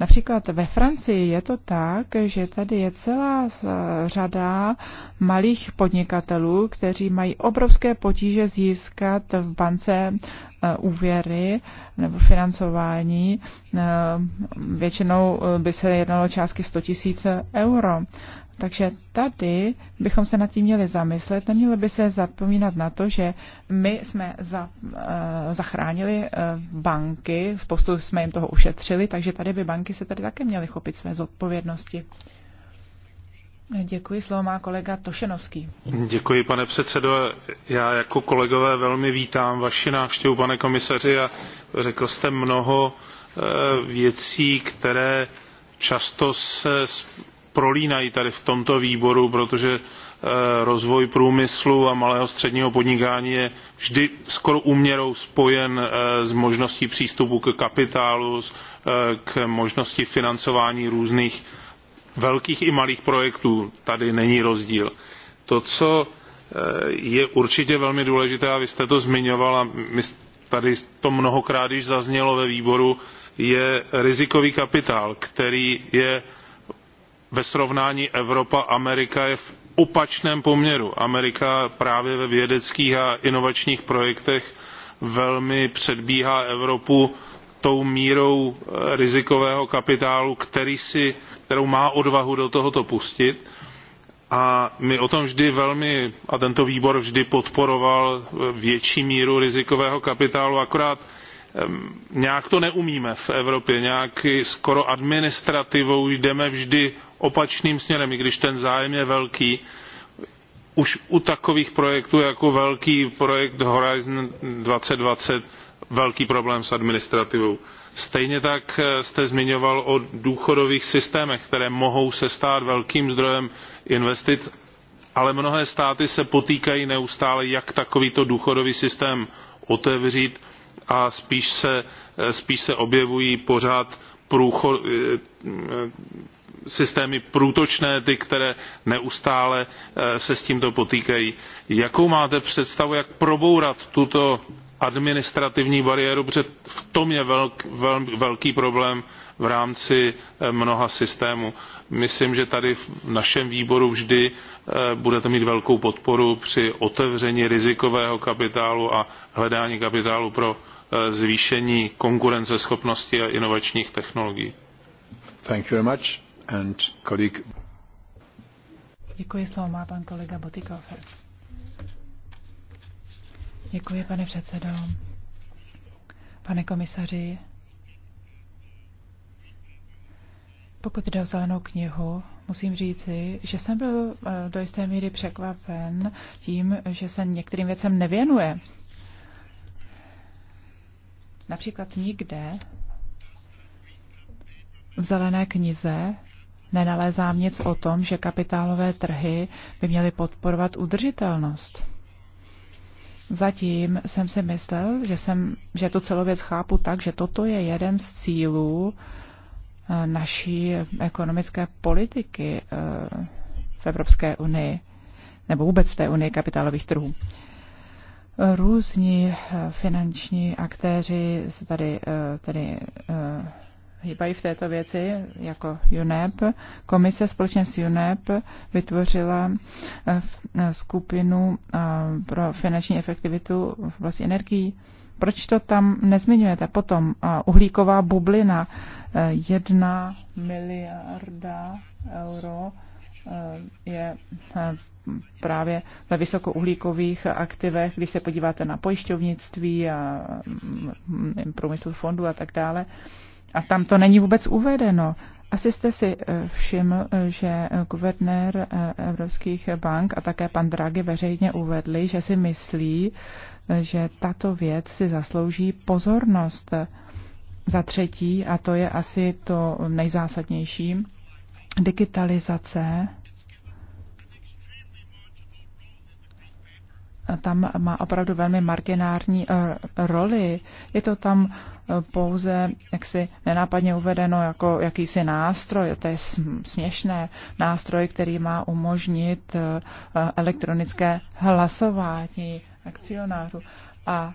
Například ve Francii je to tak, že tady je celá řada malých podnikatelů, kteří mají obrovské potíže získat v bance eh, úvěry nebo financování. Eh, většinou eh, by se jednalo částky 100 000 euro. Takže tady bychom se nad tím měli zamyslet. Neměli by se zapomínat na to, že my jsme za, e, zachránili e, banky, spoustu jsme jim toho ušetřili, takže tady by banky se tady také měly chopit své zodpovědnosti. Děkuji, slovo má kolega Tošenovský. Děkuji, pane předsedo. Já jako kolegové velmi vítám vaši návštěvu, pane komisaři, a řekl jste mnoho eh, věcí, které často se prolínají tady v tomto výboru protože eh, rozvoj průmyslu a malého a středního podnikání je vždy skoro úměrou spojen eh, s možností přístupu k kapitálu eh, k možnosti financování různých velkých i malých projektů. Tady není rozdíl. To, co je určitě velmi důležité, a vy jste to zmiňoval, a my tady to mnohokrát již zaznělo ve výboru, je rizikový kapitál, který je ve srovnání Evropa Amerika je v opačném poměru. Amerika právě ve vědeckých a inovačních projektech velmi předbíhá Evropu tou mírou eh, rizikového kapitálu, který kterou má odvahu do tohoto pustit. A my o tom vždy velmi, a tento výbor vždy podporoval eh, větší míru rizikového kapitálu, akorát ehm, nějak to neumíme v Evropě, nějak skoro administrativou jdeme vždy opačným směrem i když ten zájem je velký už u takových projektů jako velký projekt horizon 2020, velký problém s administrativou. stejně tak eh, jste zmiňoval o důchodových systémech které mohou se stát velkým zdrojem investic ale mnohé státy se potýkají neustále jak takovýto důchodový systém otevřít a spíš se, eh, spíš se objevují pořád průcho, eh, systémy průtočné ty které neustále eh, se s tímto potýkají. jakou máte představu jak probourat tuto administrativní bariéru protože v tom je velký problém v rámci eh, mnoha systémů. myslím že tady v našem výboru vždy eh, budete mít velkou podporu při otevření rizikového kapitálu a hledání kapitálu pro zvýšení konkurenceschopnosti a inovačních technologií and colleague. Děkuji, slovo má pan kolega Botikofer. Děkuji, pane předsedo. Pane komisaři, pokud jde o zelenou knihu, musím říci, že jsem byl eh, do jisté míry překvapen tím, že se některým věcem nevěnuje. Například nikde v zelené knize nenalézám nic o tom, že kapitálové trhy by měly podporovat udržitelnost. Zatím jsem si myslel, že, jsem, že tu celou věc chápu tak, že toto je jeden z cílů eh, naší ekonomické politiky eh, v Evropské unii, nebo vůbec té unie kapitálových trhů. Různí eh, finanční aktéři se tady, tady hýbají v této věci, jako UNEP. Komise společně s UNEP vytvořila eh, eh, skupinu eh, pro finanční efektivitu v oblasti energií. Proč to tam nezmiňujete? Potom uhlíková bublina, jedna miliarda euro je právě ve vysokouhlíkových aktivech, když se podíváte na pojišťovnictví a mm, mm, průmysl fondu a tak dále a tam to není vůbec uvedeno. Asi jste si eh, všiml, eh, že guvernér eh, evropských bank a také pan Draghi veřejně uvedli, že si myslí, že tato věc si zaslouží pozornost. Za třetí, a to je asi to nejzásadnější, digitalizace tam má opravdu velmi marginární eh, roli. Je to tam eh, pouze jaksi nenápadně uvedeno jako jakýsi nástroj, to je směšné, nástroj, který má umožnit eh, elektronické hlasování akcionářů. A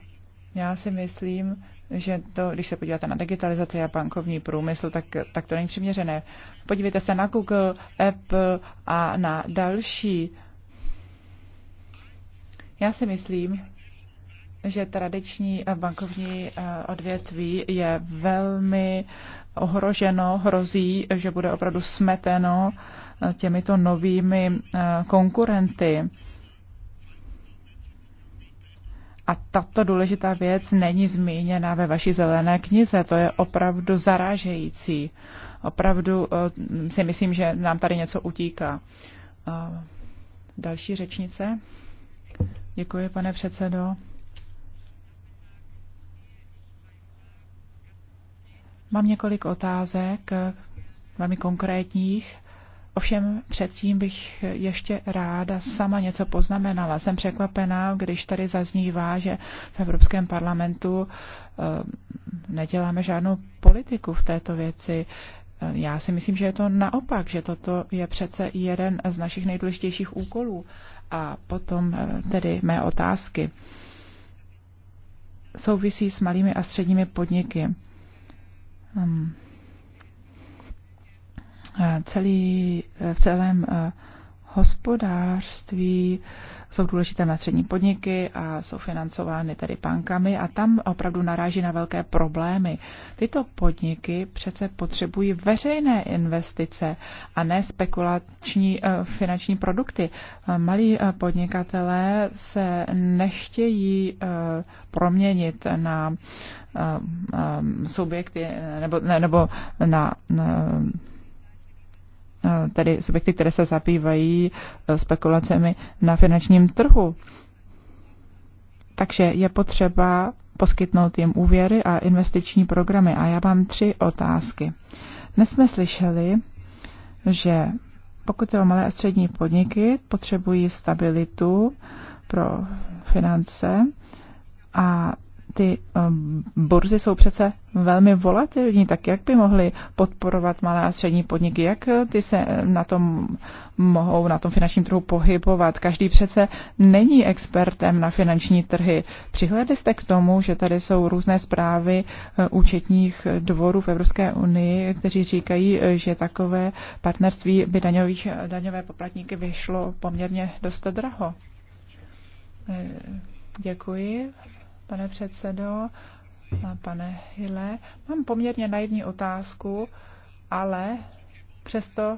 já si myslím, že to, když se podíváte na digitalizaci a bankovní průmysl, tak, tak to není přiměřené. Podívejte se na Google, Apple a na další já si myslím, že tradiční bankovní eh, odvětví je velmi ohroženo, hrozí, že bude opravdu smeteno eh, těmito novými eh, konkurenty. A tato důležitá věc není zmíněna ve vaší zelené knize. To je opravdu zarážející. Opravdu si myslím, že nám tady něco utíká. Další řečnice. Děkuji, pane předsedo. Mám několik otázek, velmi konkrétních. Ovšem předtím bych ještě ráda sama něco poznamenala. Jsem překvapená, když tady zaznívá, že v Evropském parlamentu eh, neděláme žádnou politiku v této věci. Eh, já si myslím, že je to naopak, že toto je přece jeden z našich nejdůležitějších úkolů. A potom eh, tedy mé otázky. Souvisí s malými a středními podniky. Ehm, eh, celý, eh, v celém hospodářství, jsou důležité na střední podniky a jsou financovány tedy bankami a tam opravdu naráží na velké problémy. Tyto podniky přece potřebují veřejné investice a ne spekulační eh, finanční produkty. Malí eh, podnikatelé se nechtějí eh, proměnit na subjekty nebo, nebo na, na Eh, tedy subjekty, které se zabývají eh, spekulacemi na finančním trhu. Takže je potřeba poskytnout jim úvěry a investiční programy. A já mám tři otázky. Dnes jsme slyšeli, že pokud je o malé a střední podniky, potřebují stabilitu pro finance a ty um, burzy jsou přece velmi volatilní, tak jak by mohly podporovat malé a střední podniky, jak eh, ty se eh, na tom mohou na tom finančním trhu pohybovat. Každý přece není expertem na finanční trhy. Přihledli jste k tomu, že tady jsou různé zprávy eh, účetních dvorů v Evropské unii, kteří říkají, že takové partnerství by daňových, daňové poplatníky vyšlo poměrně dost draho. Děkuji pane předsedo, pane Hille. Mám poměrně naivní otázku, ale přesto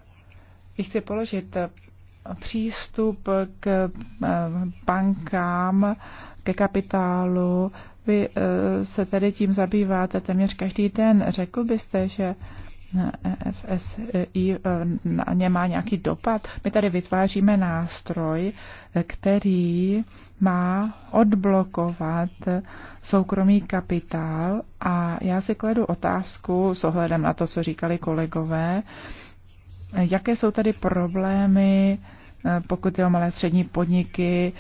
ji chci položit. Přístup k eh, bankám, ke kapitálu, vy eh, se tedy tím zabýváte téměř každý den. Řekl byste, že FSI na e e, ně má nějaký dopad. My tady vytváříme nástroj, který má odblokovat soukromý kapitál a já si kladu otázku s ohledem na to, co říkali kolegové, jaké jsou tady problémy e, pokud je o malé střední podniky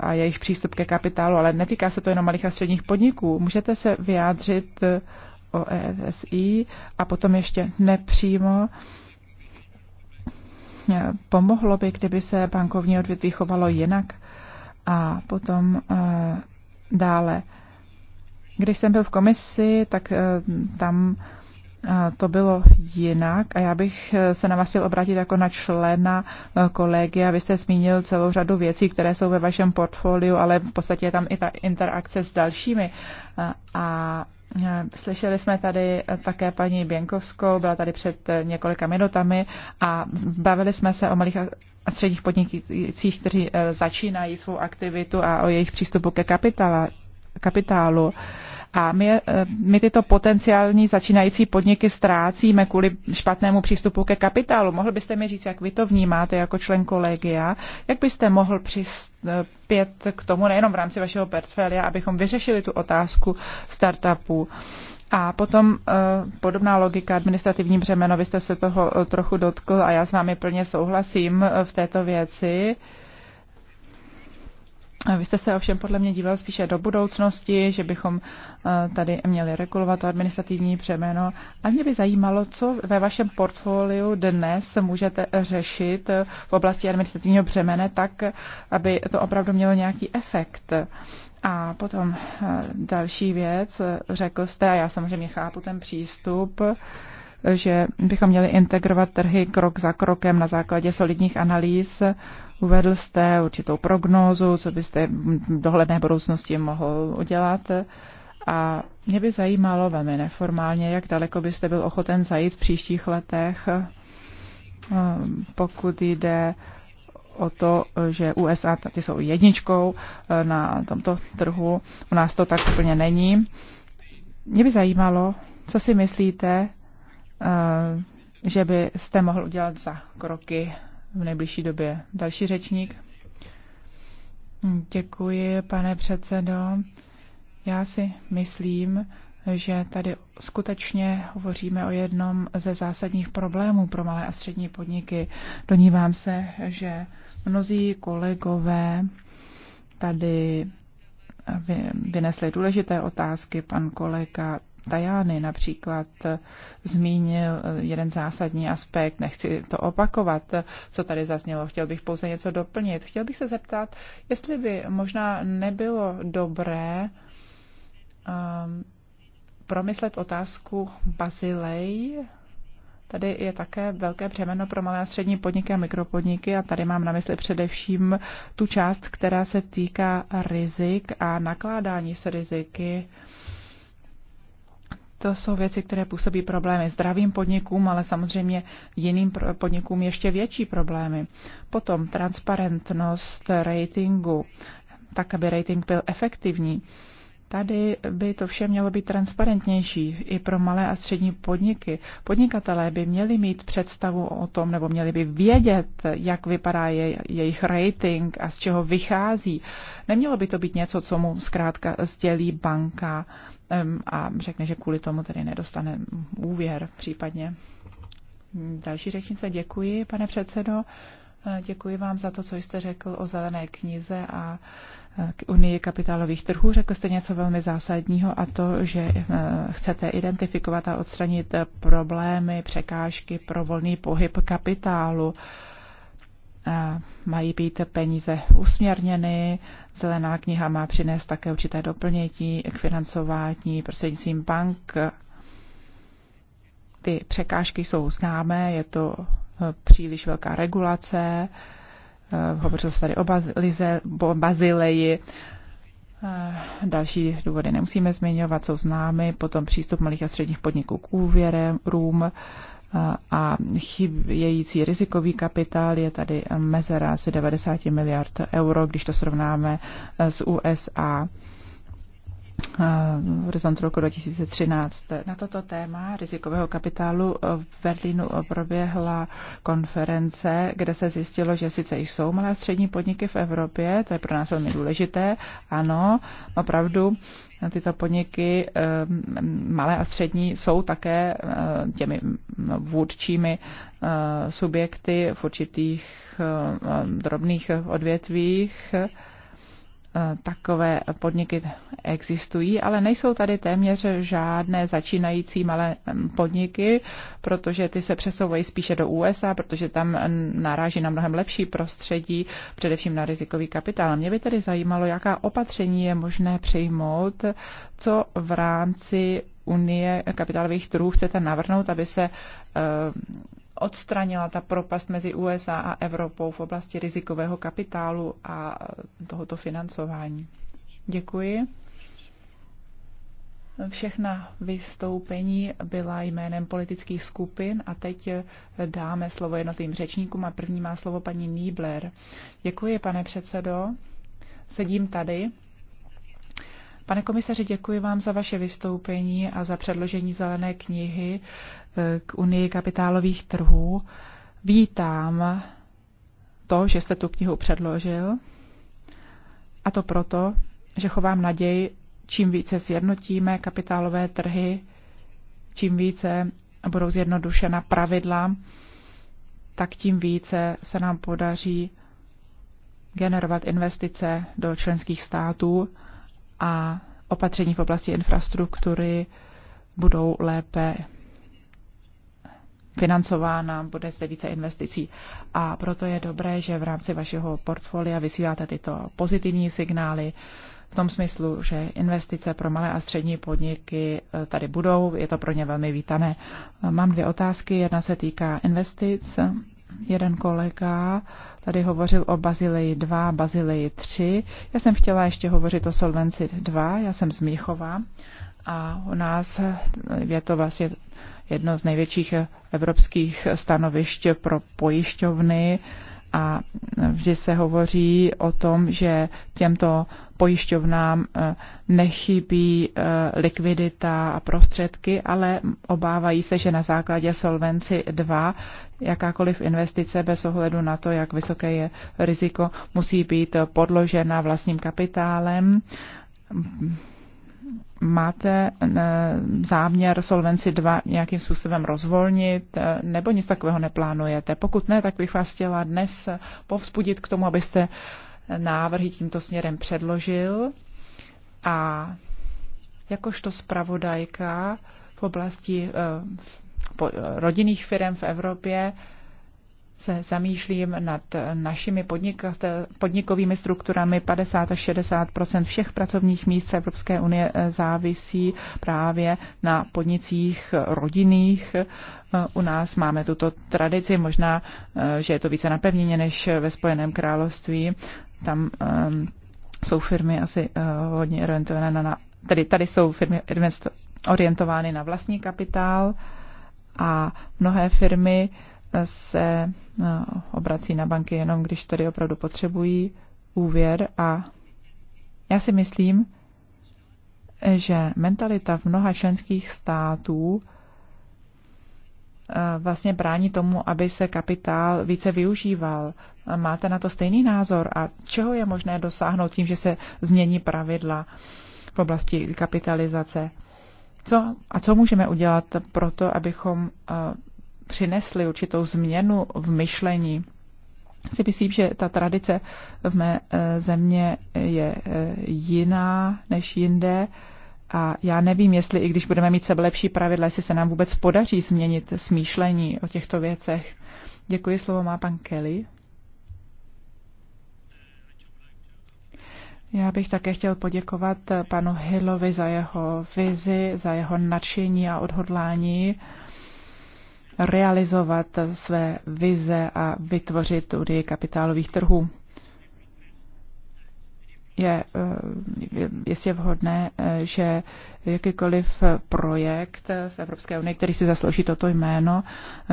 a jejich přístup ke kapitálu, ale netýká se to jenom malých a středních podniků. Můžete se vyjádřit o e a potom ještě nepřímo e, pomohlo by, kdyby se bankovní odvětví chovalo jinak. A potom e, dále. Když jsem byl v komisi, tak tam to bylo jinak a já bych se na vás chtěl obrátit jako na člena kolegy a vy jste zmínil celou řadu věcí, které jsou ve vašem portfoliu, ale v podstatě je tam i ta interakce s dalšími. A Eh, slyšeli jsme tady eh, také paní Běnkovskou, byla tady před eh, několika minutami a bavili jsme se o malých a středních podnikcích, kteří začínají svou aktivitu a o jejich přístupu ke kapitala, kapitálu. A my, eh, my tyto potenciální začínající podniky ztrácíme kvůli špatnému přístupu ke kapitálu. Mohl byste mi říct, jak vy to vnímáte jako člen kolegia? Jak byste mohl přispět k tomu nejenom v rámci vašeho portfolia, abychom vyřešili tu otázku startupů? A potom eh, podobná logika, administrativní břemeno, vy jste se toho eh, trochu dotkl a já s vámi plně souhlasím v této věci. Vy jste se ovšem podle mě díval spíše do budoucnosti, že bychom eh, tady měli regulovat to administrativní přeměno. A mě by zajímalo, co ve vašem portfoliu dnes můžete řešit eh, v oblasti administrativního břemene tak, aby to opravdu mělo nějaký efekt. A potom eh, další věc, řekl jste, a já samozřejmě chápu ten přístup, že bychom měli integrovat trhy krok za krokem na základě solidních analýz. Uvedl jste určitou prognózu, co byste v dohledné budoucnosti mohl udělat. A mě by zajímalo velmi neformálně, jak daleko byste byl ochoten zajít v příštích letech, pokud jde o to, že USA ty jsou jedničkou eh, na tomto trhu. U nás to tak úplně není. Mě by zajímalo, co si myslíte, Eh, že byste mohl udělat za kroky v nejbližší době. Další řečník. Děkuji, pane předsedo. Já si myslím, že tady skutečně hovoříme o jednom ze zásadních problémů pro malé a střední podniky. Donívám se, že mnozí kolegové tady vynesli důležité otázky. Pan kolega Tajány například eh, zmínil eh, jeden zásadní aspekt, nechci to opakovat, eh, co tady zaznělo, chtěl bych pouze něco doplnit. Chtěl bych se zeptat, jestli by možná nebylo dobré um, promyslet otázku Bazilej, Tady je také velké břemeno pro malé a střední podniky a mikropodniky a tady mám na mysli především tu část, která se týká rizik a nakládání se riziky to jsou věci, které působí problémy zdravým podnikům, ale samozřejmě jiným podnikům ještě větší problémy. Potom transparentnost ratingu, tak aby rating byl efektivní. Tady by to vše mělo být transparentnější i pro malé a střední podniky. Podnikatelé by měli mít představu o tom, nebo měli by vědět, jak vypadá je, jejich rating a z čeho vychází. Nemělo by to být něco, co mu zkrátka sdělí banka a řekne, že kvůli tomu tedy nedostane úvěr případně. Další řečnice, děkuji, pane předsedo. E, děkuji vám za to, co jste řekl o zelené knize a e, k Unii kapitálových trhů. Řekl jste něco velmi zásadního a to, že e, chcete identifikovat a odstranit problémy, překážky pro volný pohyb kapitálu mají být peníze usměrněny, zelená kniha má přinést také určité doplnění k financování prostřednictvím bank. Ty překážky jsou známé, je to eh, příliš velká regulace, eh, hovořil se tady o, Bazilize, Bazileji, eh, Další důvody nemusíme zmiňovat, jsou známy, potom přístup malých a středních podniků k úvěrem, rům, a chybějící rizikový kapitál je tady mezera asi 90 miliard euro, když to srovnáme s USA. Eh, horizontu roku 2013. Na toto téma rizikového kapitálu v Berlínu proběhla konference, kde se zjistilo, že sice jsou malé střední podniky v Evropě, to je pro nás velmi důležité, ano, opravdu tyto podniky eh, malé a střední jsou také eh, těmi no, vůdčími subjekty v určitých drobných odvětvích, Eh, takové podniky existují, ale nejsou tady téměř žádné začínající malé podniky, protože ty se přesouvají spíše do USA, protože tam naráží na mnohem lepší prostředí, především na rizikový kapitál. Mě by tedy zajímalo, jaká opatření je možné přijmout, co v rámci Unie kapitálových trhů chcete navrhnout, aby se eh, odstranila ta propast mezi USA a Evropou v oblasti rizikového kapitálu a tohoto financování. Děkuji. Všechna vystoupení byla jménem politických skupin a teď dáme slovo jednotlivým řečníkům a první má slovo paní Niebler. Děkuji, pane předsedo. Sedím tady. Pane komisaři, děkuji vám za vaše vystoupení a za předložení zelené knihy. Eh, k Unii kapitálových trhů. Vítám to, že jste tu knihu předložil, a to proto, že chovám naději, čím více sjednotíme kapitálové trhy, čím více budou zjednodušena pravidla, tak tím více se nám podaří generovat investice do členských států a opatření v oblasti infrastruktury budou lépe financována, bude zde více investicí. A proto je dobré, že v rámci vašeho portfolia vysíláte tyto pozitivní signály v tom smyslu, že investice pro malé a střední podniky eh, tady budou, je to pro ně velmi vítané. Mám dvě otázky, jedna se týká investic. Jeden kolega tady hovořil o Bazileji 2, Bazileji 3. Já jsem chtěla ještě hovořit o Solvenci 2, já jsem z Míchova a u nás je to vlastně jedno z největších evropských stanovišť pro pojišťovny a vždy se hovoří o tom, že těmto pojišťovnám eh, nechybí eh, likvidita a prostředky, ale obávají se, že na základě Solvency 2 jakákoliv investice bez ohledu na to, jak vysoké je riziko, musí být podložena vlastním kapitálem máte eh, záměr Solvenci 2 nějakým způsobem rozvolnit, eh, nebo nic takového neplánujete? Pokud ne, tak bych vás chtěla dnes povzbudit k tomu, abyste návrhy tímto směrem předložil. A jakožto zpravodajka v oblasti eh, rodinných firm v Evropě se zamýšlím nad našimi podnikovými strukturami. 50 až 60 všech pracovních míst Evropské unie eh, závisí právě na podnicích rodinných. Eh, u nás máme tuto tradici, možná, eh, že je to více napevněně než ve Spojeném království. Tam jsou firmy asi hodně orientované na, tedy tady jsou firmy orientovány na vlastní kapitál a mnohé firmy uh, se eh, obrací na banky jenom, když tady opravdu potřebují úvěr a já si myslím, že mentalita v mnoha členských států eh, vlastně brání tomu, aby se kapitál více využíval. Máte na to stejný názor a čeho je možné dosáhnout tím, že se změní pravidla v oblasti kapitalizace? Co, a co můžeme udělat pro to, abychom eh, přinesly určitou změnu v myšlení. Si myslím, že ta tradice v mé eh, země je eh, jiná než jinde a já nevím, jestli i když budeme mít sebe lepší pravidla, jestli se nám vůbec podaří změnit smýšlení o těchto věcech. Děkuji, slovo má pan Kelly. Já bych také chtěl poděkovat panu Hillovi za jeho vizi, za jeho nadšení a odhodlání realizovat své vize a vytvořit unii kapitálových trhů. Je eh, jistě je vhodné, eh, že jakýkoliv projekt v Evropské unii, který si zaslouží toto jméno,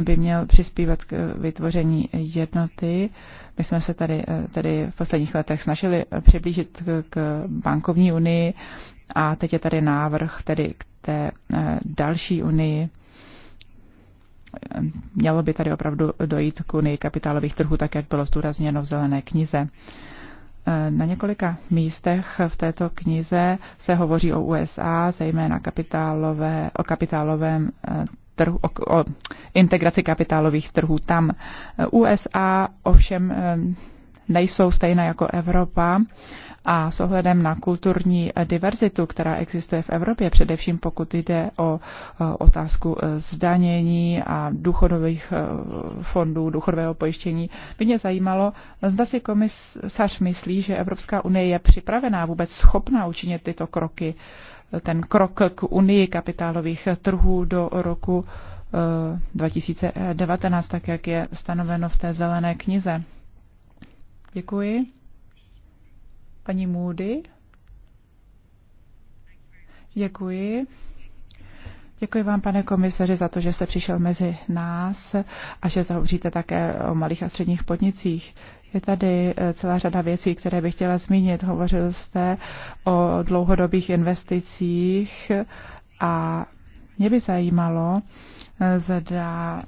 by měl přispívat k vytvoření jednoty. My jsme se tady, eh, tady v posledních letech snažili přiblížit k bankovní unii a teď je tady návrh tedy k té další unii mělo by tady opravdu dojít k unii kapitálových trhů, tak jak bylo zdůrazněno v zelené knize. E, na několika místech v této knize se hovoří o USA, zejména kapitálové, o kapitálovém e, trhu, o, o integraci kapitálových trhů tam. E, USA ovšem nejsou stejné jako Evropa a s ohledem na kulturní diverzitu, která existuje v Evropě, především pokud jde o otázku e, zdanění a důchodových e, fondů, důchodového pojištění, by mě zajímalo, zda si komisař myslí, že Evropská unie je připravená vůbec schopná učinit tyto kroky, e, ten krok k unii kapitálových trhů do roku 2019, tak jak je stanoveno v té zelené knize. Děkuji. Paní Moody. Děkuji. Děkuji vám, pane komisaři, za to, že jste přišel mezi nás a že zahovoříte také o malých a středních podnicích. Je tady eh, celá řada věcí, které bych chtěla zmínit. Hovořil jste o dlouhodobých investicích a mě by zajímalo, eh, zda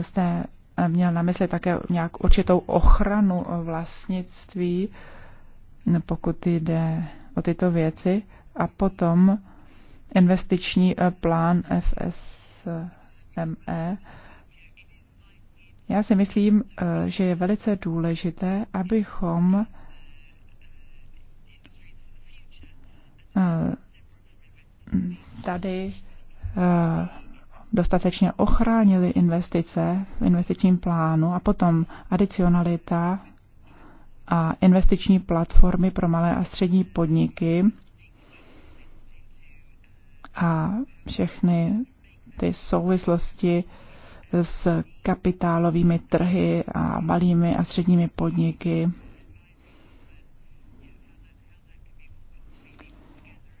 jste měl na mysli také nějak určitou ochranu vlastnictví, pokud jde o tyto věci, a potom investiční eh, plán FSME. Já si myslím, eh, že je velice důležité, abychom eh, tady dostatečně ochránili investice v investičním plánu a potom adicionalita a investiční platformy pro malé a střední podniky a všechny ty souvislosti s kapitálovými trhy a malými a středními podniky.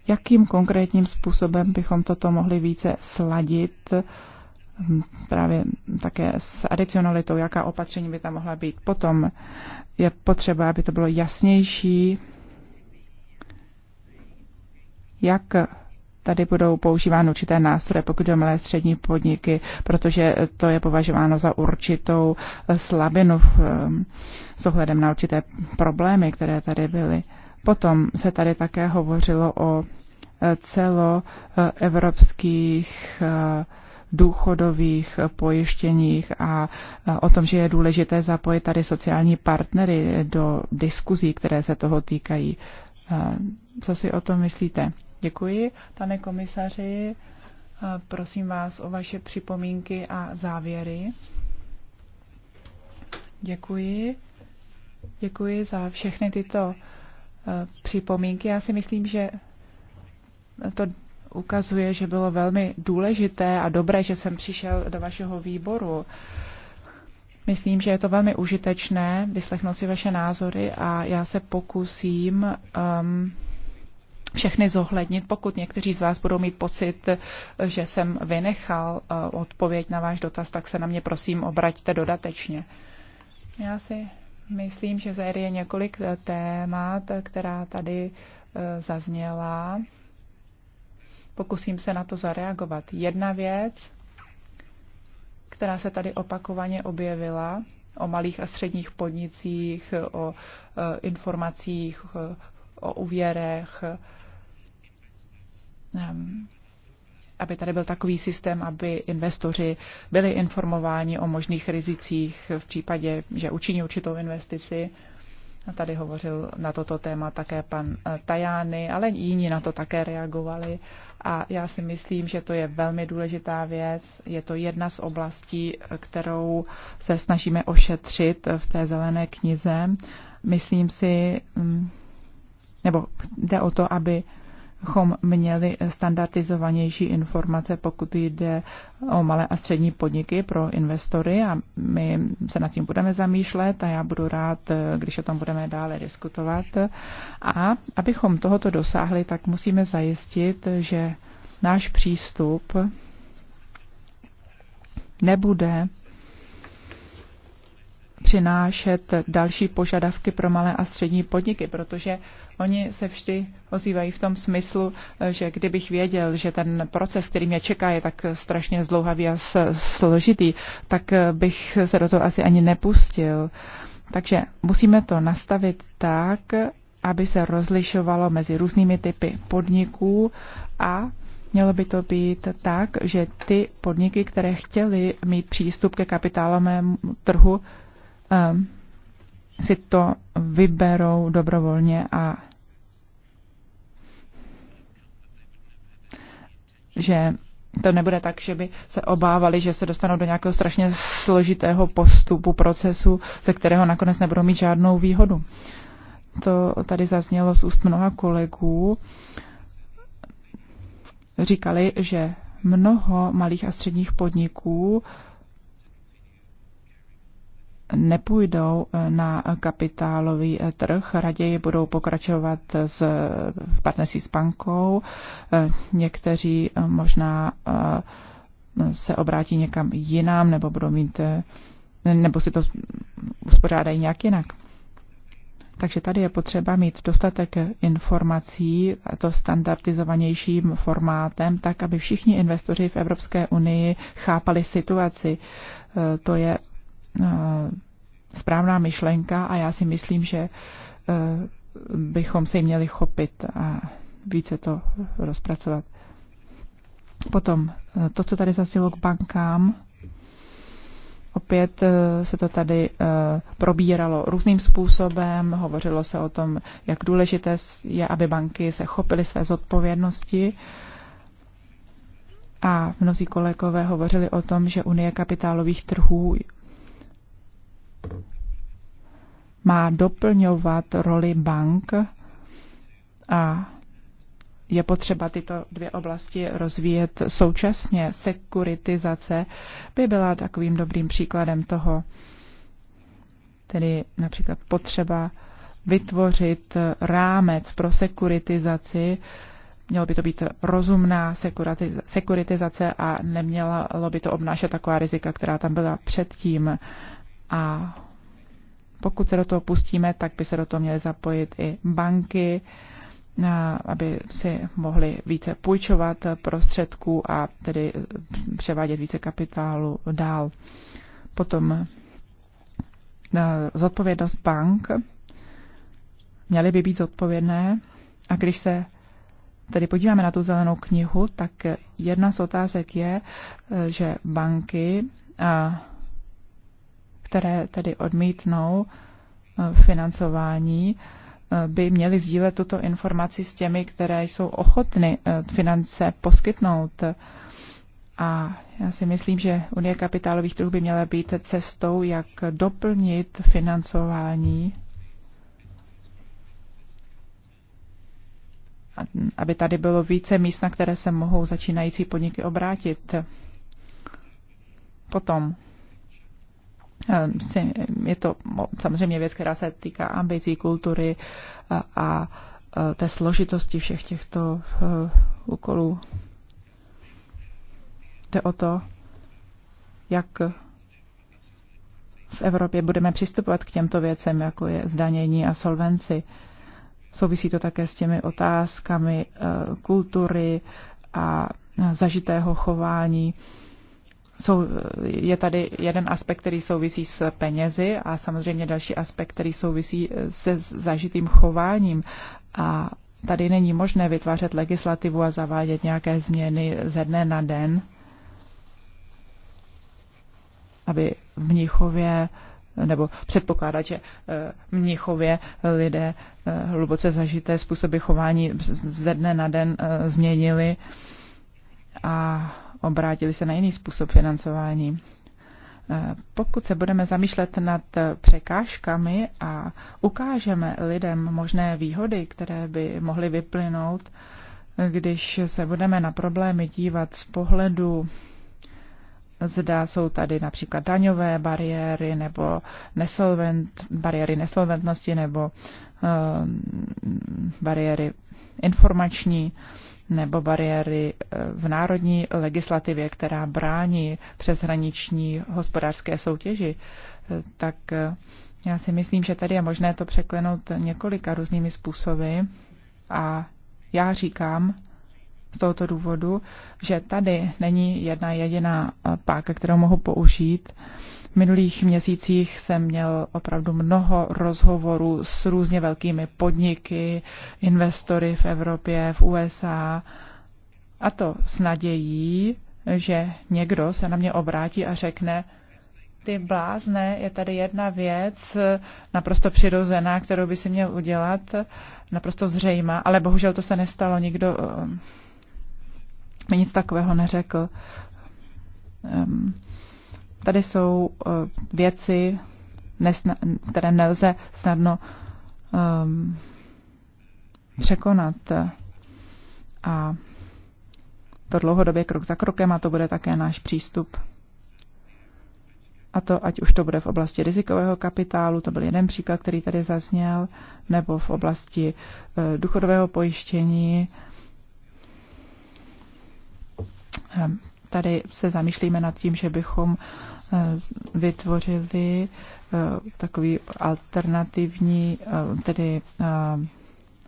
Jakým konkrétním způsobem bychom toto mohli více sladit právě také s adicionalitou, jaká opatření by tam mohla být. Potom je potřeba, aby to bylo jasnější, jak tady budou používány určité nástroje, pokud jde malé střední podniky, protože to je považováno za určitou slabinu s ohledem na určité problémy, které tady byly. Potom se tady také hovořilo o e, celoevropských evropských důchodových pojištěních a o tom, že je důležité zapojit tady sociální partnery do diskuzí, které se toho týkají. Co si o tom myslíte? Děkuji, pane komisaři. Prosím vás o vaše připomínky a závěry. Děkuji. Děkuji za všechny tyto připomínky. Já si myslím, že to ukazuje, že bylo velmi důležité a dobré, že jsem přišel do vašeho výboru. Myslím, že je to velmi užitečné vyslechnout si vaše názory a já se pokusím um, všechny zohlednit. Pokud někteří z vás budou mít pocit, že jsem vynechal uh, odpověď na váš dotaz, tak se na mě prosím obraťte dodatečně. Já si myslím, že tady je několik témat, která tady uh, zazněla. Pokusím se na to zareagovat. Jedna věc, která se tady opakovaně objevila, o malých a středních podnicích, o e, informacích, e, o úvěrech, e, aby tady byl takový systém, aby investoři byli informováni o možných rizicích v případě, že učiní určitou investici. A tady hovořil na toto téma také pan Tajány, ale jiní na to také reagovali. A já si myslím, že to je velmi důležitá věc. Je to jedna z oblastí, kterou se snažíme ošetřit v té zelené knize. Myslím si, mm, nebo jde o to, aby bychom měli standardizovanější informace, pokud jde o malé a střední podniky pro investory a my se nad tím budeme zamýšlet a já budu rád, když o tom budeme dále diskutovat. A abychom tohoto dosáhli, tak musíme zajistit, že náš přístup nebude přinášet další požadavky pro malé a střední podniky, protože oni se vždy ozývají v tom smyslu, že kdybych věděl, že ten proces, který mě čeká, je tak strašně zdlouhavý a složitý, tak bych se do toho asi ani nepustil. Takže musíme to nastavit tak, aby se rozlišovalo mezi různými typy podniků a Mělo by to být tak, že ty podniky, které chtěly mít přístup ke kapitálovému trhu, Ehm, si to vyberou dobrovolně a že to nebude tak, že by se obávali, že se dostanou do nějakého strašně složitého postupu, procesu, ze kterého nakonec nebudou mít žádnou výhodu. To tady zaznělo z úst mnoha kolegů. Říkali, že mnoho malých a středních podniků uh, nepůjdou eh, na kapitálový eh, trh, raději budou pokračovat s, v partnerství s bankou. Eh, někteří možná se obrátí někam jinam nebo budou mít nebo si to uspořádají nějak jinak. Takže tady je potřeba mít dostatek informací, a to standardizovanějším formátem, tak aby všichni investoři v Evropské unii chápali situaci. To je Eh, správná myšlenka a já si myslím, že eh, bychom se jí měli chopit a více to rozpracovat. Potom eh, to, co tady zasilo k bankám, Opět se to tady probíralo různým způsobem, hovořilo se o tom, jak důležité je, aby banky se chopily své zodpovědnosti. A mnozí kolegové hovořili o tom, že Unie kapitálových trhů má doplňovat roli bank a je potřeba tyto dvě oblasti rozvíjet současně. Sekuritizace by byla takovým dobrým příkladem toho, tedy například potřeba vytvořit rámec pro sekuritizaci, mělo by to být rozumná sekuritizace a nemělo by to obnášet taková rizika, která tam byla předtím. A pokud se do toho pustíme, tak by se do toho měly zapojit i banky, aby si mohli více půjčovat prostředků a tedy e, převádět více kapitálu dál. Potom e, zodpovědnost bank měly by být zodpovědné a když se tedy podíváme na tu zelenou knihu, tak jedna z otázek je, e, že banky a které tedy odmítnou eh, financování, eh, by měly sdílet tuto informaci s těmi, které jsou ochotny eh, finance poskytnout. A já si myslím, že Unie kapitálových trhů by měla být cestou, jak doplnit financování, aby tady bylo více míst, na které se mohou začínající podniky obrátit. Potom Ehm, je to samozřejmě věc, která se týká ambicí, kultury a, e, té složitosti všech těchto e, úkolů. Jde o to, jak v Evropě budeme přistupovat k těmto věcem, jako je zdanění a solvenci. Souvisí to také s těmi otázkami e, kultury a zažitého chování jsou, je tady jeden aspekt, který souvisí s penězi a samozřejmě další aspekt, který souvisí se zažitým chováním. A tady není možné vytvářet legislativu a zavádět nějaké změny ze dne na den, aby v Mnichově nebo předpokládat, že eh, v Mnichově lidé eh, hluboce zažité způsoby chování ze dne na den eh, změnili a obrátili se na jiný způsob financování. Eh, pokud se budeme zamýšlet nad překážkami a ukážeme lidem možné výhody, které by mohly vyplynout, když se budeme na problémy dívat z pohledu, zda jsou tady například daňové bariéry nebo nesolvent, bariéry nesolventnosti nebo uh, bariéry informační, uh, nebo bariéry eh, v národní legislativě, která brání přeshraniční hospodářské soutěži, eh, tak eh, já si myslím, že tady je možné to překlenout několika různými způsoby a já říkám z tohoto důvodu, že tady není jedna jediná páka, kterou mohu použít v minulých měsících jsem měl opravdu mnoho rozhovorů s různě velkými podniky, investory v Evropě, v USA, a to s nadějí, že někdo se na mě obrátí a řekne, ty blázne, je tady jedna věc naprosto přirozená, kterou by si měl udělat, naprosto zřejmá, ale bohužel to se nestalo, nikdo eh, mi nic takového neřekl. Ehm, Tady jsou eh, věci, které nelze snadno um, překonat. A to dlouhodobě krok za krokem a to bude také náš přístup. A to, ať už to bude v oblasti rizikového kapitálu, to byl jeden příklad, který tady zazněl, nebo v oblasti eh, duchodového pojištění, ehm, tady se zamýšlíme nad tím, že bychom eh, vytvořili eh, takový alternativní, eh, tedy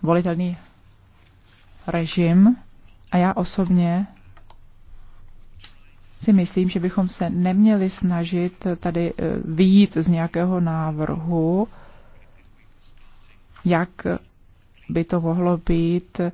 volitelný režim. A já osobně si myslím, že bychom se neměli snažit tady vyjít z nějakého návrhu, jak by to mohlo být, eh,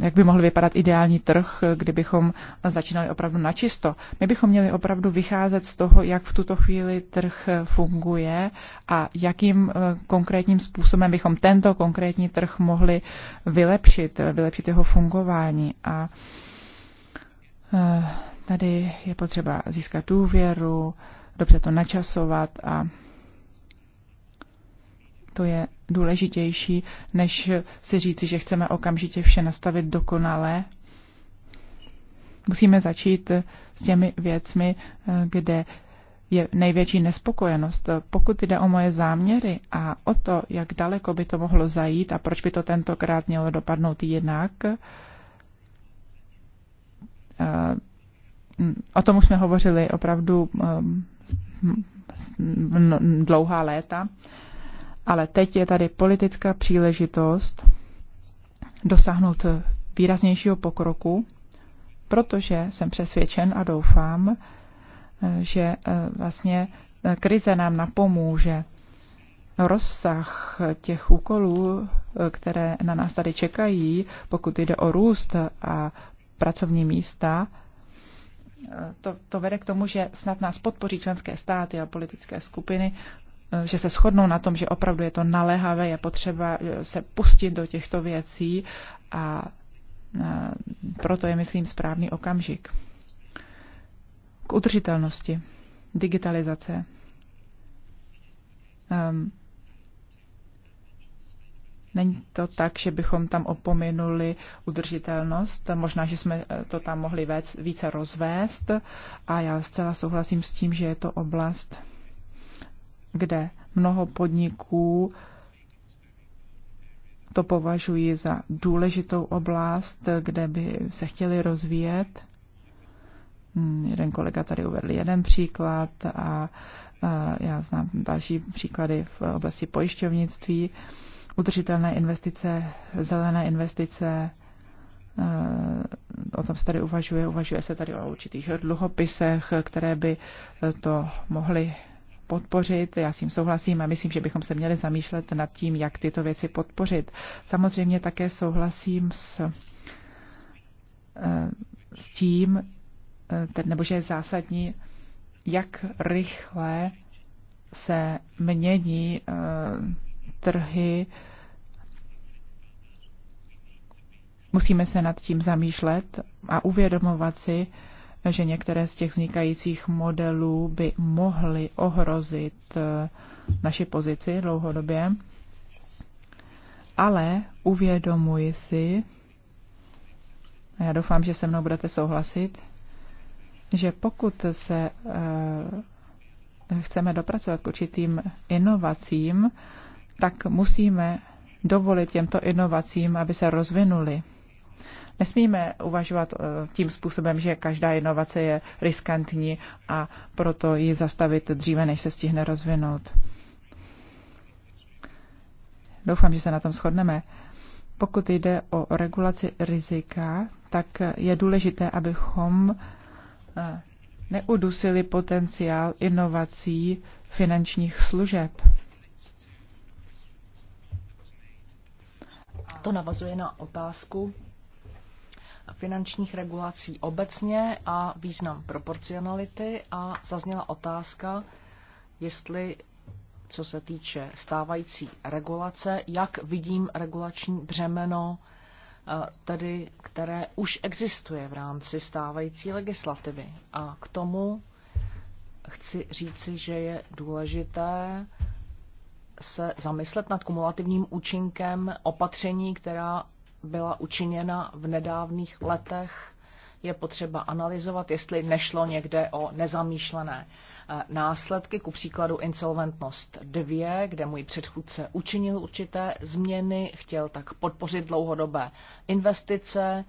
jak by mohl vypadat ideální trh, kdybychom začínali opravdu načisto. My bychom měli opravdu vycházet z toho, jak v tuto chvíli trh funguje a jakým eh, konkrétním způsobem bychom tento konkrétní trh mohli vylepšit, eh, vylepšit jeho fungování. A tady je potřeba získat důvěru, dobře to načasovat a to je důležitější, než si říci, že chceme okamžitě vše nastavit dokonale. Musíme začít s těmi věcmi, kde je největší nespokojenost. Pokud jde o moje záměry a o to, jak daleko by to mohlo zajít a proč by to tentokrát mělo dopadnout jinak, eh, o tom už jsme hovořili opravdu eh, dlouhá léta ale teď je tady politická příležitost dosáhnout výraznějšího pokroku, protože jsem přesvědčen a doufám, že eh, vlastně eh, krize nám napomůže rozsah těch úkolů, eh, které na nás tady čekají, pokud jde o růst a pracovní místa, to, to vede k tomu, že snad nás podpoří členské státy a politické skupiny Eh, že se shodnou na tom, že opravdu je to naléhavé, je potřeba eh, se pustit do těchto věcí a eh, proto je, myslím, správný okamžik. K udržitelnosti, digitalizace. Um, Není to tak, že bychom tam opominuli udržitelnost. Možná, že jsme to tam mohli více rozvést. A já zcela souhlasím s tím, že je to oblast, kde mnoho podniků to považují za důležitou oblast, kde by se chtěli rozvíjet. Hmm, jeden kolega tady uvedl jeden příklad a já znám další příklady v oblasti pojišťovnictví, udržitelné investice, zelené investice, eh, o tom se tady uvažuje, uvažuje se tady o určitých dluhopisech, které by to mohly podpořit. Já s tím souhlasím a myslím, že bychom se měli zamýšlet nad tím, jak tyto věci podpořit. Samozřejmě také souhlasím s, eh, s tím, eh, nebo že je zásadní, jak rychle se mění eh, trhy. Musíme se nad tím zamýšlet a uvědomovat si, že některé z těch vznikajících modelů by mohly ohrozit eh, naši pozici dlouhodobě, ale uvědomuji si, a já doufám, že se mnou budete souhlasit, že pokud se eh, chceme dopracovat k určitým inovacím, tak musíme dovolit těmto inovacím, aby se rozvinuly. Nesmíme uvažovat eh, tím způsobem, že každá inovace je riskantní a proto ji zastavit dříve, než se stihne rozvinout. Doufám, že se na tom shodneme. Pokud jde o regulaci rizika, tak je důležité, abychom eh, neudusili potenciál inovací finančních služeb. To navazuje na otázku, finančních regulací obecně a význam proporcionality a zazněla otázka, jestli co se týče stávající regulace, jak vidím regulační břemeno, eh, tedy které už existuje v rámci stávající legislativy. A k tomu chci říci, že je důležité se zamyslet nad kumulativním účinkem opatření, která byla učiněna v nedávných letech, je potřeba analyzovat, jestli nešlo někde o nezamýšlené eh, následky, ku příkladu insolventnost 2, kde můj předchůdce učinil určité změny, chtěl tak podpořit dlouhodobé investice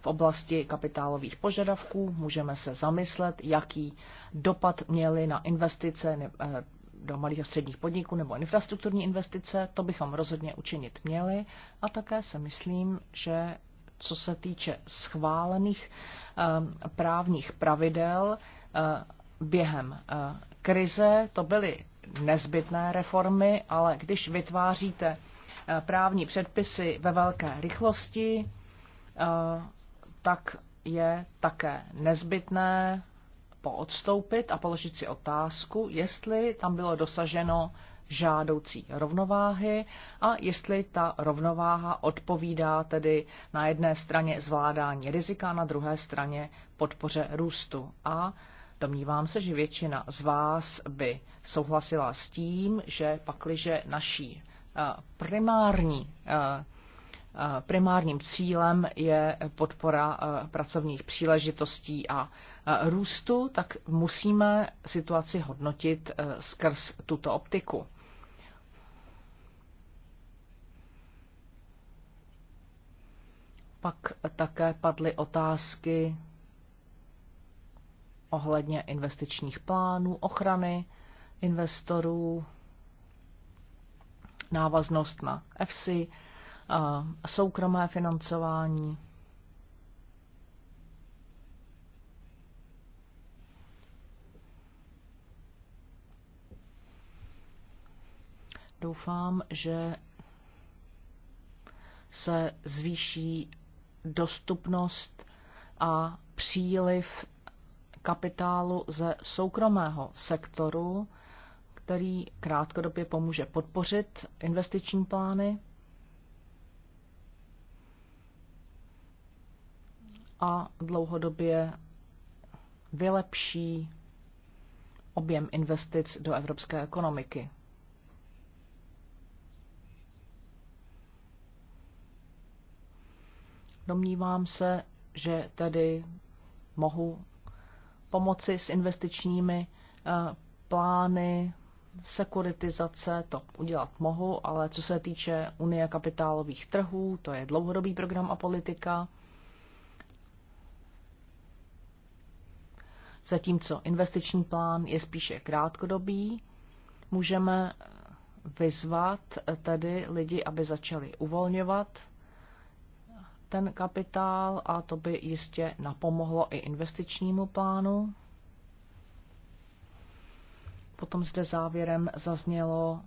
v oblasti kapitálových požadavků. Můžeme se zamyslet, jaký dopad měly na investice eh, do malých a středních podniků nebo infrastrukturní investice, to bychom rozhodně učinit měli. A také se myslím, že co se týče schválených ehm, právních pravidel ehm, během ehm, krize, to byly nezbytné reformy, ale když vytváříte právní předpisy ve velké rychlosti, tak je také nezbytné poodstoupit a položit si otázku, jestli tam bylo dosaženo žádoucí rovnováhy a jestli ta rovnováha odpovídá tedy na jedné straně zvládání rizika, na druhé straně podpoře růstu. A domnívám se, že většina z vás by souhlasila s tím, že pakliže naší eh, primární eh, Eh, primárním cílem je podpora eh, pracovních příležitostí a eh, růstu, tak musíme situaci hodnotit skrz tuto optiku. Pak také padly otázky ohledně investičních plánů, ochrany investorů, návaznost na EFSI, soukromé financování. Doufám, že se zvýší dostupnost a příliv kapitálu ze soukromého sektoru, který krátkodobě pomůže podpořit investiční plány a dlouhodobě vylepší objem investic do evropské ekonomiky. Domnívám se, že tedy mohu pomoci s investičními eh, plány, sekuritizace, to udělat mohu, ale co se týče Unie kapitálových trhů, to je dlouhodobý program a politika. Zatímco investiční plán je spíše krátkodobý, můžeme vyzvat tedy lidi, aby začali uvolňovat ten kapitál a to by jistě napomohlo i investičnímu plánu. Potom zde závěrem zaznělo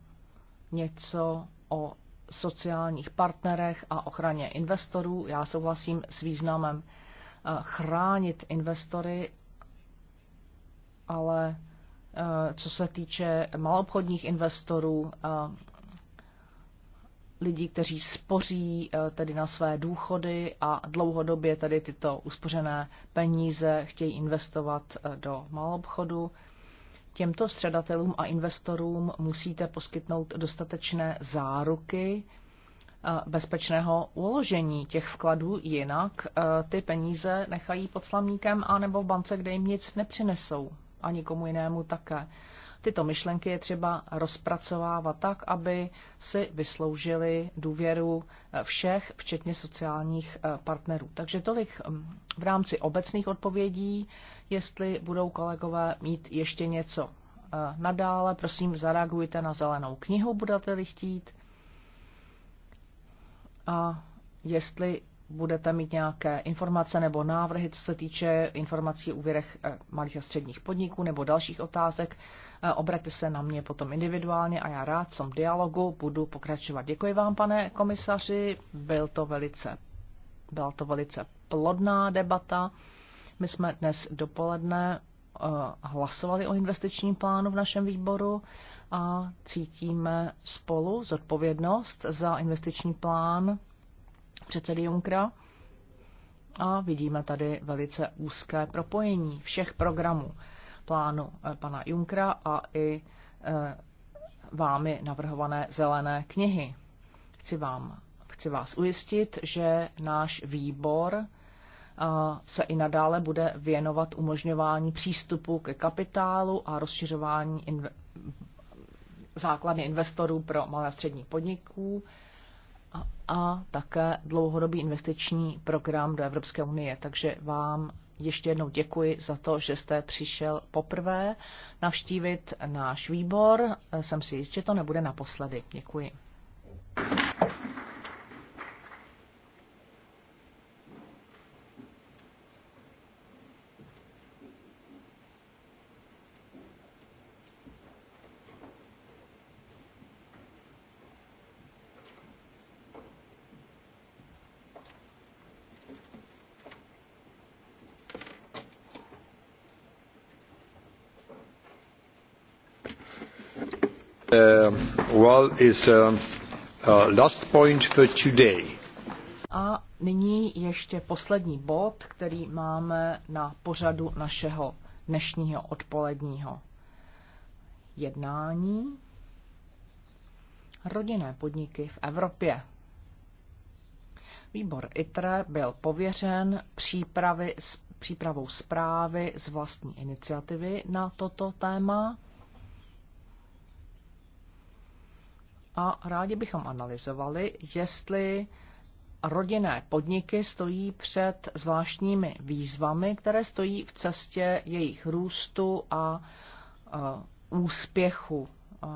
něco o sociálních partnerech a ochraně investorů. Já souhlasím s významem eh, chránit investory ale eh, co se týče maloobchodních investorů, eh, lidí, kteří spoří eh, tedy na své důchody a dlouhodobě tedy tyto uspořené peníze chtějí investovat do maloobchodu. Těmto středatelům a investorům musíte poskytnout dostatečné záruky bezpečného uložení těch vkladů, jinak ty peníze nechají pod slamníkem nebo v bance, kde jim nic nepřinesou a nikomu jinému také. Tyto myšlenky je třeba rozpracovávat tak, aby si vysloužili důvěru eh, všech, včetně sociálních eh, partnerů. Takže tolik mm, v rámci obecných odpovědí, jestli budou kolegové mít ještě něco eh, nadále, prosím zareagujte na zelenou knihu, budete-li chtít. A jestli budete mít nějaké informace nebo návrhy, co se týče informací o úvěrech eh, malých a středních podniků nebo dalších otázek, eh, obraťte se na mě potom individuálně a já rád v tom dialogu budu pokračovat. Děkuji vám, pane komisaři, byl to velice, byla to velice plodná debata. My jsme dnes dopoledne eh, hlasovali o investičním plánu v našem výboru a cítíme spolu zodpovědnost za investiční plán předsedy Junkra. A vidíme tady velice úzké propojení všech programů plánu eh, pana Junkra a i eh, vámi navrhované zelené knihy. Chci, vám, chci vás ujistit, že náš výbor eh, se i nadále bude věnovat umožňování přístupu ke kapitálu a rozšiřování inve- základny investorů pro malé a střední podniků, a, a také dlouhodobý investiční program do Evropské unie. Takže vám ještě jednou děkuji za to, že jste přišel poprvé navštívit náš výbor. Jsem si jist, že to nebude naposledy. Děkuji. is uh, uh, last point for today. A nyní ještě poslední bod, který máme na pořadu našeho dnešního odpoledního jednání. Rodinné podniky v Evropě. Výbor ITRE byl pověřen přípravy, přípravou zprávy z vlastní iniciativy na toto téma. a rádi bychom analyzovali, jestli rodinné podniky stojí před zvláštními výzvami, které stojí v cestě jejich růstu a, uh, úspěchu, uh,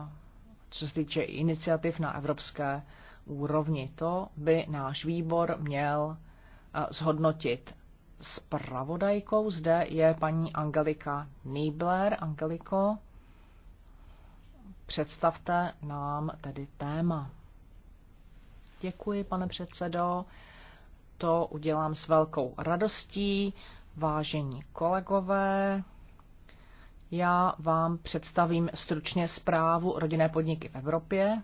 co se týče iniciativ na evropské úrovni. To by náš výbor měl uh, zhodnotit. Spravodajkou zde je paní Angelika Niebler. Angeliko, Představte nám tedy téma. Děkuji, pane předsedo. To udělám s velkou radostí. Vážení kolegové, já vám představím stručně zprávu rodinné podniky v Evropě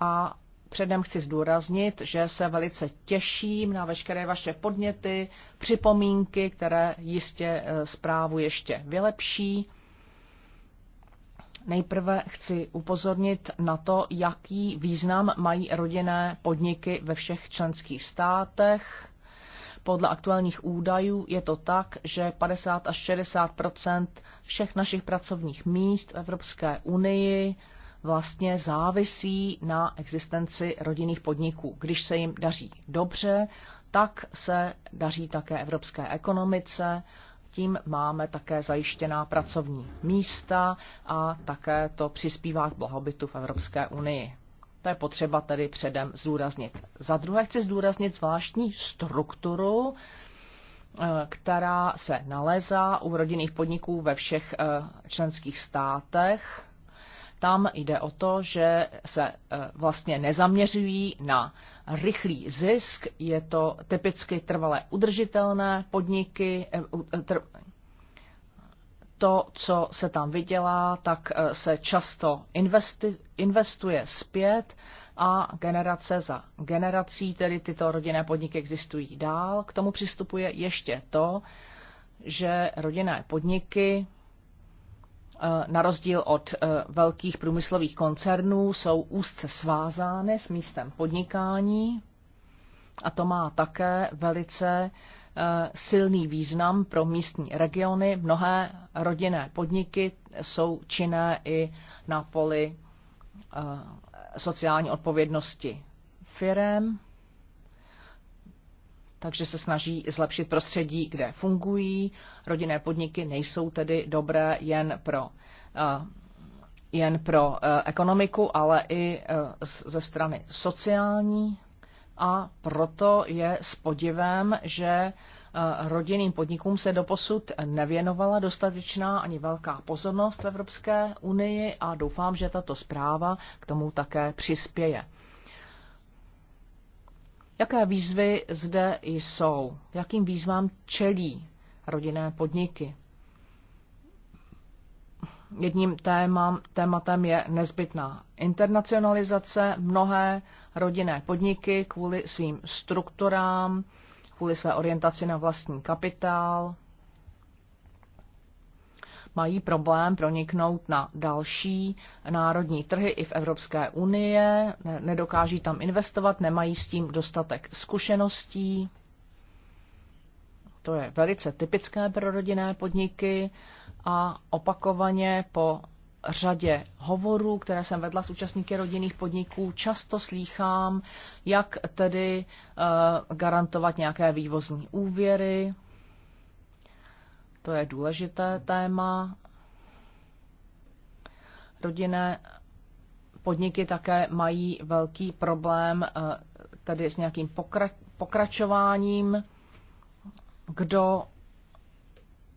a Předem chci zdůraznit, že se velice těším na veškeré vaše podněty, připomínky, které jistě e, zprávu ještě vylepší. Nejprve chci upozornit na to, jaký význam mají rodinné podniky ve všech členských státech. Podle aktuálních údajů je to tak, že 50 až 60 všech našich pracovních míst v Evropské unii vlastně závisí na existenci rodinných podniků. Když se jim daří dobře, tak se daří také evropské ekonomice tím máme také zajištěná pracovní místa a také to přispívá k blahobytu v Evropské unii. To je potřeba tedy předem zdůraznit. Za druhé chci zdůraznit zvláštní strukturu, eh, která se nalézá u rodinných podniků ve všech eh, členských státech tam jde o to, že se e, vlastně nezaměřují na rychlý zisk, je to typicky trvalé udržitelné podniky, e, e, to, co se tam vydělá, tak se často investi, investuje zpět a generace za generací, tedy tyto rodinné podniky existují dál. K tomu přistupuje ještě to, že rodinné podniky Eh, na rozdíl od eh, velkých průmyslových koncernů, jsou úzce svázány s místem podnikání a to má také velice eh, silný význam pro místní regiony. Mnohé rodinné podniky jsou činné i na poli sociální odpovědnosti firem takže se snaží zlepšit prostředí, kde fungují. Rodinné podniky nejsou tedy dobré jen pro eh, jen pro eh, ekonomiku, ale i eh, ze strany sociální. A proto je s podivem, že rodinným podnikům se doposud nevěnovala dostatečná ani velká pozornost v Evropské unii a doufám, že tato zpráva k tomu také přispěje. Jaké výzvy zde jsou? Jakým výzvám čelí rodinné podniky? Jedním témam, tématem je nezbytná internacionalizace. Mnohé rodinné podniky kvůli svým strukturám, kvůli své orientaci na vlastní kapitál, mají problém proniknout na další národní trhy i v Evropské unie, nedokáží tam investovat, nemají s tím dostatek zkušeností. To je velice typické pro rodinné podniky a opakovaně po řadě hovorů, které jsem vedla s účastníky rodinných podniků, často slýchám, jak tedy eh, garantovat nějaké vývozní úvěry, to je důležité téma. Rodinné podniky také mají velký problém eh, tedy s nějakým pokračováním, kdo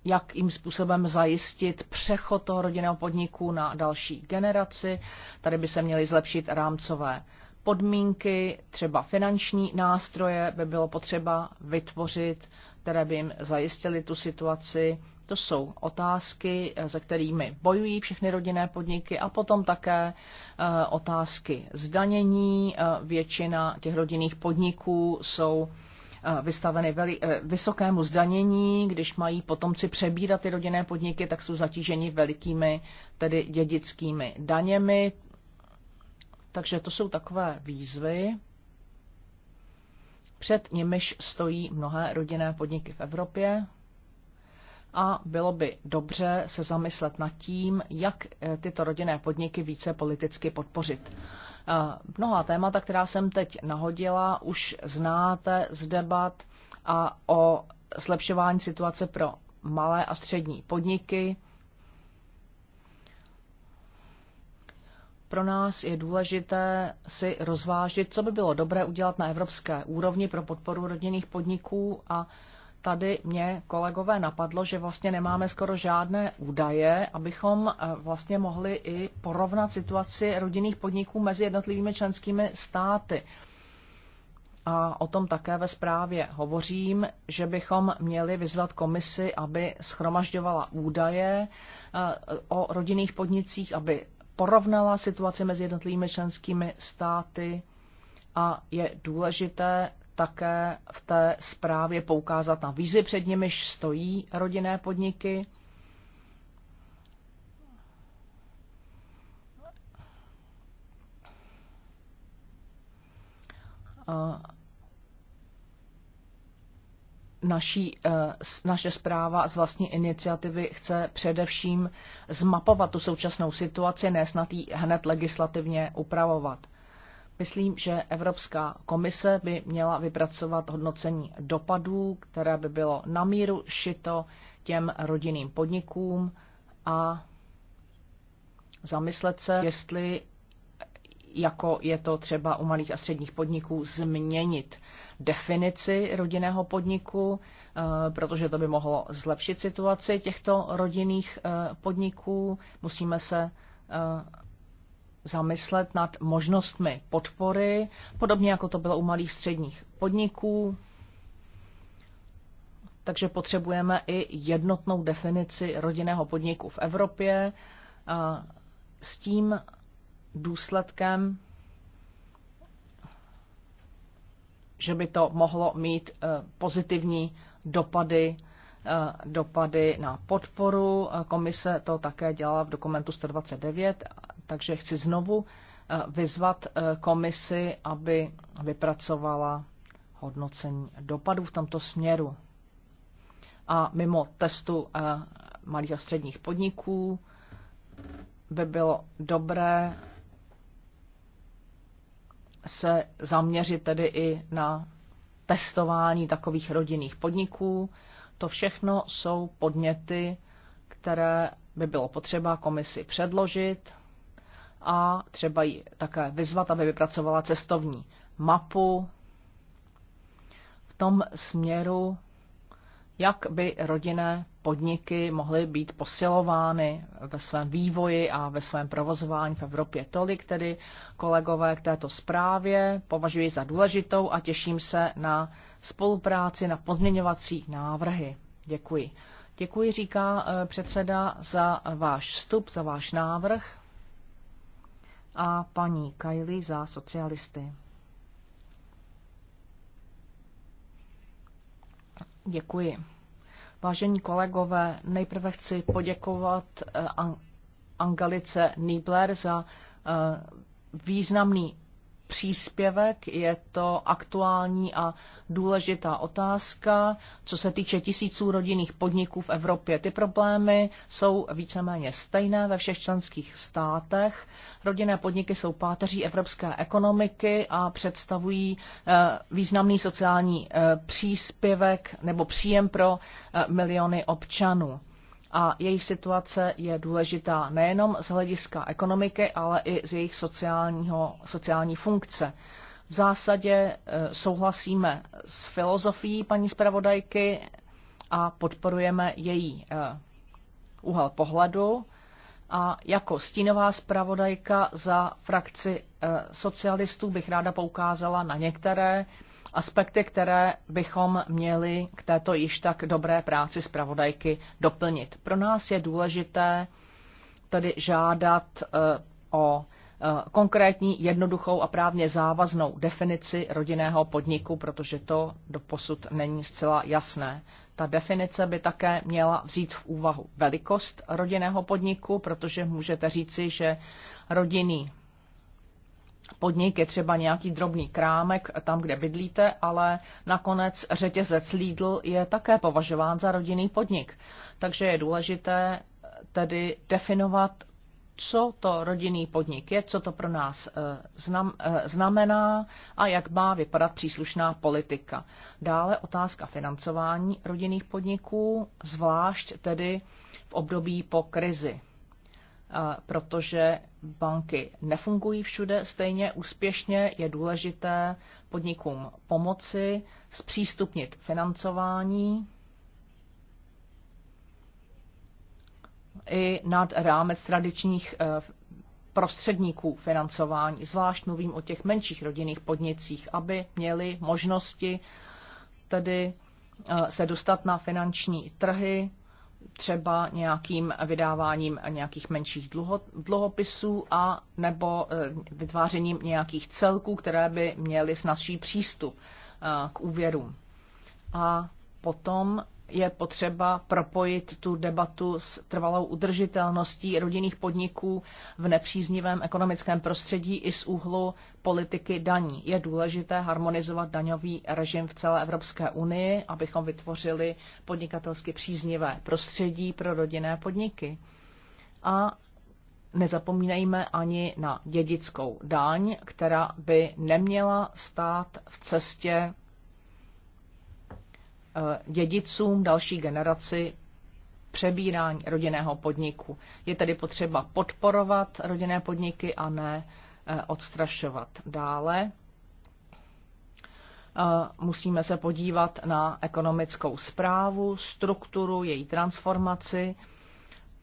jak jim způsobem zajistit přechod toho rodinného podniku na další generaci. Tady by se měly zlepšit rámcové podmínky, třeba finanční nástroje by bylo potřeba vytvořit které by jim zajistily tu situaci. To jsou otázky, se kterými bojují všechny rodinné podniky a potom také eh, otázky zdanění. Eh, většina těch rodinných podniků jsou eh, vystaveny veli, vysokému zdanění, když mají potomci přebírat ty rodinné podniky, tak jsou zatíženi velikými, tedy dědickými daněmi. Takže to jsou takové výzvy, před nimiž stojí mnohé rodinné podniky v Evropě. A bylo by dobře se zamyslet nad tím, jak eh, tyto rodinné podniky více politicky podpořit. Eh, Mnoha témata, která jsem teď nahodila, už znáte z debat a o zlepšování situace pro malé a střední podniky pro nás je důležité si rozvážit, co by bylo dobré udělat na evropské úrovni pro podporu rodinných podniků a tady mě kolegové napadlo, že vlastně nemáme skoro žádné údaje, abychom eh, vlastně mohli i porovnat situaci rodinných podniků mezi jednotlivými členskými státy. A o tom také ve zprávě hovořím, že bychom měli vyzvat komisi, aby schromažďovala údaje eh, o rodinných podnicích, aby porovnala situaci mezi jednotlivými členskými státy a je důležité také v té zprávě poukázat na výzvy, před nimiž stojí rodinné podniky. A naší, eh, naše zpráva z vlastní iniciativy chce především zmapovat tu současnou situaci, ne snad ji hned legislativně upravovat. Myslím, že Evropská komise by měla vypracovat hodnocení dopadů, které by bylo na míru šito těm rodinným podnikům a zamyslet se, jestli jako je to třeba u malých a středních podniků změnit definici rodinného podniku, eh, protože to by mohlo zlepšit situaci těchto rodinných eh, podniků. Musíme se eh, zamyslet nad možnostmi podpory, podobně jako to bylo u malých středních podniků. Takže potřebujeme i jednotnou definici rodinného podniku v Evropě s tím důsledkem, že by to mohlo mít eh, pozitivní dopady eh, dopady na podporu. Eh, komise to také dělala v dokumentu 129, takže chci znovu vyzvat komisi, aby vypracovala hodnocení dopadů v tomto směru. A mimo testu malých a středních podniků by bylo dobré se zaměřit tedy i na testování takových rodinných podniků. To všechno jsou podněty, které by bylo potřeba komisi předložit a třeba ji také vyzvat, aby vypracovala cestovní mapu v tom směru, jak by rodinné podniky mohly být posilovány ve svém vývoji a ve svém provozování v Evropě. Tolik tedy kolegové k této zprávě považuji za důležitou a těším se na spolupráci na pozměňovací návrhy. Děkuji. Děkuji, říká eh, předseda, za váš vstup, za váš návrh a paní Kajli za socialisty. Děkuji. Vážení kolegové, nejprve chci poděkovat eh, Angelice Niebler za eh, významný příspěvek. Je to aktuální a důležitá otázka, co se týče tisíců rodinných podniků v Evropě. Ty problémy jsou víceméně stejné ve všech členských státech. Rodinné podniky jsou páteří evropské ekonomiky a představují eh, významný sociální eh, příspěvek nebo příjem pro eh, miliony občanů a jejich situace je důležitá nejenom z hlediska ekonomiky, ale i z jejich sociálního, sociální funkce. V zásadě e, souhlasíme s filozofií paní zpravodajky a podporujeme její e, úhel pohledu. A jako stínová zpravodajka za frakci e, socialistů bych ráda poukázala na některé aspekty, které bychom měli k této již tak dobré práci zpravodajky doplnit. Pro nás je důležité tedy žádat eh, o eh, konkrétní, jednoduchou a právně závaznou definici rodinného podniku, protože to doposud není zcela jasné. Ta definice by také měla vzít v úvahu velikost rodinného podniku, protože můžete říci, že rodinný podnik je třeba nějaký drobný krámek tam, kde bydlíte, ale nakonec řetězec Lidl je také považován za rodinný podnik. Takže je důležité eh, tedy definovat, co to rodinný podnik je, co to pro nás eh, eh, znamená a jak má vypadat příslušná politika. Dále otázka financování rodinných podniků, zvlášť tedy v období po krizi protože banky nefungují všude stejně úspěšně, je důležité podnikům pomoci, zpřístupnit financování i nad rámec tradičních eh, prostředníků financování. Zvlášť mluvím o těch menších rodinných podnicích, aby měli možnosti tedy eh, se dostat na finanční trhy, třeba nějakým vydáváním nějakých menších dluho, dluhopisů a nebo eh, vytvářením nějakých celků, které by měly snazší přístup eh, k úvěrům. A potom je potřeba propojit tu debatu s trvalou udržitelností rodinných podniků v nepříznivém ekonomickém prostředí i z úhlu politiky daní. Je důležité harmonizovat daňový režim v celé Evropské unii, abychom vytvořili podnikatelsky příznivé prostředí pro rodinné podniky. A nezapomínejme ani na dědickou daň, která by neměla stát v cestě Eh, dědicům, další generaci přebírání rodinného podniku. Je tedy potřeba podporovat rodinné podniky a ne eh, odstrašovat. Dále eh, musíme se podívat na ekonomickou zprávu, strukturu, její transformaci.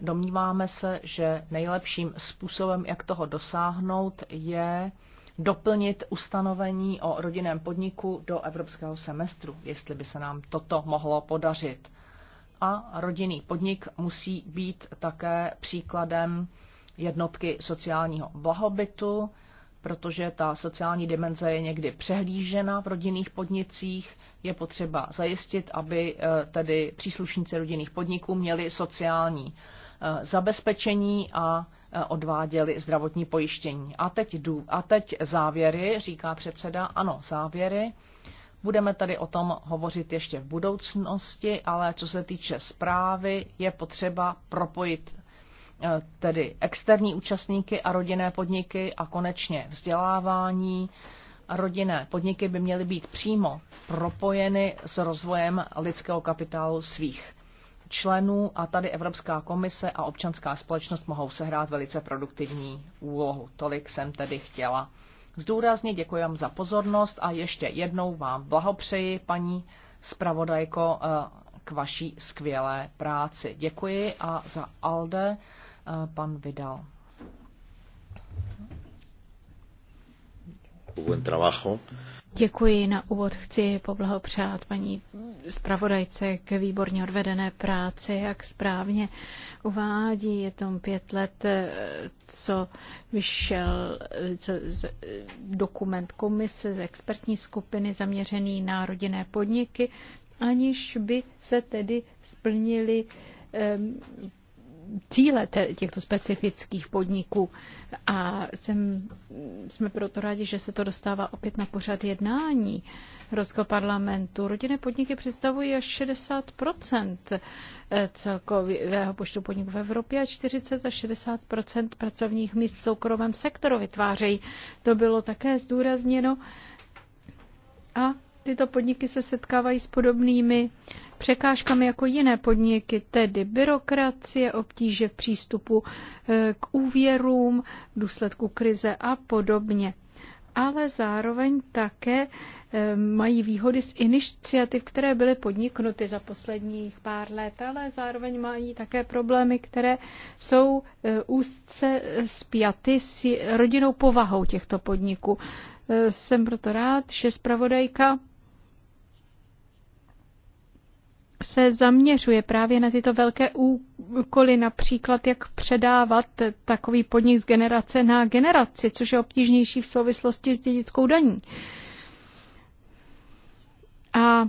Domníváme se, že nejlepším způsobem, jak toho dosáhnout, je doplnit ustanovení o rodinném podniku do evropského semestru, jestli by se nám toto mohlo podařit. A rodinný podnik musí být také příkladem jednotky sociálního blahobytu, protože ta sociální dimenze je někdy přehlížena v rodinných podnicích. Je potřeba zajistit, aby eh, tedy příslušníci rodinných podniků měli sociální Eh, zabezpečení a eh, odváděli zdravotní pojištění. A teď, jdu, a teď závěry, říká předseda, ano, závěry. Budeme tady o tom hovořit ještě v budoucnosti, ale co se týče zprávy, je potřeba propojit eh, tedy externí účastníky a rodinné podniky a konečně vzdělávání. Rodinné podniky by měly být přímo propojeny s rozvojem lidského kapitálu svých členů a tady Evropská komise a občanská společnost mohou sehrát velice produktivní úlohu. Tolik jsem tedy chtěla zdůraznit. Děkuji vám za pozornost a ještě jednou vám blahopřeji, paní zpravodajko, eh, k vaší skvělé práci. Děkuji a za Alde eh, pan Vidal. buen trabajo. Děkuji. Na úvod chci poblahopřát paní zpravodajce k výborně odvedené práci, jak správně uvádí. Je tom pět let, eh, co vyšel eh, co, eh, dokument komise z expertní skupiny zaměřený na rodinné podniky, aniž by se tedy splnili cíle těchto specifických podniků. A jsem, jsme proto rádi, že se to dostává opět na pořad jednání Ruského parlamentu. Rodinné podniky představují až 60 eh, celkového počtu podniků v Evropě a 40 až 60 pracovních míst v soukromém sektoru vytvářejí. To bylo také zdůrazněno. A tyto podniky se setkávají s podobnými uh, překážkami jako jiné podniky, tedy byrokracie, obtíže v přístupu eh, k úvěrům, důsledku krize a podobně ale zároveň také eh, mají výhody z iniciativ, které byly podniknuty za posledních pár let, ale zároveň mají také problémy, které jsou eh, úzce spjaty s rodinnou povahou těchto podniků. Jsem proto rád, že zpravodajka se zaměřuje právě na tyto velké úkoly, například jak předávat takový podnik z generace na generaci, což je obtížnější v souvislosti s dědickou daní. A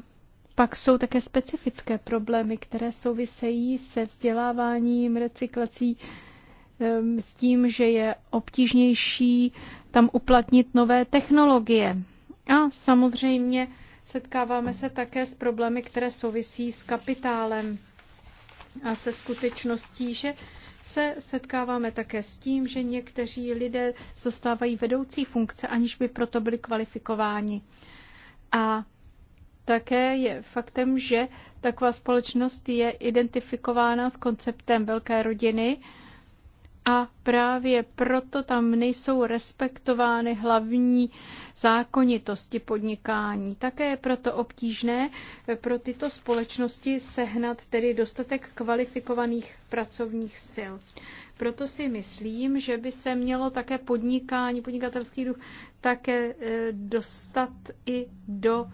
pak jsou také specifické problémy, které souvisejí se vzděláváním, recyklací, s tím, že je obtížnější tam uplatnit nové technologie. A samozřejmě Setkáváme se také s problémy, které souvisí s kapitálem a se skutečností, že se setkáváme také s tím, že někteří lidé zastávají vedoucí funkce, aniž by proto byli kvalifikováni. A také je faktem, že taková společnost je identifikována s konceptem velké rodiny, a právě proto tam nejsou respektovány hlavní zákonitosti podnikání. Také je proto obtížné pro tyto společnosti sehnat tedy dostatek kvalifikovaných pracovních sil. Proto si myslím, že by se mělo také podnikání, podnikatelský duch také eh, dostat i do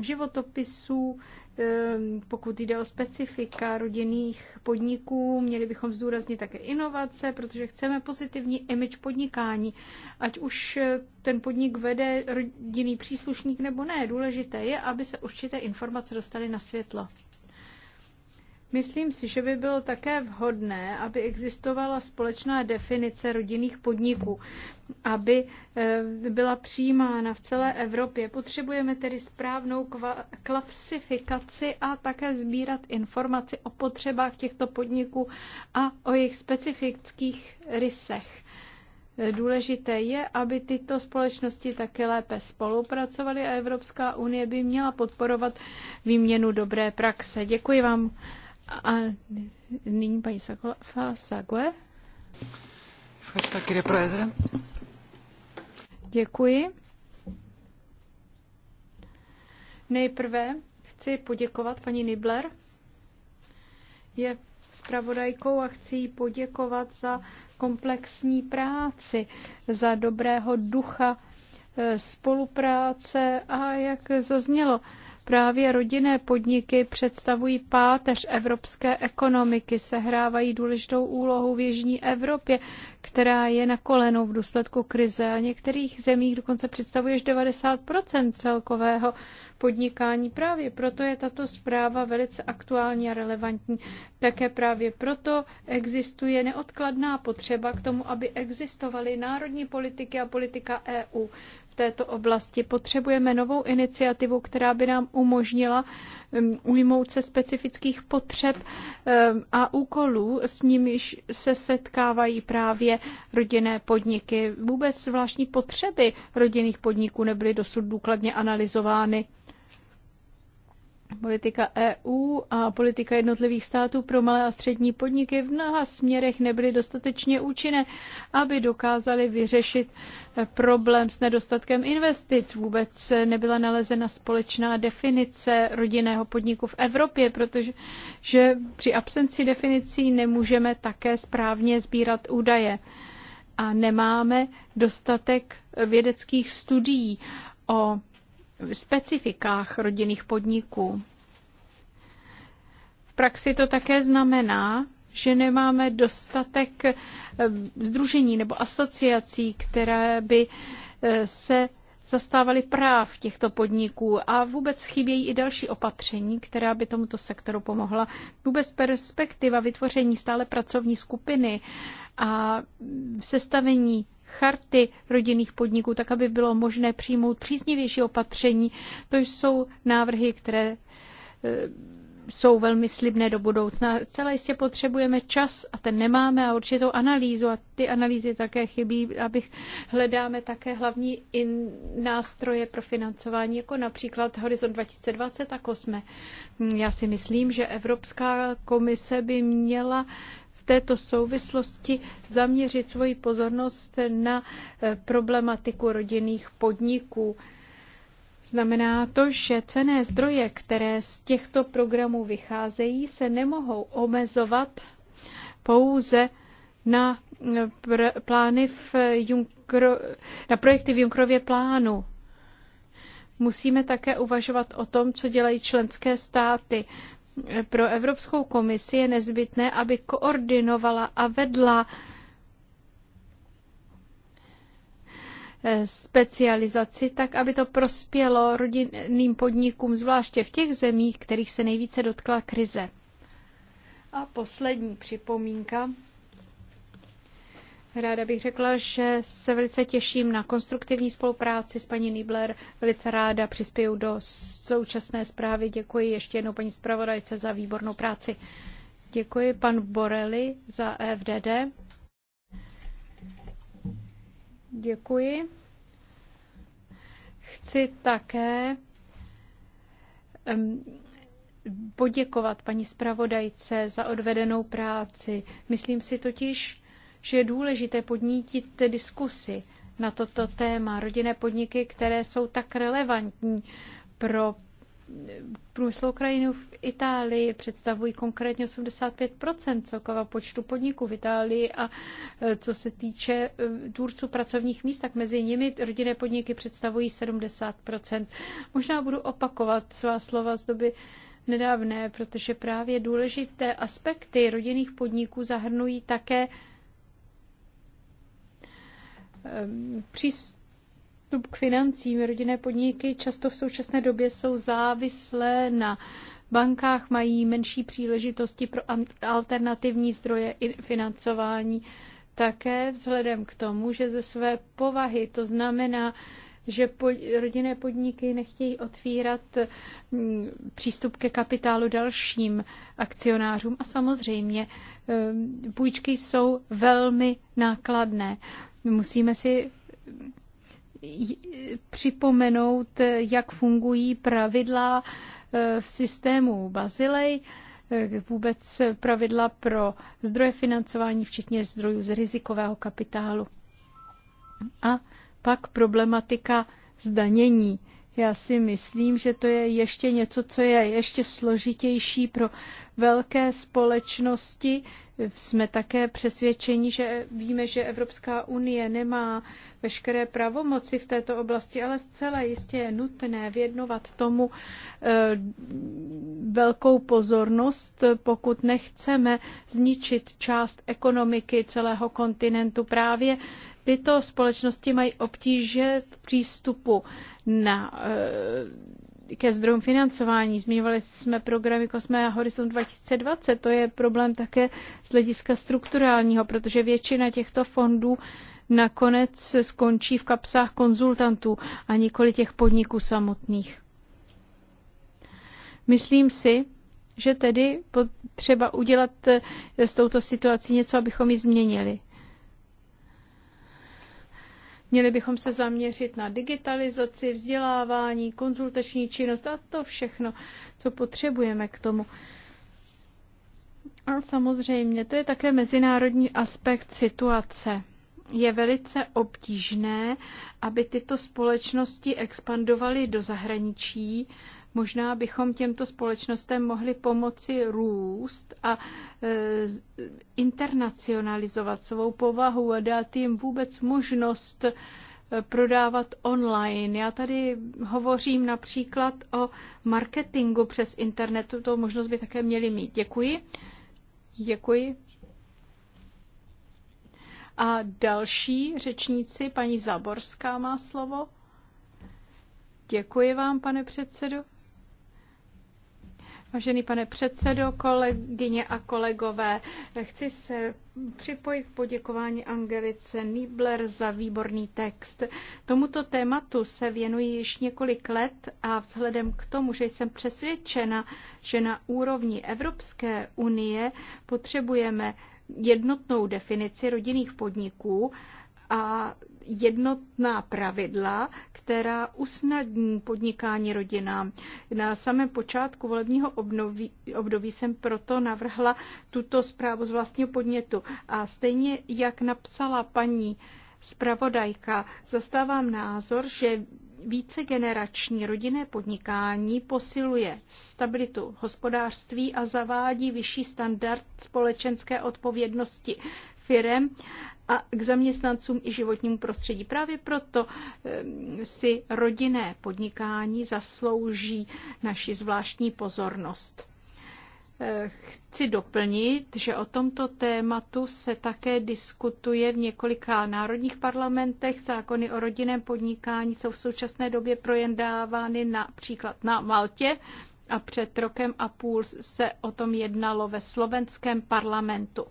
životopisů, ehm, pokud jde o specifika rodinných podniků, měli bychom zdůraznit také inovace, protože chceme pozitivní image podnikání. Ať už eh, ten podnik vede rodinný příslušník nebo ne, důležité je, aby se určité informace dostaly na světlo. Myslím si, že by bylo také vhodné, aby existovala společná definice rodinných podniků, aby eh, byla přijímána v celé Evropě. Potřebujeme tedy správnou klasifikaci a také sbírat informaci o potřebách těchto podniků a o jejich specifických rysech. Eh, důležité je, aby tyto společnosti také lépe spolupracovaly a Evropská unie by měla podporovat výměnu dobré praxe. Děkuji vám. A nyní paní Sakola Sague. Děkuji. Nejprve chci poděkovat paní Nibler. Je zpravodajkou a chci jí poděkovat za komplexní práci, za dobrého ducha e, spolupráce a jak zaznělo, Právě rodinné podniky představují páteř evropské ekonomiky, sehrávají důležitou úlohu v Jižní Evropě, která je na kolenou v důsledku krize a některých zemích dokonce představuje až 90 celkového podnikání. Právě proto je tato zpráva velice aktuální a relevantní. Také právě proto existuje neodkladná potřeba k tomu, aby existovaly národní politiky a politika EU v této oblasti. Potřebujeme novou iniciativu, která by nám umožnila Um, ujmout se specifických potřeb um, a úkolů, s nimiž se setkávají právě rodinné podniky. Vůbec zvláštní potřeby rodinných podniků nebyly dosud důkladně analyzovány. Politika EU a politika jednotlivých států pro malé a střední podniky v mnoha směrech nebyly dostatečně účinné, aby dokázaly vyřešit eh, problém s nedostatkem investic. Vůbec eh, nebyla nalezena společná definice rodinného podniku v Evropě, protože že při absenci definicí nemůžeme také správně sbírat údaje. A nemáme dostatek eh, vědeckých studií o v specifikách rodinných podniků. V praxi to také znamená, že nemáme dostatek združení eh, nebo asociací, které by eh, se zastávaly práv těchto podniků a vůbec chybějí i další opatření, která by tomuto sektoru pomohla. Vůbec perspektiva vytvoření stále pracovní skupiny a sestavení charty rodinných podniků, tak aby bylo možné přijmout příznivější opatření. To jsou návrhy, které e, jsou velmi slibné do budoucna. Celé jistě potřebujeme čas a ten nemáme a určitou analýzu a ty analýzy také chybí, abych hledáme také hlavní in nástroje pro financování, jako například Horizon 2020 a Kosme. Já si myslím, že Evropská komise by měla této souvislosti zaměřit svoji pozornost na eh, problematiku rodinných podniků. Znamená to, že cené zdroje, které z těchto programů vycházejí, se nemohou omezovat pouze na, eh, plány v Junkro, na projekty v Junkrově plánu. Musíme také uvažovat o tom, co dělají členské státy. Pro Evropskou komisi je nezbytné, aby koordinovala a vedla eh, specializaci, tak aby to prospělo rodinným podnikům, zvláště v těch zemích, kterých se nejvíce dotkla krize. A poslední připomínka Ráda bych řekla, že se velice těším na konstruktivní spolupráci s paní Nibler. Velice ráda přispěju do současné zprávy. Děkuji ještě jednou paní zpravodajce za výbornou práci. Děkuji pan Borelli za e FDD. Děkuji. Chci také poděkovat paní zpravodajce za odvedenou práci. Myslím si totiž, že je důležité podnítit diskusy na toto téma. Rodinné podniky, které jsou tak relevantní pro průmysl Ukrajinu v Itálii představují konkrétně 85 celkového počtu podniků v Itálii a e, co se týče e, tvůrců pracovních míst, tak mezi nimi rodinné podniky představují 70 Možná budu opakovat svá slova z doby nedávné, protože právě důležité aspekty rodinných podniků zahrnují také Ehm, přístup k financím rodinné podniky často v současné době jsou závislé na bankách, mají menší příležitosti pro alternativní zdroje financování. Také vzhledem k tomu, že ze své povahy, to znamená, že po, rodinné podniky nechtějí otvírat mm, přístup ke kapitálu dalším akcionářům. A samozřejmě ehm, půjčky jsou velmi nákladné. Musíme si připomenout, jak fungují pravidla eh, v systému Bazilej, eh, vůbec pravidla pro zdroje financování, včetně zdrojů z rizikového kapitálu. A pak problematika zdanění já si myslím, že to je ještě něco, co je ještě složitější pro velké společnosti. Jsme také přesvědčeni, že víme, že Evropská unie nemá veškeré pravomoci v této oblasti, ale zcela jistě je nutné věnovat tomu eh, velkou pozornost, pokud nechceme zničit část ekonomiky celého kontinentu právě Tyto společnosti mají obtíže v přístupu na, eh, ke zdrojům financování. Zmiňovali jsme programy Kosme a Horizon 2020. To je problém také z hlediska strukturálního, protože většina těchto fondů nakonec skončí v kapsách konzultantů a nikoli těch podniků samotných. Myslím si, že tedy potřeba udělat eh, s touto situací něco, abychom ji změnili. Měli bychom se zaměřit na digitalizaci, vzdělávání, konzultační činnost a to všechno, co potřebujeme k tomu. A samozřejmě, to je také mezinárodní aspekt situace. Je velice obtížné, aby tyto společnosti expandovaly do zahraničí, Možná bychom těmto společnostem mohli pomoci růst a e, internacionalizovat svou povahu a dát jim vůbec možnost e, prodávat online. Já tady hovořím například o marketingu přes internet. To možnost by také měli mít. Děkuji. Děkuji. A další řečníci, paní Zaborská má slovo. Děkuji vám, pane předsedo. Vážený pane předsedo, kolegyně a kolegové, chci se připojit k poděkování Angelice Nibler za výborný text. Tomuto tématu se věnuji již několik let a vzhledem k tomu, že jsem přesvědčena, že na úrovni Evropské unie potřebujeme jednotnou definici rodinných podniků a jednotná pravidla, která usnadní podnikání rodinám. Na samém počátku volebního obnoví, období jsem proto navrhla tuto zprávu z vlastního podnětu. A stejně jak napsala paní zpravodajka, zastávám názor, že vícegenerační rodinné podnikání posiluje stabilitu hospodářství a zavádí vyšší standard společenské odpovědnosti firem a k zaměstnancům i životnímu prostředí. Právě proto ehm, si rodinné podnikání zaslouží naši zvláštní pozornost. Eh, chci doplnit, že o tomto tématu se také diskutuje v několika národních parlamentech. Zákony o rodinném podnikání jsou v současné době projendávány například na Maltě a před rokem a půl se o tom jednalo ve slovenském parlamentu.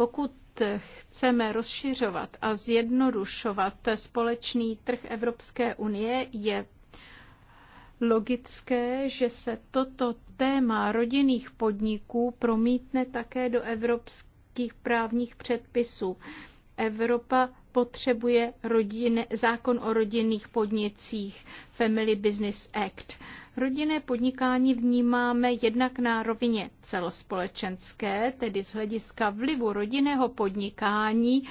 Pokud chceme rozšiřovat a zjednodušovat společný trh Evropské unie, je logické, že se toto téma rodinných podniků promítne také do evropských právních předpisů. Evropa potřebuje rodine, zákon o rodinných podnicích, Family Business Act. Rodinné podnikání vnímáme jednak na rovině celospolečenské, tedy z hlediska vlivu rodinného podnikání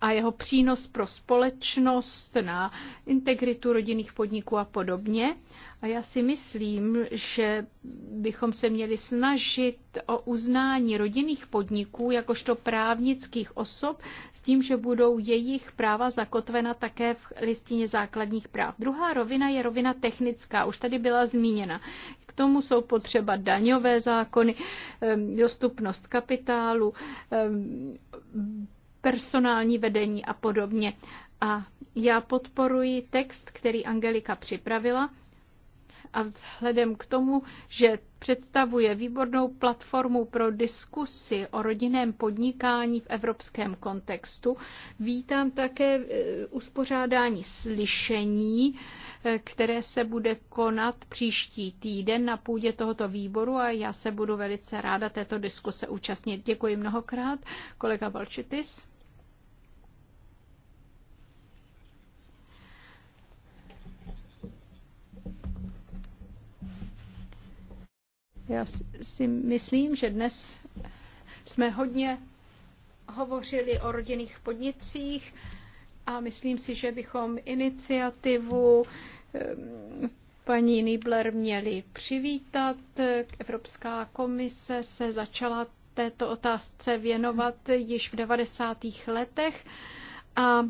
a jeho přínos pro společnost na integritu rodinných podniků a podobně. A já si myslím, že bychom se měli snažit o uznání rodinných podniků jakožto právnických osob s tím, že budou jejich práva zakotvena také v listině základních práv. Druhá rovina je rovina technická, už tady byla zmíněna. K tomu jsou potřeba daňové zákony, ehm, dostupnost kapitálu, ehm, personální vedení a podobně. A já podporuji text, který Angelika připravila a vzhledem k tomu, že představuje výbornou platformu pro diskusy o rodinném podnikání v evropském kontextu, vítám také e, uspořádání slyšení, e, které se bude konat příští týden na půdě tohoto výboru a já se budu velice ráda této diskuse účastnit. Děkuji mnohokrát, kolega Balčitis. Já si myslím, že dnes jsme hodně hovořili o rodinných podnicích a myslím si, že bychom iniciativu ehm, paní Nibler měli přivítat. Evropská komise se začala této otázce věnovat již v 90. letech a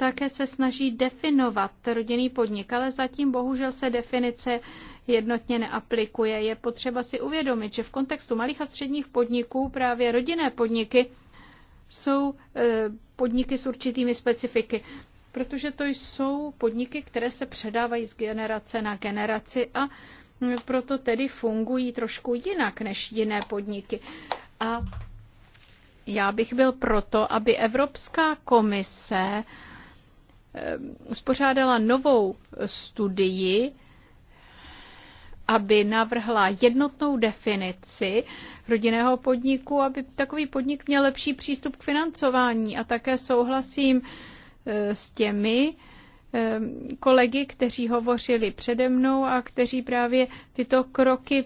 také se snaží definovat rodinný podnik, ale zatím bohužel se definice jednotně neaplikuje. Je potřeba si uvědomit, že v kontextu malých a středních podniků právě rodinné podniky jsou e, podniky s určitými specifiky, protože to jsou podniky, které se předávají z generace na generaci a proto tedy fungují trošku jinak než jiné podniky. A já bych byl proto, aby Evropská komise Eh, uspořádala novou studii, aby navrhla jednotnou definici rodinného podniku, aby takový podnik měl lepší přístup k financování. A také souhlasím eh, s těmi eh, kolegy, kteří hovořili přede mnou a kteří právě tyto kroky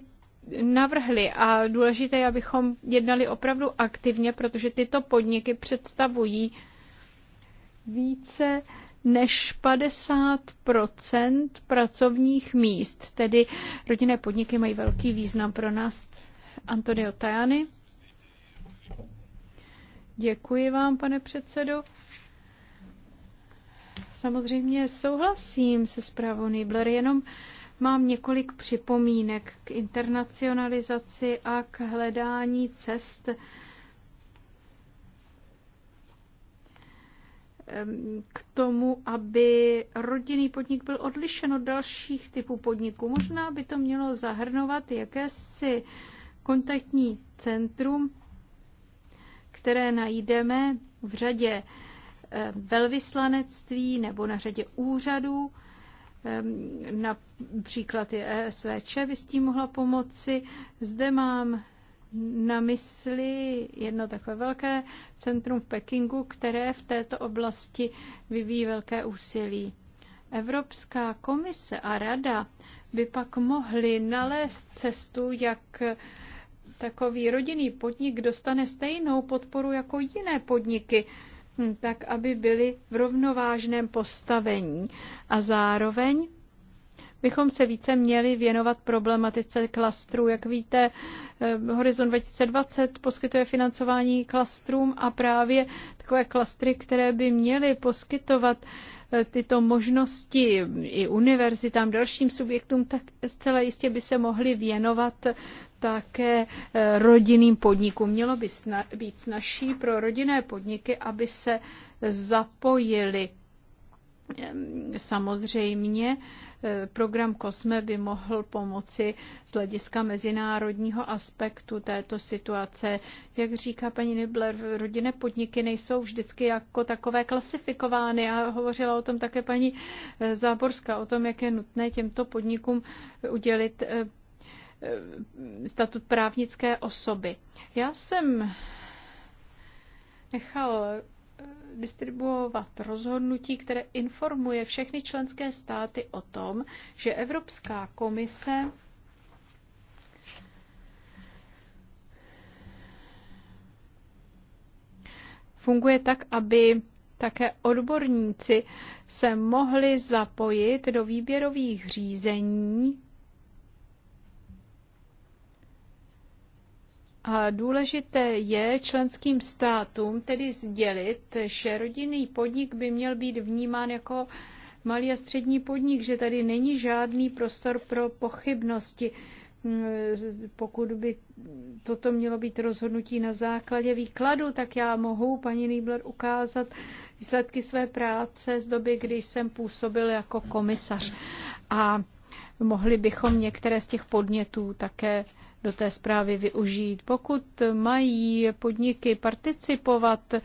navrhli a důležité je, abychom jednali opravdu aktivně, protože tyto podniky představují více než 50 pracovních míst. Tedy rodinné podniky mají velký význam pro nás. Antonio Tajany. Děkuji vám, pane předsedo. Samozřejmě souhlasím se zprávou Nibler, jenom mám několik připomínek k internacionalizaci a k hledání cest, k tomu, aby rodinný podnik byl odlišen od dalších typů podniků. Možná by to mělo zahrnovat jakési kontaktní centrum, které najdeme v řadě velvyslanectví nebo na řadě úřadů, například je ESVČ by s tím mohla pomoci. Zde mám na mysli jedno takové velké centrum v Pekingu, které v této oblasti vyvíjí velké úsilí. Evropská komise a rada by pak mohly nalézt cestu, jak takový rodinný podnik dostane stejnou podporu jako jiné podniky, hm, tak aby byly v rovnovážném postavení a zároveň bychom se více měli věnovat problematice klastrů. Jak víte, eh, Horizon 2020 poskytuje financování klastrům a právě takové klastry, které by měly poskytovat eh, tyto možnosti i univerzitám, dalším subjektům, tak zcela jistě by se mohly věnovat také eh, rodinným podnikům. Mělo by být snažší pro rodinné podniky, aby se zapojili Samozřejmě eh, program COSME by mohl pomoci z hlediska mezinárodního aspektu této situace. Jak říká paní Nibler, rodinné podniky nejsou vždycky jako takové klasifikovány a hovořila o tom také paní eh, Záborská, o tom, jak je nutné těmto podnikům eh, udělit statut právnické osoby. Já jsem nechal distribuovat rozhodnutí, které informuje všechny členské státy o tom, že Evropská komise funguje tak, aby také odborníci se mohli zapojit do výběrových řízení A důležité je členským státům tedy sdělit, že rodinný podnik by měl být vnímán jako malý a střední podnik, že tady není žádný prostor pro pochybnosti. Mm, pokud by toto mělo být rozhodnutí na základě výkladu, tak já mohu, paní Nýbler, ukázat výsledky své práce z doby, kdy jsem působil jako komisař. A mohli bychom některé z těch podnětů také do té zprávy využít. Pokud mají podniky participovat eh,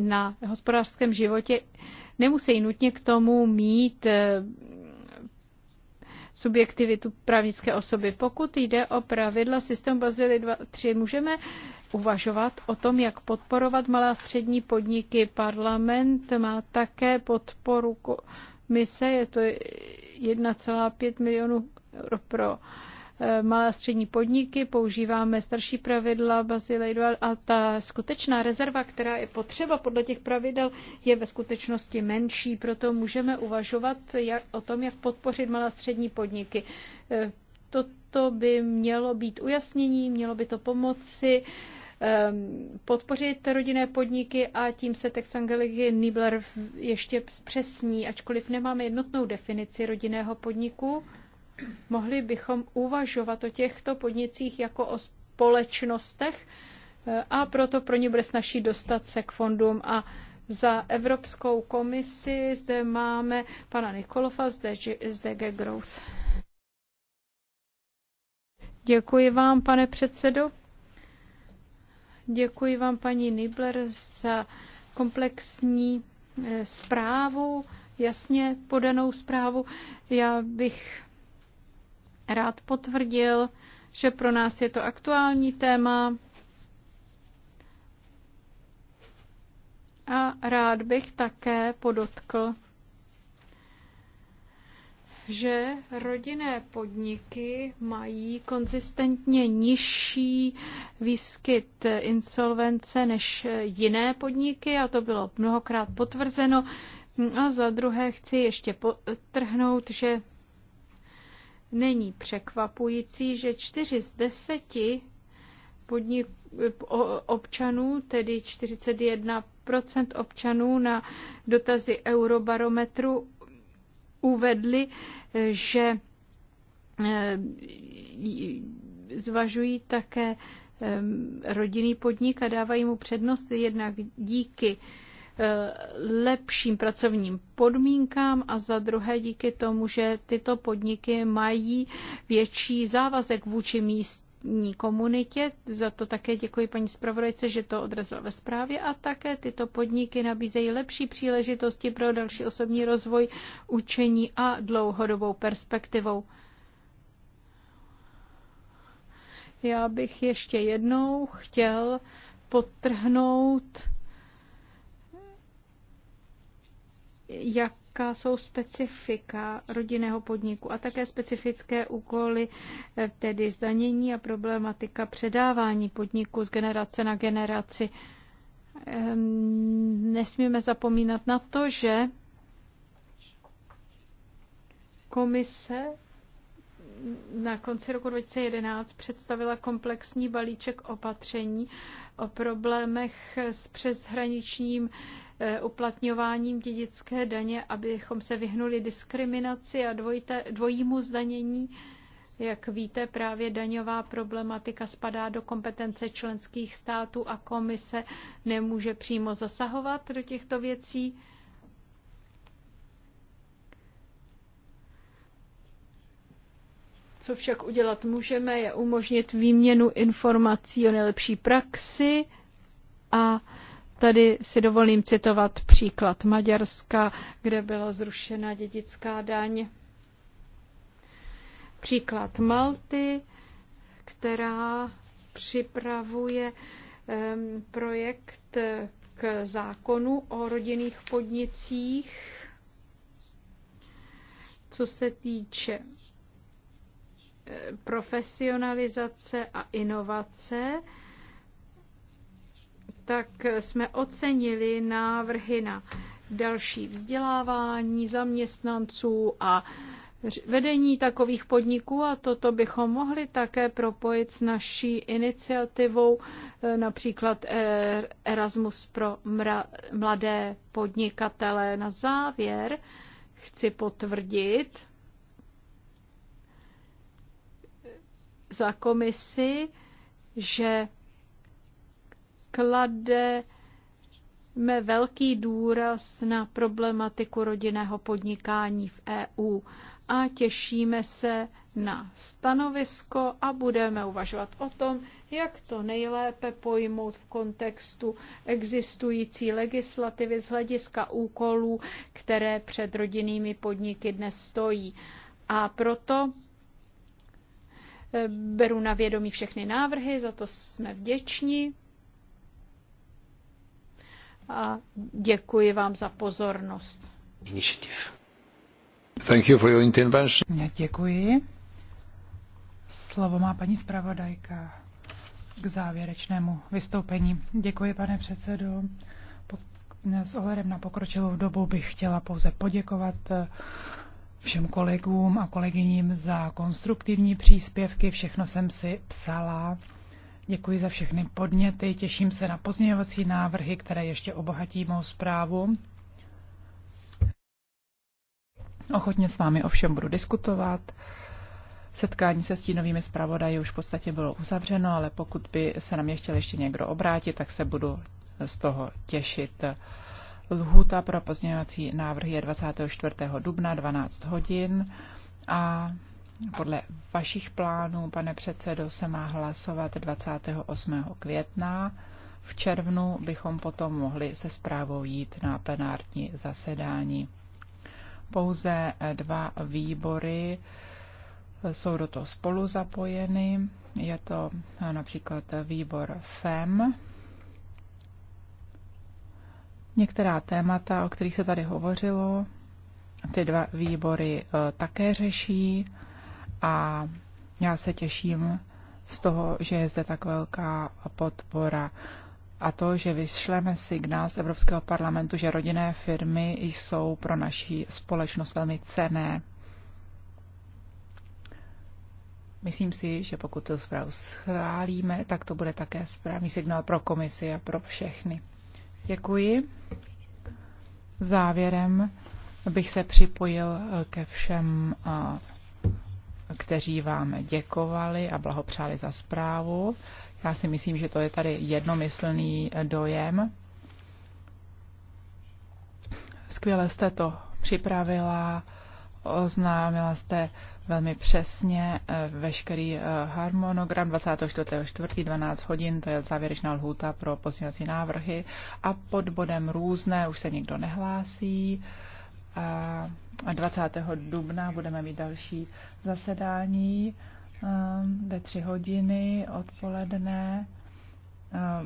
na hospodářském životě, nemusí nutně k tomu mít eh, subjektivitu právnické osoby. Pokud jde o pravidla systém Bazily 3, můžeme uvažovat o tom, jak podporovat malé a střední podniky. Parlament má také podporu mise, je to 1,5 milionů euro pro Eh, malé a střední podniky, používáme starší pravidla Bazilej a ta skutečná rezerva, která je potřeba podle těch pravidel, je ve skutečnosti menší, proto můžeme uvažovat jak, o tom, jak podpořit malé a střední podniky. Eh, toto by mělo být ujasnění, mělo by to pomoci ehm, podpořit rodinné podniky a tím se text Angeliky Nibler ještě zpřesní, ačkoliv nemáme jednotnou definici rodinného podniku. Mohli bychom uvažovat o těchto podnicích jako o společnostech eh, a proto pro ně bude snažší dostat se k fondům a za Evropskou komisi zde máme pana Nikolova z DG Growth. Děkuji vám, pane předsedo. Děkuji vám, paní Nibler, za komplexní eh, zprávu, jasně podanou zprávu. Já bych rád potvrdil, že pro nás je to aktuální téma a rád bych také podotkl, že rodinné podniky mají konzistentně nižší výskyt insolvence než jiné podniky a to bylo mnohokrát potvrzeno. A za druhé chci ještě potrhnout, že Není překvapující, že čtyři z deseti podnik, občanů, tedy 41 občanů na dotazy Eurobarometru uvedli, že eh, zvažují také eh, rodinný podnik a dávají mu přednost jednak díky Eh, lepším pracovním podmínkám a za druhé díky tomu, že tyto podniky mají větší závazek vůči míst komunitě. Za to také děkuji paní zpravodajce, že to odrazila ve zprávě a také tyto podniky nabízejí lepší příležitosti pro další osobní rozvoj, učení a dlouhodobou perspektivou. Já bych ještě jednou chtěl podtrhnout jaká jsou specifika rodinného podniku a také specifické úkoly, eh, tedy zdanění a problematika předávání podniku z generace na generaci. Ehm, nesmíme zapomínat na to, že komise na konci roku 2011 představila komplexní balíček opatření o problémech s přeshraničním eh, uplatňováním dědické daně, abychom se vyhnuli diskriminaci a dvojte, dvojímu zdanění. Jak víte, právě daňová problematika spadá do kompetence členských států a komise nemůže přímo zasahovat do těchto věcí. Co však udělat můžeme, je umožnit výměnu informací o nejlepší praxi a Tady si dovolím citovat příklad Maďarska, kde byla zrušena dědická daň. Příklad Malty, která připravuje projekt k zákonu o rodinných podnicích. Co se týče profesionalizace a inovace, tak jsme ocenili návrhy na další vzdělávání zaměstnanců a vedení takových podniků a toto bychom mohli také propojit s naší iniciativou eh, například eh, Erasmus pro mladé podnikatele. Na závěr chci potvrdit, za komisi, že klademe velký důraz na problematiku rodinného podnikání v EU a těšíme se na stanovisko a budeme uvažovat o tom, jak to nejlépe pojmout v kontextu existující legislativy z hlediska úkolů, které před rodinnými podniky dnes stojí. A proto Beru na vědomí všechny návrhy, za to jsme vděční. A děkuji vám za pozornost. Thank you for your intervention. Já děkuji. Slovo má paní zpravodajka k závěrečnému vystoupení. Děkuji, pane předsedo. S ohledem na pokročilou dobu bych chtěla pouze poděkovat všem kolegům a kolegyním za konstruktivní příspěvky. Všechno jsem si psala. Děkuji za všechny podněty. Těším se na pozměňovací návrhy, které ještě obohatí mou zprávu. Ochotně s vámi ovšem budu diskutovat. Setkání se stínovými zpravodaji už v podstatě bylo uzavřeno, ale pokud by se na mě chtěl ještě někdo obrátit, tak se budu z toho těšit. Lhuta pro pozměňovací návrhy je 24. dubna 12 hodin a podle vašich plánů, pane předsedo, se má hlasovat 28. května. V červnu bychom potom mohli se zprávou jít na plenární zasedání. Pouze dva výbory jsou do toho spolu zapojeny. Je to například výbor FEM, Některá témata, o kterých se tady hovořilo, ty dva výbory eh, také řeší a já se těším z toho, že je zde tak velká podpora a to, že vyšleme signál z Evropského parlamentu, že rodinné firmy jsou pro naši společnost velmi cené. Myslím si, že pokud to zprávu schválíme, tak to bude také správný signál pro komisi a pro všechny. Děkuji. Závěrem bych se připojil eh, ke všem, eh, kteří vám děkovali a blahopřáli za zprávu. Já si myslím, že to je tady jednomyslný eh, dojem. Skvěle jste to připravila, oznámila jste velmi přesně eh, veškerý eh, harmonogram 24.12. 12 hodin, to je závěrečná lhůta pro pozměňovací návrhy a pod bodem různé už se nikdo nehlásí. A 20. dubna budeme mít další zasedání eh, ve 3 hodiny odpoledne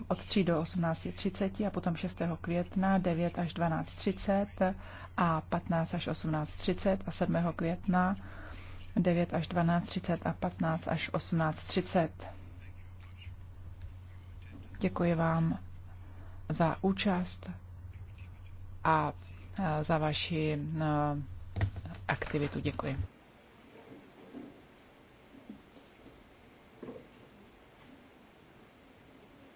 od 3 do 18.30 a potom 6. května 9 až 12.30 a 15 až 18.30 a 7. května 9 až 12.30 a 15 až 18.30. Děkuji vám za účast a za vaši aktivitu. Děkuji.